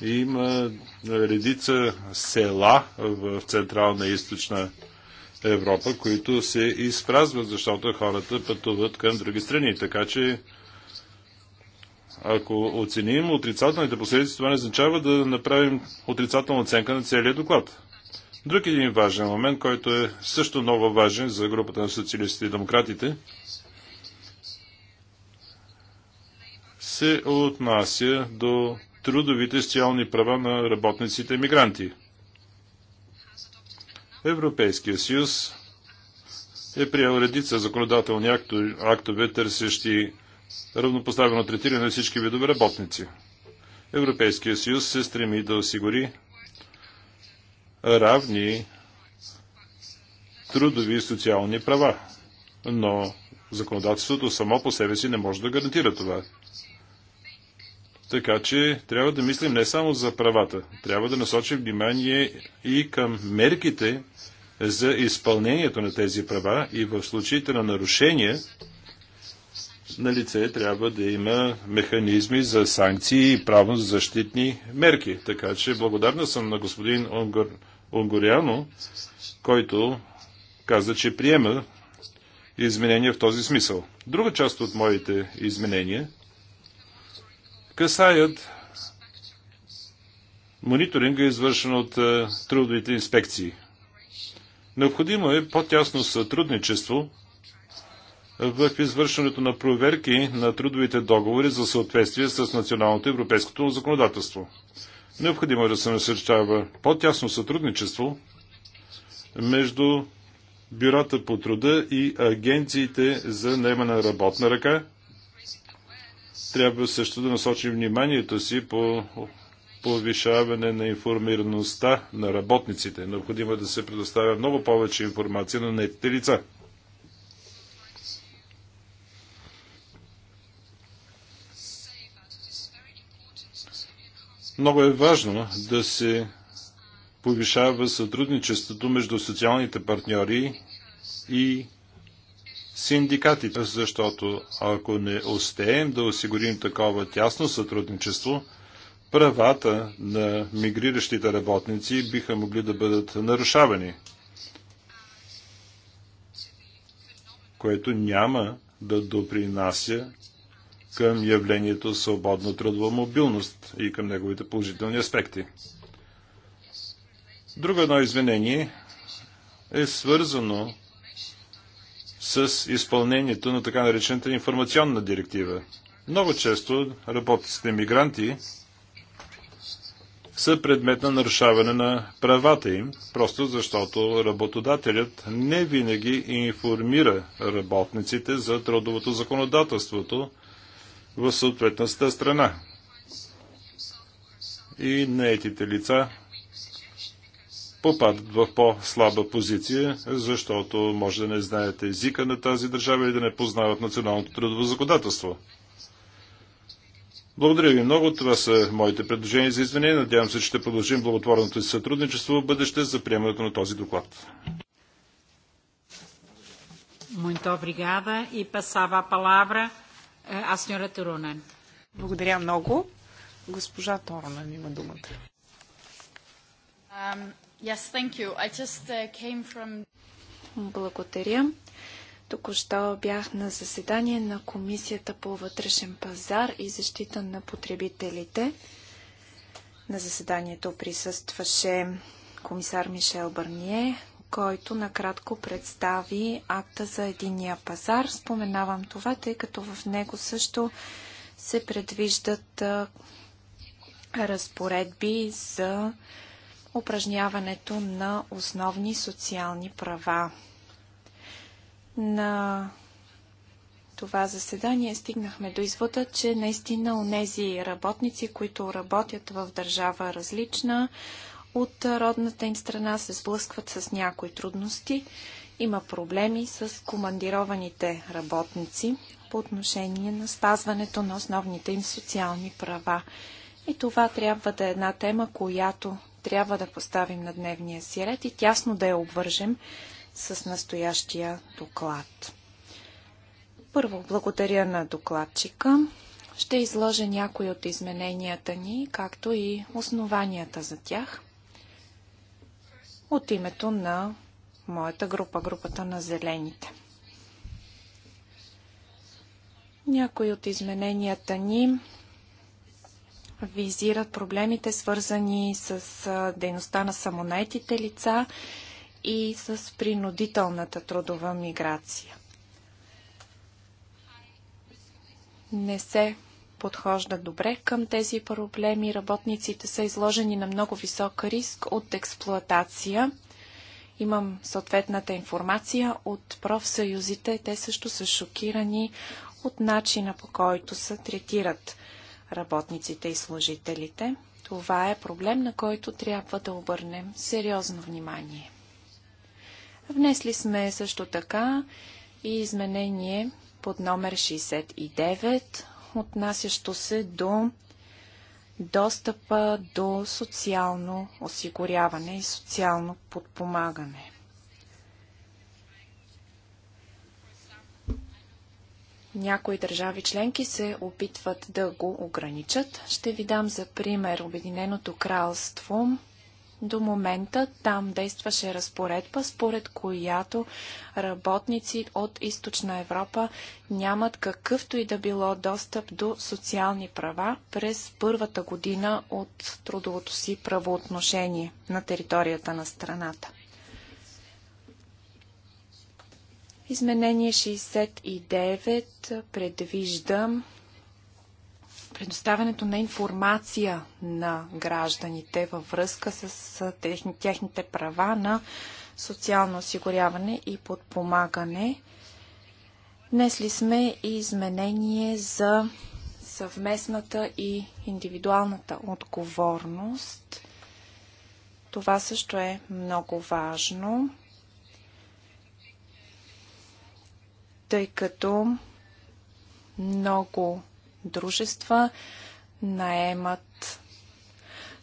Има редица села в Централна и Източна Европа, които се изпразват, защото хората пътуват към други страни. Така че ако оценим отрицателните последици, това не означава да направим отрицателна оценка на целия доклад. Друг един важен момент, който е също много важен за групата на социалистите и демократите, се отнася до трудовите социални права на работниците и мигранти. Европейския съюз е приел редица законодателни актове, търсещи равнопоставено третиране на всички видове работници. Европейския съюз се стреми да осигури равни трудови и социални права. Но законодателството само по себе си не може да гарантира това. Така че трябва да мислим не само за правата, трябва да насочим внимание и към мерките за изпълнението на тези права и в случаите на нарушение на лице трябва да има механизми за санкции и правно защитни мерки. Така че благодарна съм на господин Онгор Унгоряно, който каза, че приема изменения в този смисъл. Друга част от моите изменения касаят мониторинга, извършен от е, трудовите инспекции. Необходимо е по-тясно сътрудничество в извършването на проверки на трудовите договори за съответствие с националното европейското законодателство. Необходимо е да се насърчава по-тясно сътрудничество между бюрата по труда и агенциите за наемане на работна ръка. Трябва също да насочим вниманието си по повишаване на информираността на работниците. Необходимо е да се предоставя много повече информация на нетите лица. Много е важно да се повишава сътрудничеството между социалните партньори и синдикатите, защото ако не успеем да осигурим такова тясно сътрудничество, правата на мигриращите работници биха могли да бъдат нарушавани, което няма да допринася към явлението свободна трудова мобилност и към неговите положителни аспекти. Друго едно извинение е свързано с изпълнението на така наречената информационна директива. Много често работниците мигранти са предмет на нарушаване на правата им, просто защото работодателят не винаги информира работниците за трудовото законодателството в съответната страна и наетите лица попадат в по-слаба позиция, защото може да не знаят езика на тази държава и да не познават националното трудово законодателство. Благодаря ви много. Това са моите предложения за извинение. Надявам се, че ще продължим благотворното си сътрудничество в бъдеще за приемането на този доклад. Muito obrigada e passava a palavra е, аз, сеньора Благодаря много. Госпожа Торонен има думата. Um, yes, thank you. I just uh, came from... Благодаря. Току-що бях на заседание на Комисията по вътрешен пазар и защита на потребителите. На заседанието присъстваше комисар Мишел Барние, който накратко представи акта за единия пазар. Споменавам това, тъй като в него също се предвиждат разпоредби за упражняването на основни социални права. На това заседание стигнахме до извода, че наистина у нези работници, които работят в държава различна от родната им страна се сблъскват с някои трудности. Има проблеми с командированите работници по отношение на спазването на основните им социални права. И това трябва да е една тема, която трябва да поставим на дневния си ред и тясно да я обвържем с настоящия доклад. Първо, благодаря на докладчика. Ще изложа някои от измененията ни, както и основанията за тях от името на моята група, групата на зелените. Някои от измененията ни визират проблемите, свързани с дейността на самонайтите лица и с принудителната трудова миграция. Не се подхожда добре към тези проблеми. Работниците са изложени на много висок риск от експлоатация. Имам съответната информация от профсъюзите. Те също са шокирани от начина по който се третират работниците и служителите. Това е проблем, на който трябва да обърнем сериозно внимание. Внесли сме също така и изменение под номер 69 отнасящо се до достъпа до социално осигуряване и социално подпомагане. Някои държави членки се опитват да го ограничат. Ще ви дам за пример Обединеното кралство, до момента там действаше разпоредба, според която работници от източна Европа нямат какъвто и да било достъп до социални права през първата година от трудовото си правоотношение на територията на страната. Изменение 69 предвижда предоставянето на информация на гражданите във връзка с техните права на социално осигуряване и подпомагане. Внесли сме и изменение за съвместната и индивидуалната отговорност. Това също е много важно, тъй като много дружества наемат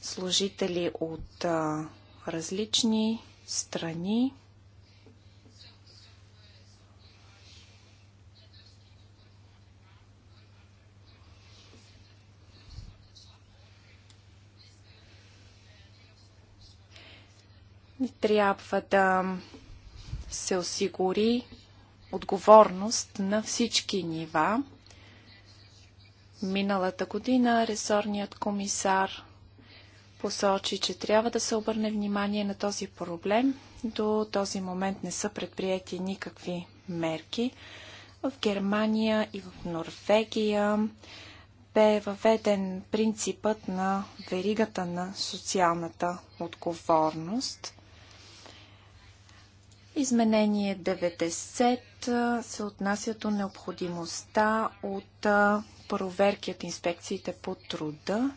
служители от а, различни страни. Трябва да се осигури отговорност на всички нива. Миналата година ресорният комисар посочи, че трябва да се обърне внимание на този проблем. До този момент не са предприяти никакви мерки. В Германия и в Норвегия бе въведен принципът на веригата на социалната отговорност. Изменение 90 се отнася до необходимостта от проверки от инспекциите по труда.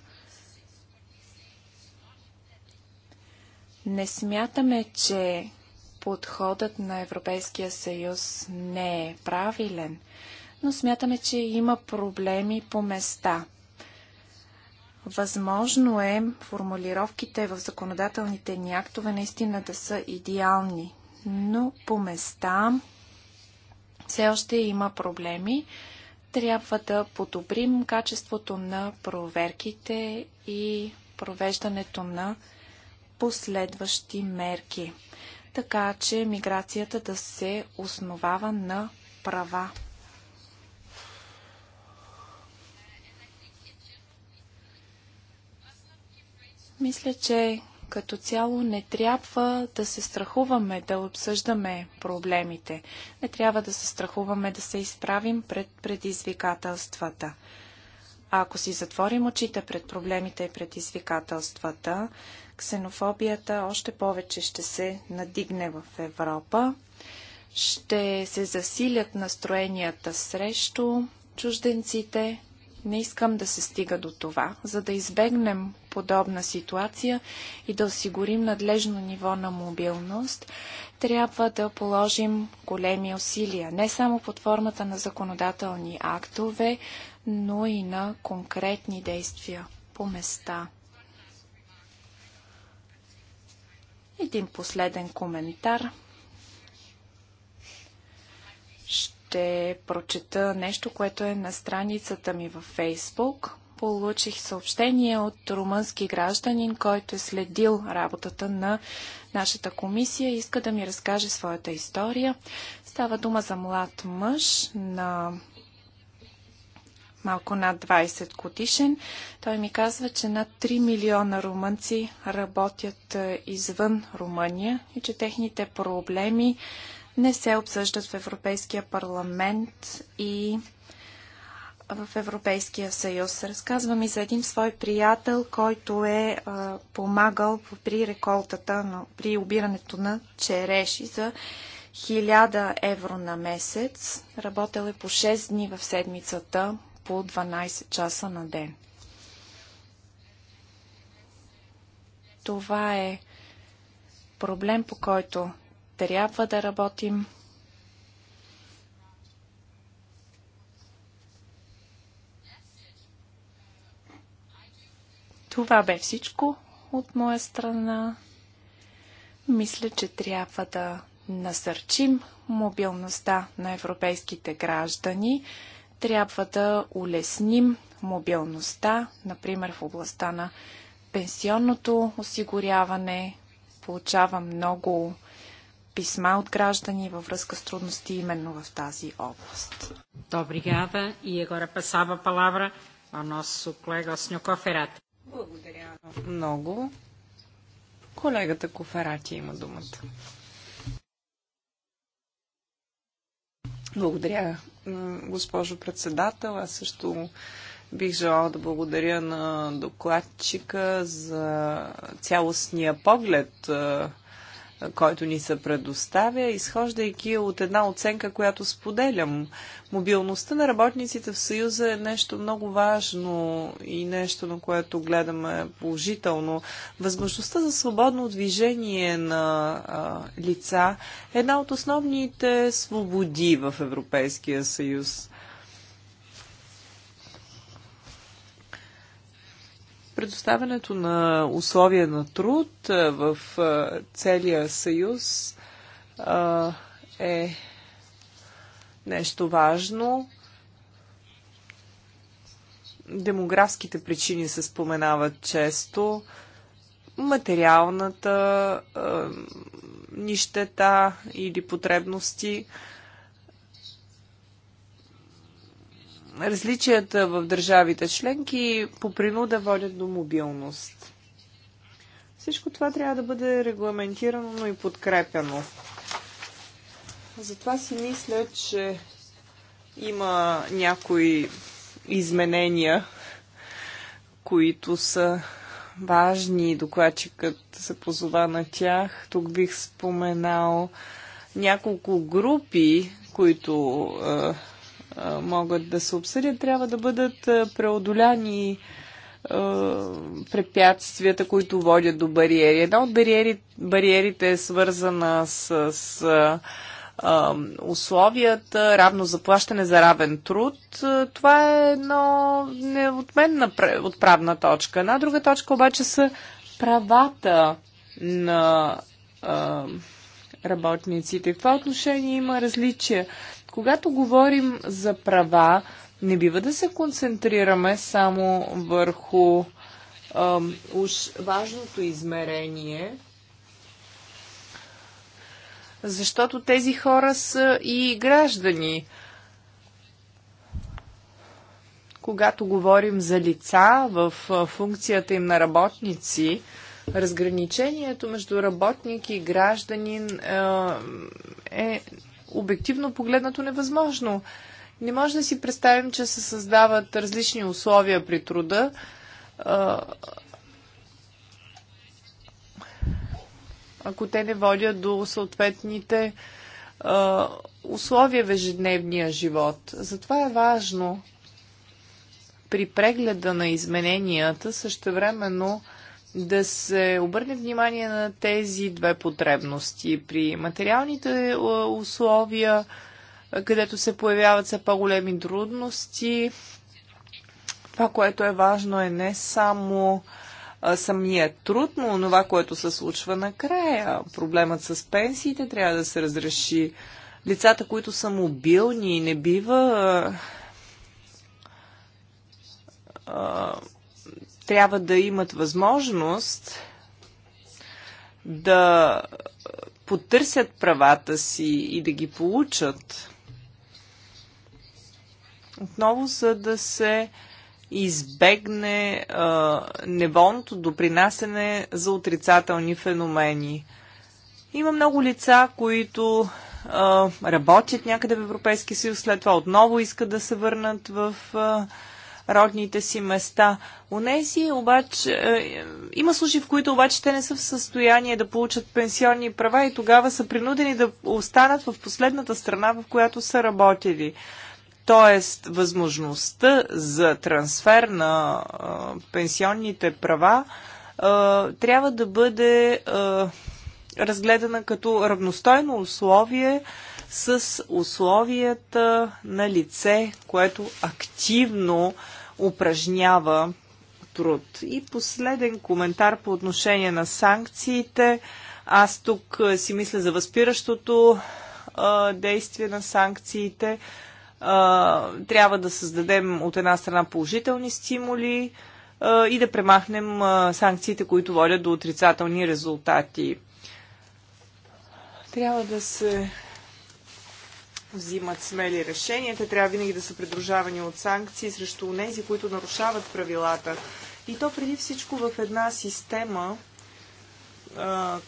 Не смятаме, че подходът на Европейския съюз не е правилен, но смятаме, че има проблеми по места. Възможно е формулировките в законодателните ни актове наистина да са идеални, но по места все още има проблеми трябва да подобрим качеството на проверките и провеждането на последващи мерки, така че миграцията да се основава на права. Мисля, че като цяло не трябва да се страхуваме да обсъждаме проблемите. Не трябва да се страхуваме да се изправим пред предизвикателствата. А ако си затворим очите пред проблемите и предизвикателствата, ксенофобията още повече ще се надигне в Европа, ще се засилят настроенията срещу чужденците. Не искам да се стига до това. За да избегнем подобна ситуация и да осигурим надлежно ниво на мобилност, трябва да положим големи усилия, не само под формата на законодателни актове, но и на конкретни действия по места. Един последен коментар. Ще прочета нещо, което е на страницата ми във Фейсбук – получих съобщение от румънски гражданин, който е следил работата на нашата комисия и иска да ми разкаже своята история. Става дума за млад мъж на малко над 20 годишен. Той ми казва, че над 3 милиона румънци работят е, извън Румъния и че техните проблеми не се обсъждат в Европейския парламент и в Европейския съюз. Разказва ми за един свой приятел, който е а, помагал при реколтата, но при обирането на череши за 1000 евро на месец. Работел е по 6 дни в седмицата, по 12 часа на ден. Това е проблем, по който трябва да работим Това бе всичко от моя страна. Мисля, че трябва да насърчим мобилността на европейските граждани. Трябва да улесним мобилността, например в областта на пенсионното осигуряване. Получавам много писма от граждани във връзка с трудности именно в тази област. Добригада и e agora пасава a palavra ao nosso colega, благодаря много. Колегата Коферати има думата. Благодаря, госпожо председател. Аз също бих желала да благодаря на докладчика за цялостния поглед който ни се предоставя, изхождайки от една оценка, която споделям. Мобилността на работниците в Съюза е нещо много важно и нещо, на което гледаме положително. Възможността за свободно движение на а, лица е една от основните свободи в Европейския съюз. Предоставянето на условия на труд в целия съюз е нещо важно. Демографските причини се споменават често. Материалната нищета или потребности. различията в държавите членки по принуда водят до мобилност. Всичко това трябва да бъде регламентирано, но и подкрепено. Затова си мисля, че има някои изменения, които са важни. Докладчикът се позова на тях. Тук бих споменал няколко групи, които е, могат да се обсъдят, трябва да бъдат преодоляни препятствията, които водят до бариери. Една от бариери, бариерите е свързана с, с а, условията, равно заплащане за равен труд. Това е едно от правна точка. Една друга точка обаче са правата на а, работниците. В това отношение има различия. Когато говорим за права, не бива да се концентрираме само върху а, уж важното измерение, защото тези хора са и граждани. Когато говорим за лица в функцията им на работници, разграничението между работник и гражданин е обективно погледнато невъзможно. Не може да си представим, че се създават различни условия при труда. Ако те не водят до съответните условия в ежедневния живот. Затова е важно при прегледа на измененията същевременно времено да се обърне внимание на тези две потребности. При материалните е, условия, където се появяват все по-големи трудности, това, което е важно е не само самия труд, но това, което се случва накрая. Проблемът с пенсиите трябва да се разреши. Лицата, които са мобилни, не бива трябва да имат възможност да потърсят правата си и да ги получат. Отново, за да се избегне а, неволното допринасене за отрицателни феномени. Има много лица, които а, работят някъде в Европейския съюз, след това отново искат да се върнат в а, родните си места. Унези обаче, е, има случаи, в които обаче те не са в състояние да получат пенсионни права и тогава са принудени да останат в последната страна, в която са работили. Тоест, възможността за трансфер на е, пенсионните права е, трябва да бъде е, разгледана като равностойно условие с условията на лице, което активно е, упражнява труд. И последен коментар по отношение на санкциите. Аз тук си мисля за възпиращото а, действие на санкциите. А, трябва да създадем от една страна положителни стимули а, и да премахнем а, санкциите, които водят до отрицателни резултати. Трябва да се взимат смели решения. Те трябва винаги да са придружавани от санкции срещу нези, които нарушават правилата. И то преди всичко в една система,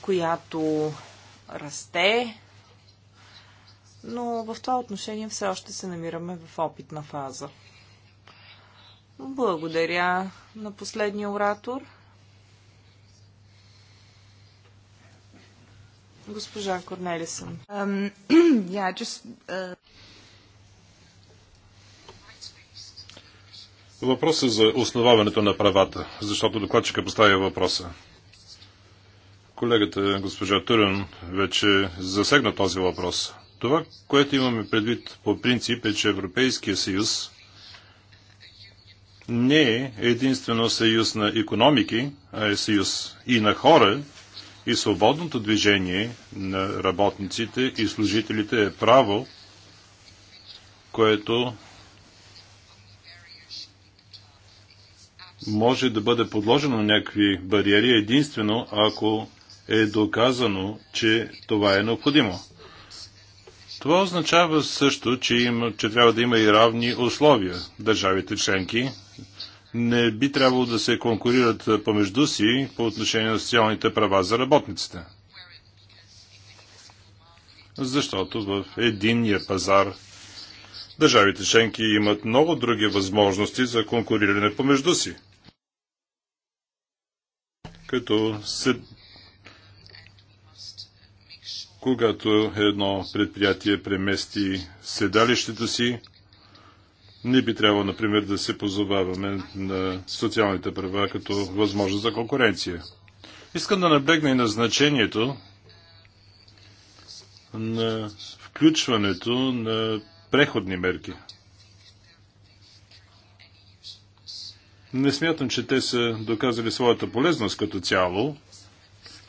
която расте, но в това отношение все още се намираме в опитна фаза. Благодаря на последния оратор. Госпожа Корнелисън. Uh, въпроса е за основаването на правата, защото докладчика поставя въпроса. Колегата, госпожа Турен, вече засегна този въпрос. Това, което имаме предвид по принцип е, че Европейския съюз не е единствено съюз на економики, а е съюз и на хора, и свободното движение на работниците и служителите е право, което може да бъде подложено на някакви бариери единствено, ако е доказано, че това е необходимо. Това означава също, че, има, че трябва да има и равни условия. Държавите членки не би трябвало да се конкурират помежду си по отношение на социалните права за работниците. Защото в единния пазар държавите членки имат много други възможности за конкуриране помежду си. Като се когато едно предприятие премести седалището си, не би трябвало, например, да се позоваваме на социалните права като възможност за конкуренция. Искам да наблегна и на значението на включването на преходни мерки. Не смятам, че те са доказали своята полезност като цяло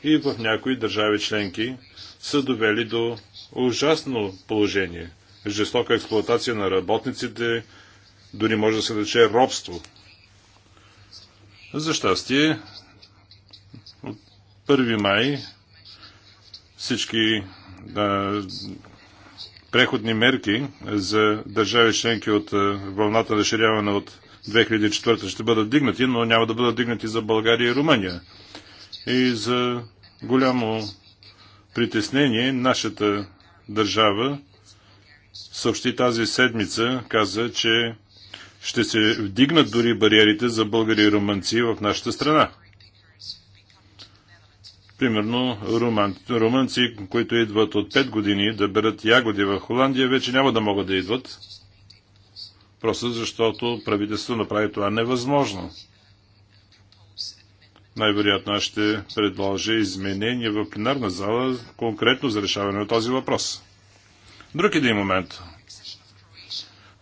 и в някои държави членки са довели до ужасно положение – жестока експлуатация на работниците, дори може да се рече робство. За щастие, от 1 май всички да, преходни мерки за държави членки от вълната разширяване от 2004 ще бъдат дигнати, но няма да бъдат дигнати за България и Румъния. И за голямо притеснение нашата държава съобщи тази седмица, каза, че ще се вдигнат дори бариерите за българи и румънци в нашата страна. Примерно румън, румънци, които идват от 5 години да берат ягоди в Холандия, вече няма да могат да идват, просто защото правителството направи това невъзможно. Най-вероятно ще предложа изменения в пленарна зала конкретно за решаване на този въпрос. Друг един момент.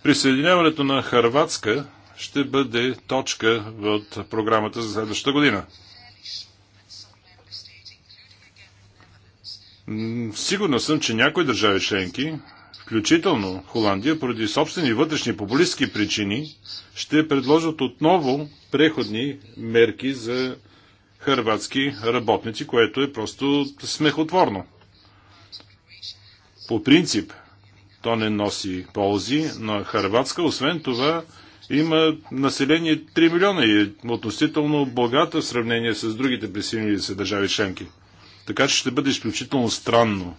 Присъединяването на Харватска ще бъде точка от програмата за следващата година. Сигурна съм, че някои държави членки, включително Холандия, поради собствени вътрешни популистски причини, ще предложат отново преходни мерки за хърватски работници, което е просто смехотворно. По принцип, то не носи ползи на Харватска. Освен това, има население 3 милиона и е относително богата в сравнение с другите присъединили се държави членки. Така че ще бъде изключително странно.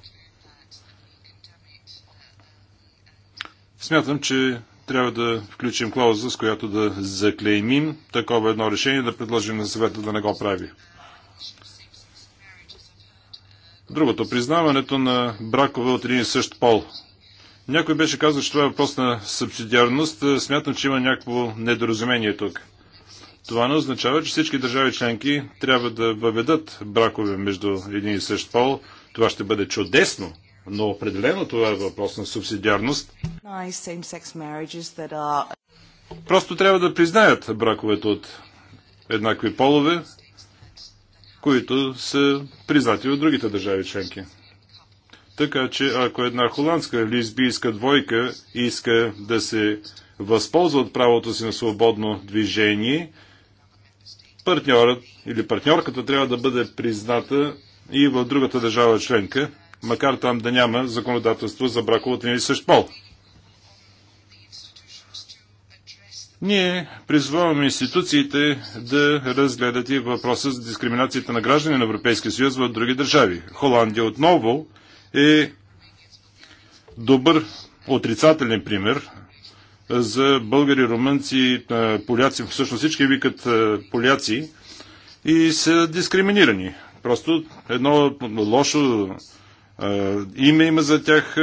Смятам, че трябва да включим клауза, с която да заклеймим такова едно решение, да предложим на съвета да не го прави. Другото, признаването на бракове от един и същ пол. Някой беше казал, че това е въпрос на субсидиарност. Е, смятам, че има някакво недоразумение тук. Това не означава, че всички държави членки трябва да въведат бракове между един и същ пол. Това ще бъде чудесно, но определено това е въпрос на субсидиарност. Просто трябва да признаят браковете от еднакви полове, които са признати от другите държави членки. Така че ако една холандска лесбийска двойка иска да се възползва от правото си на свободно движение, партньорът или партньорката трябва да бъде призната и в другата държава членка, макар там да няма законодателство за браковата или същ пол. Ние призваваме институциите да разгледат и въпроса за дискриминацията на граждани на Европейския съюз в други държави. Холандия отново е добър отрицателен пример за българи, румънци, поляци. Всъщност всички викат поляци и са дискриминирани. Просто едно лошо име има за тях,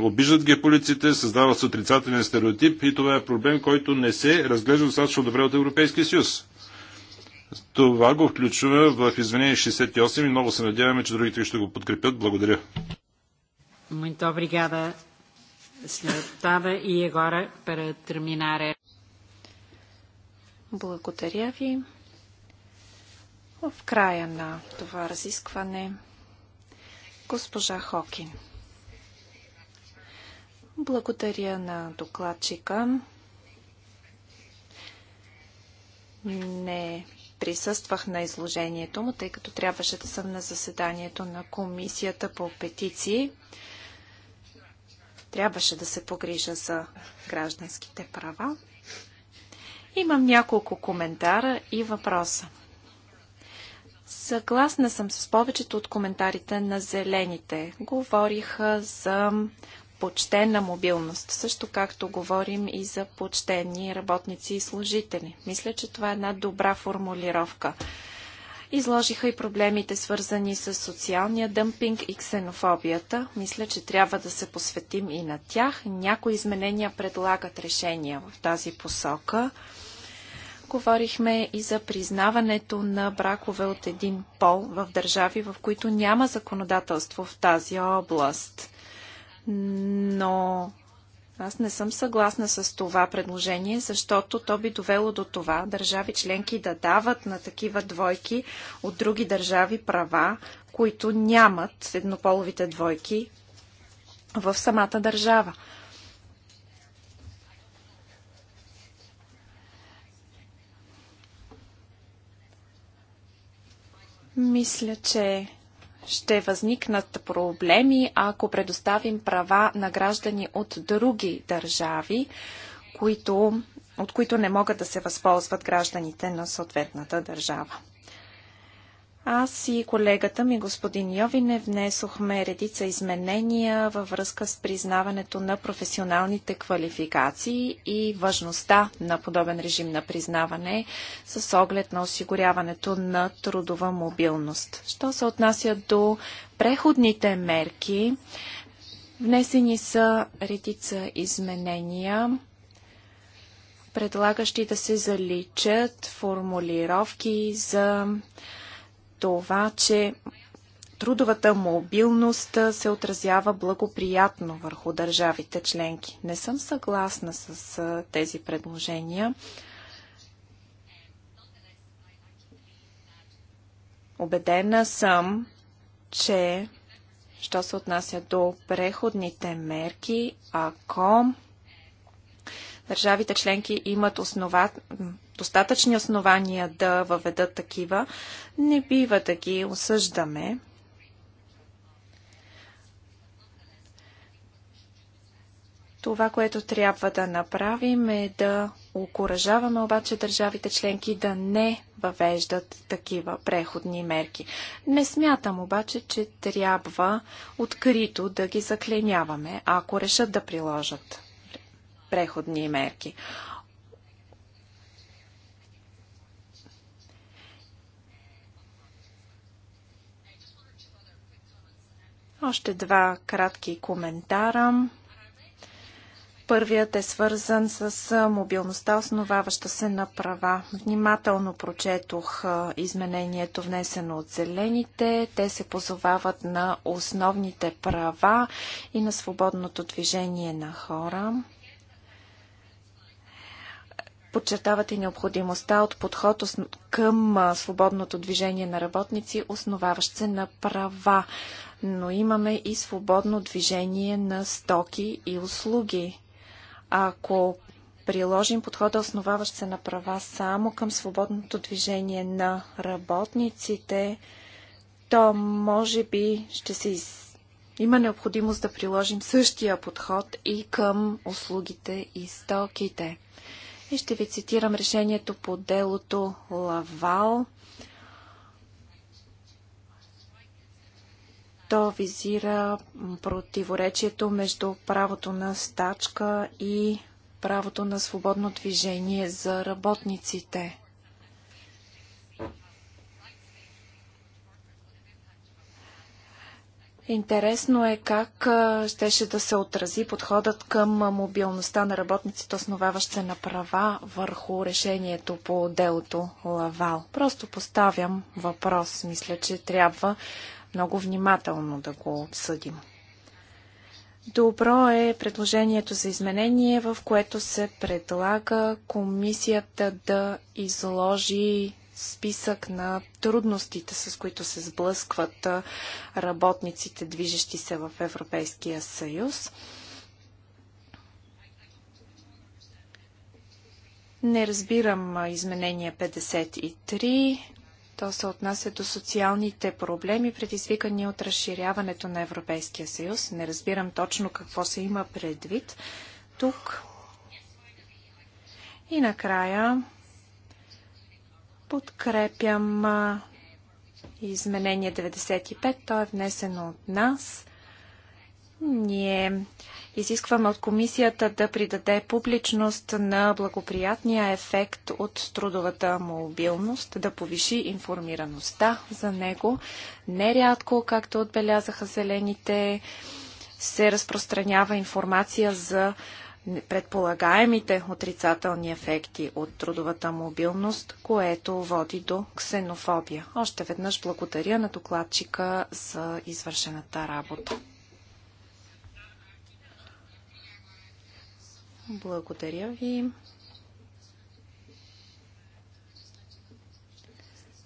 обиждат ги полиците, създава се отрицателен стереотип и това е проблем, който не се разглежда достатъчно добре от Европейския съюз. Това го включва в извинение 68 и много се надяваме, че другите ще го подкрепят. Благодаря. Muito obrigada, senhora deputada. E agora, para terminar... Благодаря ви. В края на това разискване госпожа Хокин. Благодаря на докладчика. Не присъствах на изложението му, тъй като трябваше да съм на заседанието на комисията по петиции. Трябваше да се погрижа за гражданските права. Имам няколко коментара и въпроса. Съгласна съм с повечето от коментарите на зелените. Говориха за почтена мобилност, също както говорим и за почтени работници и служители. Мисля, че това е една добра формулировка. Изложиха и проблемите, свързани с социалния дъмпинг и ксенофобията. Мисля, че трябва да се посветим и на тях. Някои изменения предлагат решения в тази посока. Говорихме и за признаването на бракове от един пол в държави, в които няма законодателство в тази област но аз не съм съгласна с това предложение, защото то би довело до това държави членки да дават на такива двойки от други държави права, които нямат еднополовите двойки в самата държава. Мисля, че ще възникнат проблеми, ако предоставим права на граждани от други държави, които, от които не могат да се възползват гражданите на съответната държава. Аз и колегата ми, господин Йовине, внесохме редица изменения във връзка с признаването на професионалните квалификации и важността на подобен режим на признаване с оглед на осигуряването на трудова мобилност. Що се отнася до преходните мерки, внесени са редица изменения предлагащи да се заличат формулировки за това, че трудовата мобилност се отразява благоприятно върху държавите членки. Не съм съгласна с тези предложения. Обедена съм, че що се отнася до преходните мерки, ако държавите членки имат основа достатъчни основания да въведат такива, не бива да ги осъждаме. Това, което трябва да направим е да окоръжаваме обаче държавите членки да не въвеждат такива преходни мерки. Не смятам обаче, че трябва открито да ги заклиняваме, ако решат да приложат преходни мерки. Още два кратки коментара. Първият е свързан с мобилността, основаваща се на права. Внимателно прочетох изменението, внесено от зелените. Те се позовават на основните права и на свободното движение на хора. Подчертават и необходимостта от подход към свободното движение на работници, основаващ се на права но имаме и свободно движение на стоки и услуги. Ако приложим подхода, основаващ се на права само към свободното движение на работниците, то може би ще се из... има необходимост да приложим същия подход и към услугите и стоките. И ще ви цитирам решението по делото Лавал – То визира противоречието между правото на стачка и правото на свободно движение за работниците. Интересно е как щеше да се отрази подходът към мобилността на работниците, основаващ се на права върху решението по делото Лавал. Просто поставям въпрос. Мисля, че трябва много внимателно да го обсъдим. Добро е предложението за изменение, в което се предлага комисията да изложи списък на трудностите, с които се сблъскват работниците, движещи се в Европейския съюз. Не разбирам изменение 53 що се отнася до социалните проблеми, предизвикани от разширяването на Европейския съюз. Не разбирам точно какво се има предвид тук. И накрая подкрепям изменение 95. То е внесено от нас. Ние изискваме от комисията да придаде публичност на благоприятния ефект от трудовата мобилност, да повиши информираността за него. Нерядко, както отбелязаха зелените, се разпространява информация за предполагаемите отрицателни ефекти от трудовата мобилност, което води до ксенофобия. Още веднъж благодаря на докладчика за извършената работа. Благодаря ви.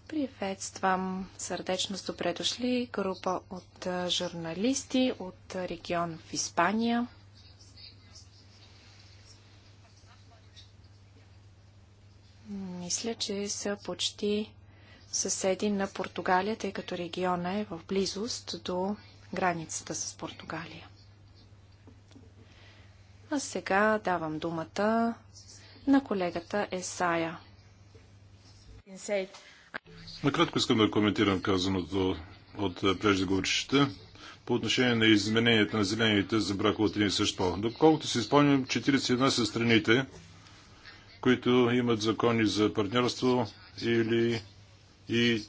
Приветствам сърдечно с добре дошли група от журналисти от регион в Испания. Мисля, че са почти съседи на Португалия, тъй като региона е в близост до границата с Португалия. А сега давам думата на колегата Есая. Накратко искам да коментирам казаното от е, преждеговорчета по отношение на измененията на зелените за брак от един същ пол. Доколкото си спомням, 41 са страните, които имат закони за партньорство или и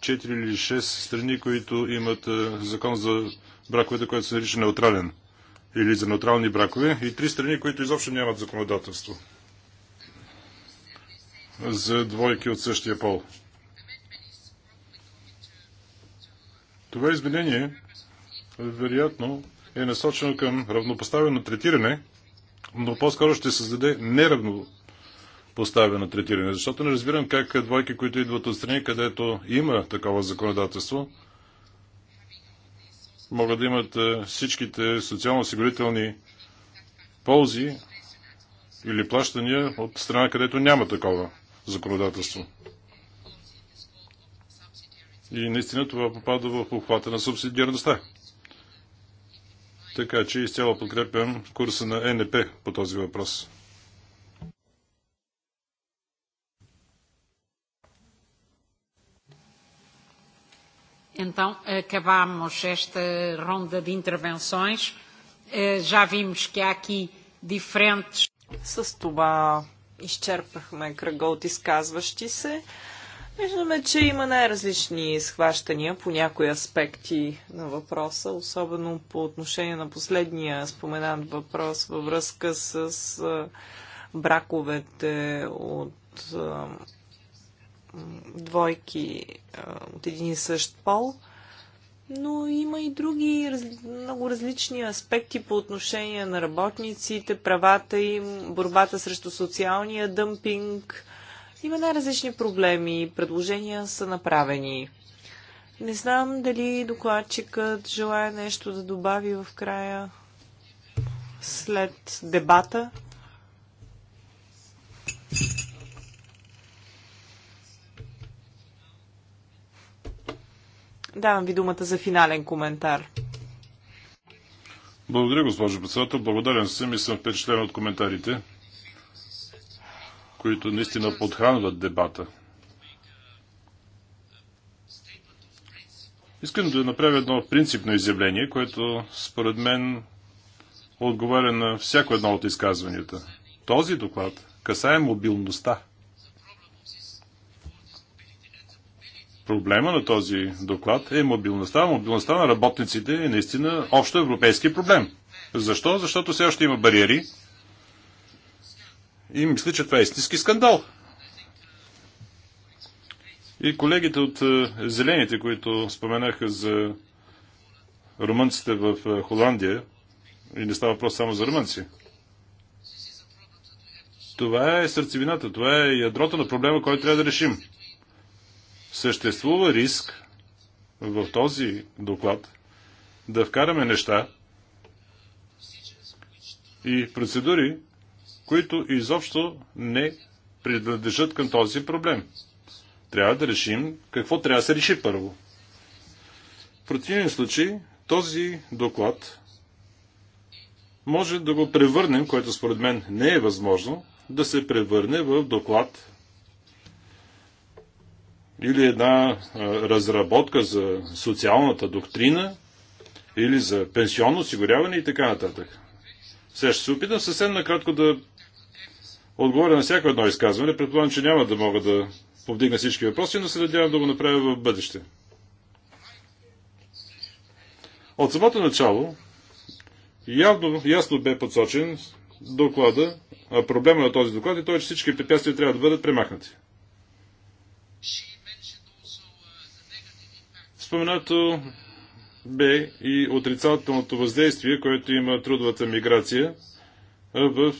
4 или 6 страни, които имат е, закон за браковете, който се нарича неутрален или за неутрални бракове и три страни, които изобщо нямат законодателство за двойки от същия пол. Това изменение вероятно е насочено към равнопоставено третиране, но по-скоро ще създаде неравнопоставено третиране, защото не разбирам как двойки, които идват от страни, където има такова законодателство, могат да имат всичките социално-осигурителни ползи или плащания от страна, където няма такова законодателство. И наистина това попада в обхвата на субсидиарността. Така че изцяло подкрепям курса на НП по този въпрос. Então, acabamos esta ronda de intervenções. Eh, já vimos que há aqui diferentes. С това изчерпахме кръга от изказващи се. Виждаме, че има най-различни схващания по някои аспекти на въпроса, особено по отношение на последния споменат въпрос във връзка с браковете от двойки от един и същ пол, но има и други много различни аспекти по отношение на работниците, правата им, борбата срещу социалния дъмпинг. Има най-различни проблеми и предложения са направени. Не знам дали докладчикът желая нещо да добави в края след дебата. Давам ви думата за финален коментар. Благодаря, госпожо председател. Благодарен съм и съм впечатлен от коментарите, които наистина подхранват дебата. Искам да направя едно принципно изявление, което според мен отговаря на всяко едно от изказванията. Този доклад касае мобилността. Проблема на този доклад е мобилността. Мобилността на работниците е наистина общо европейски проблем. Защо? Защото все още има бариери. И мисля, че това е истински скандал. И колегите от е, зелените, които споменаха за румънците в е, Холандия, и не става въпрос само за румънци. Това е сърцевината, това е ядрото на проблема, който трябва да решим. Съществува риск в този доклад да вкараме неща и процедури, които изобщо не принадлежат към този проблем. Трябва да решим какво трябва да се реши първо. В противен случай този доклад може да го превърнем, което според мен не е възможно, да се превърне в доклад или една разработка за социалната доктрина, или за пенсионно осигуряване и така нататък. Сега ще се опитам съвсем накратко да отговоря на всяко едно изказване. Предполагам, че няма да мога да повдигна всички въпроси, но се надявам да го направя в бъдеще. От самото начало явно, ясно бе подсочен доклада, проблема на този доклад и е той, че всички препятствия трябва да бъдат премахнати. Споменато бе и отрицателното въздействие, което има трудовата миграция в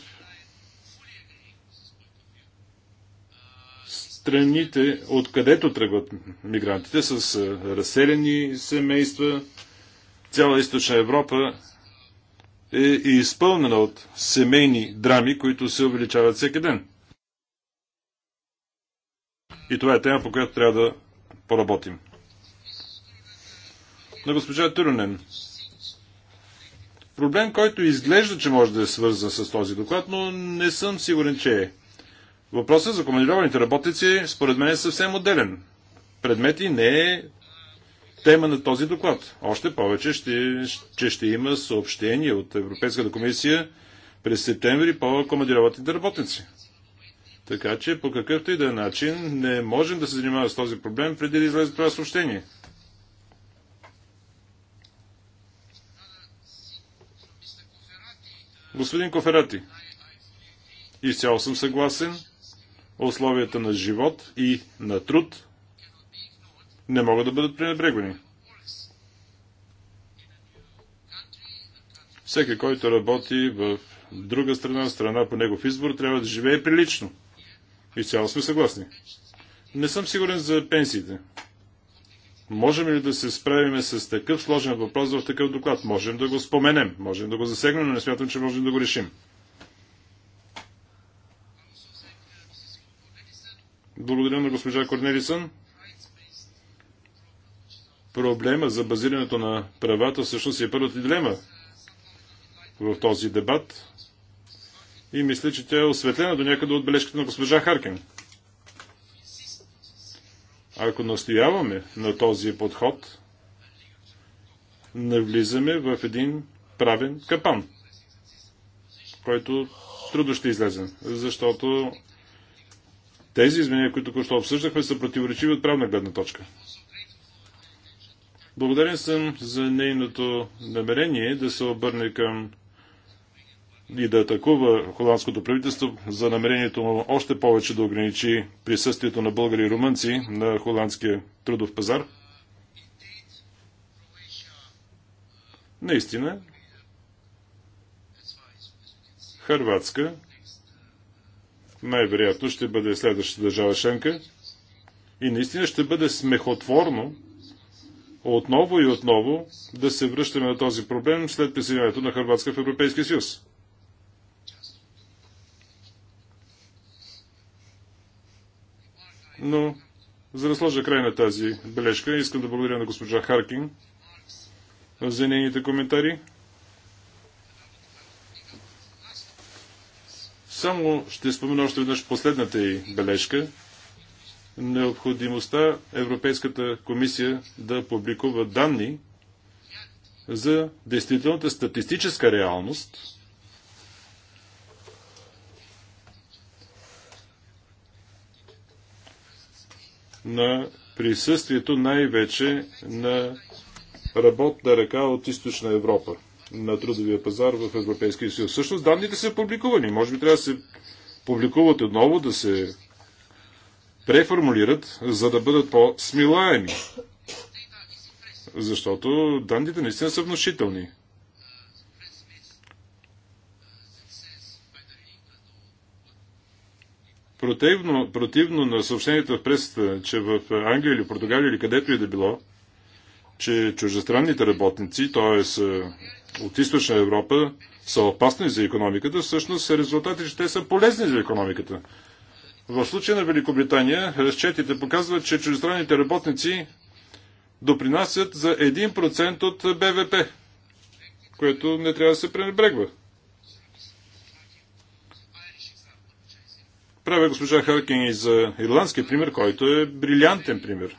страните, откъдето тръгват мигрантите, с разселени семейства. Цяла източна Европа е изпълнена от семейни драми, които се увеличават всеки ден. И това е тема, по която трябва да поработим на госпожа Тюрнен. Проблем, който изглежда, че може да е свързан с този доклад, но не съм сигурен, че е. Въпросът за командированите работници, според мен, е съвсем отделен. Предмет и не е тема на този доклад. Още повече, ще, че ще има съобщение от Европейската комисия през септември по командированите работници. Така че по какъвто и да е начин не можем да се занимаваме с този проблем преди да излезе това съобщение. Господин Коферати, изцяло съм съгласен. Условията на живот и на труд не могат да бъдат пренебрегвани. Всеки, който работи в друга страна, страна по негов избор, трябва да живее прилично. Изцяло сме съгласни. Не съм сигурен за пенсиите. Можем ли да се справим с такъв сложен въпрос в такъв доклад? Можем да го споменем, можем да го засегнем, но не смятам, че можем да го решим. Благодаря на госпожа Корнелисън. Проблема за базирането на правата всъщност е първата дилема в този дебат. И мисля, че тя е осветлена до някъде от бележката на госпожа Харкин. Ако настояваме на този подход, навлизаме в един правен капан, който трудно ще излезе, защото тези изменения, които кощо що обсъждахме, са противоречиви от правна гледна точка. Благодарен съм за нейното намерение да се обърне към и да атакува холандското правителство за намерението му още повече да ограничи присъствието на българи и румънци на холандския трудов пазар. Наистина, Харватска най-вероятно ще бъде следващата държава Шенка, и наистина ще бъде смехотворно отново и отново да се връщаме на този проблем след присъединяването на Харватска в Европейския съюз. Но за да сложа край на тази бележка, искам да благодаря на госпожа Харкин за нейните коментари. Само ще спомена още веднъж последната й бележка. Необходимостта Европейската комисия да публикува данни за действителната статистическа реалност на присъствието най-вече на работна ръка от източна Европа на трудовия пазар в Европейския съюз. Всъщност данните са публикувани. Може би трябва да се публикуват отново, да се преформулират, за да бъдат по-смилаеми. Защото данните наистина са внушителни. противно, противно на съобщението в пресата, че в Англия или Португалия или където и да било, че чуждестранните работници, т.е. от източна Европа, са опасни за економиката, всъщност са резултати, че те са полезни за економиката. В случая на Великобритания разчетите показват, че чуждестранните работници допринасят за 1% от БВП, което не трябва да се пренебрегва. Правя госпожа Халкин и за ирландския пример, който е брилянтен пример.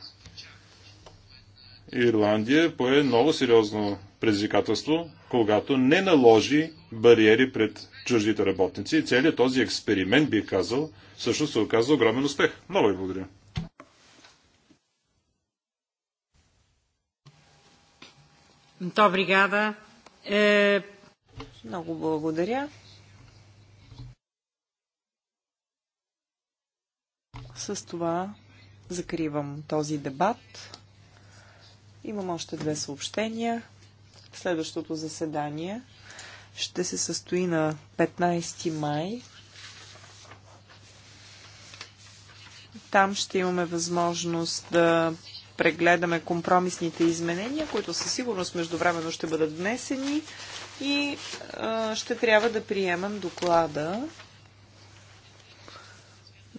Ирландия пое много сериозно предизвикателство, когато не наложи бариери пред чуждите работници и целият този експеримент, бих казал, също се оказа огромен успех. Много ви благодаря. Е, много благодаря. С това закривам този дебат. Имам още две съобщения. Следващото заседание ще се състои на 15 май. Там ще имаме възможност да прегледаме компромисните изменения, които със сигурност междувременно ще бъдат внесени и а, ще трябва да приемам доклада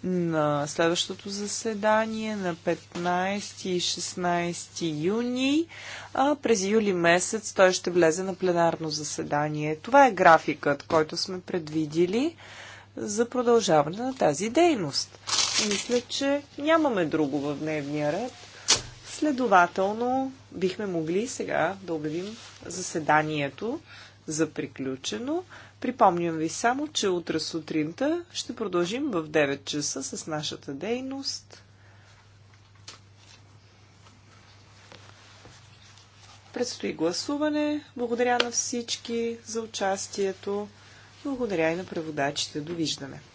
на следващото заседание на 15 и 16 юни, а през юли месец той ще влезе на пленарно заседание. Това е графикът, който сме предвидили за продължаване на тази дейност. Мисля, че нямаме друго в дневния ред. Следователно, бихме могли сега да обявим заседанието за приключено. Припомням ви само, че утре сутринта ще продължим в 9 часа с нашата дейност. Предстои гласуване. Благодаря на всички за участието. Благодаря и на преводачите. Довиждане.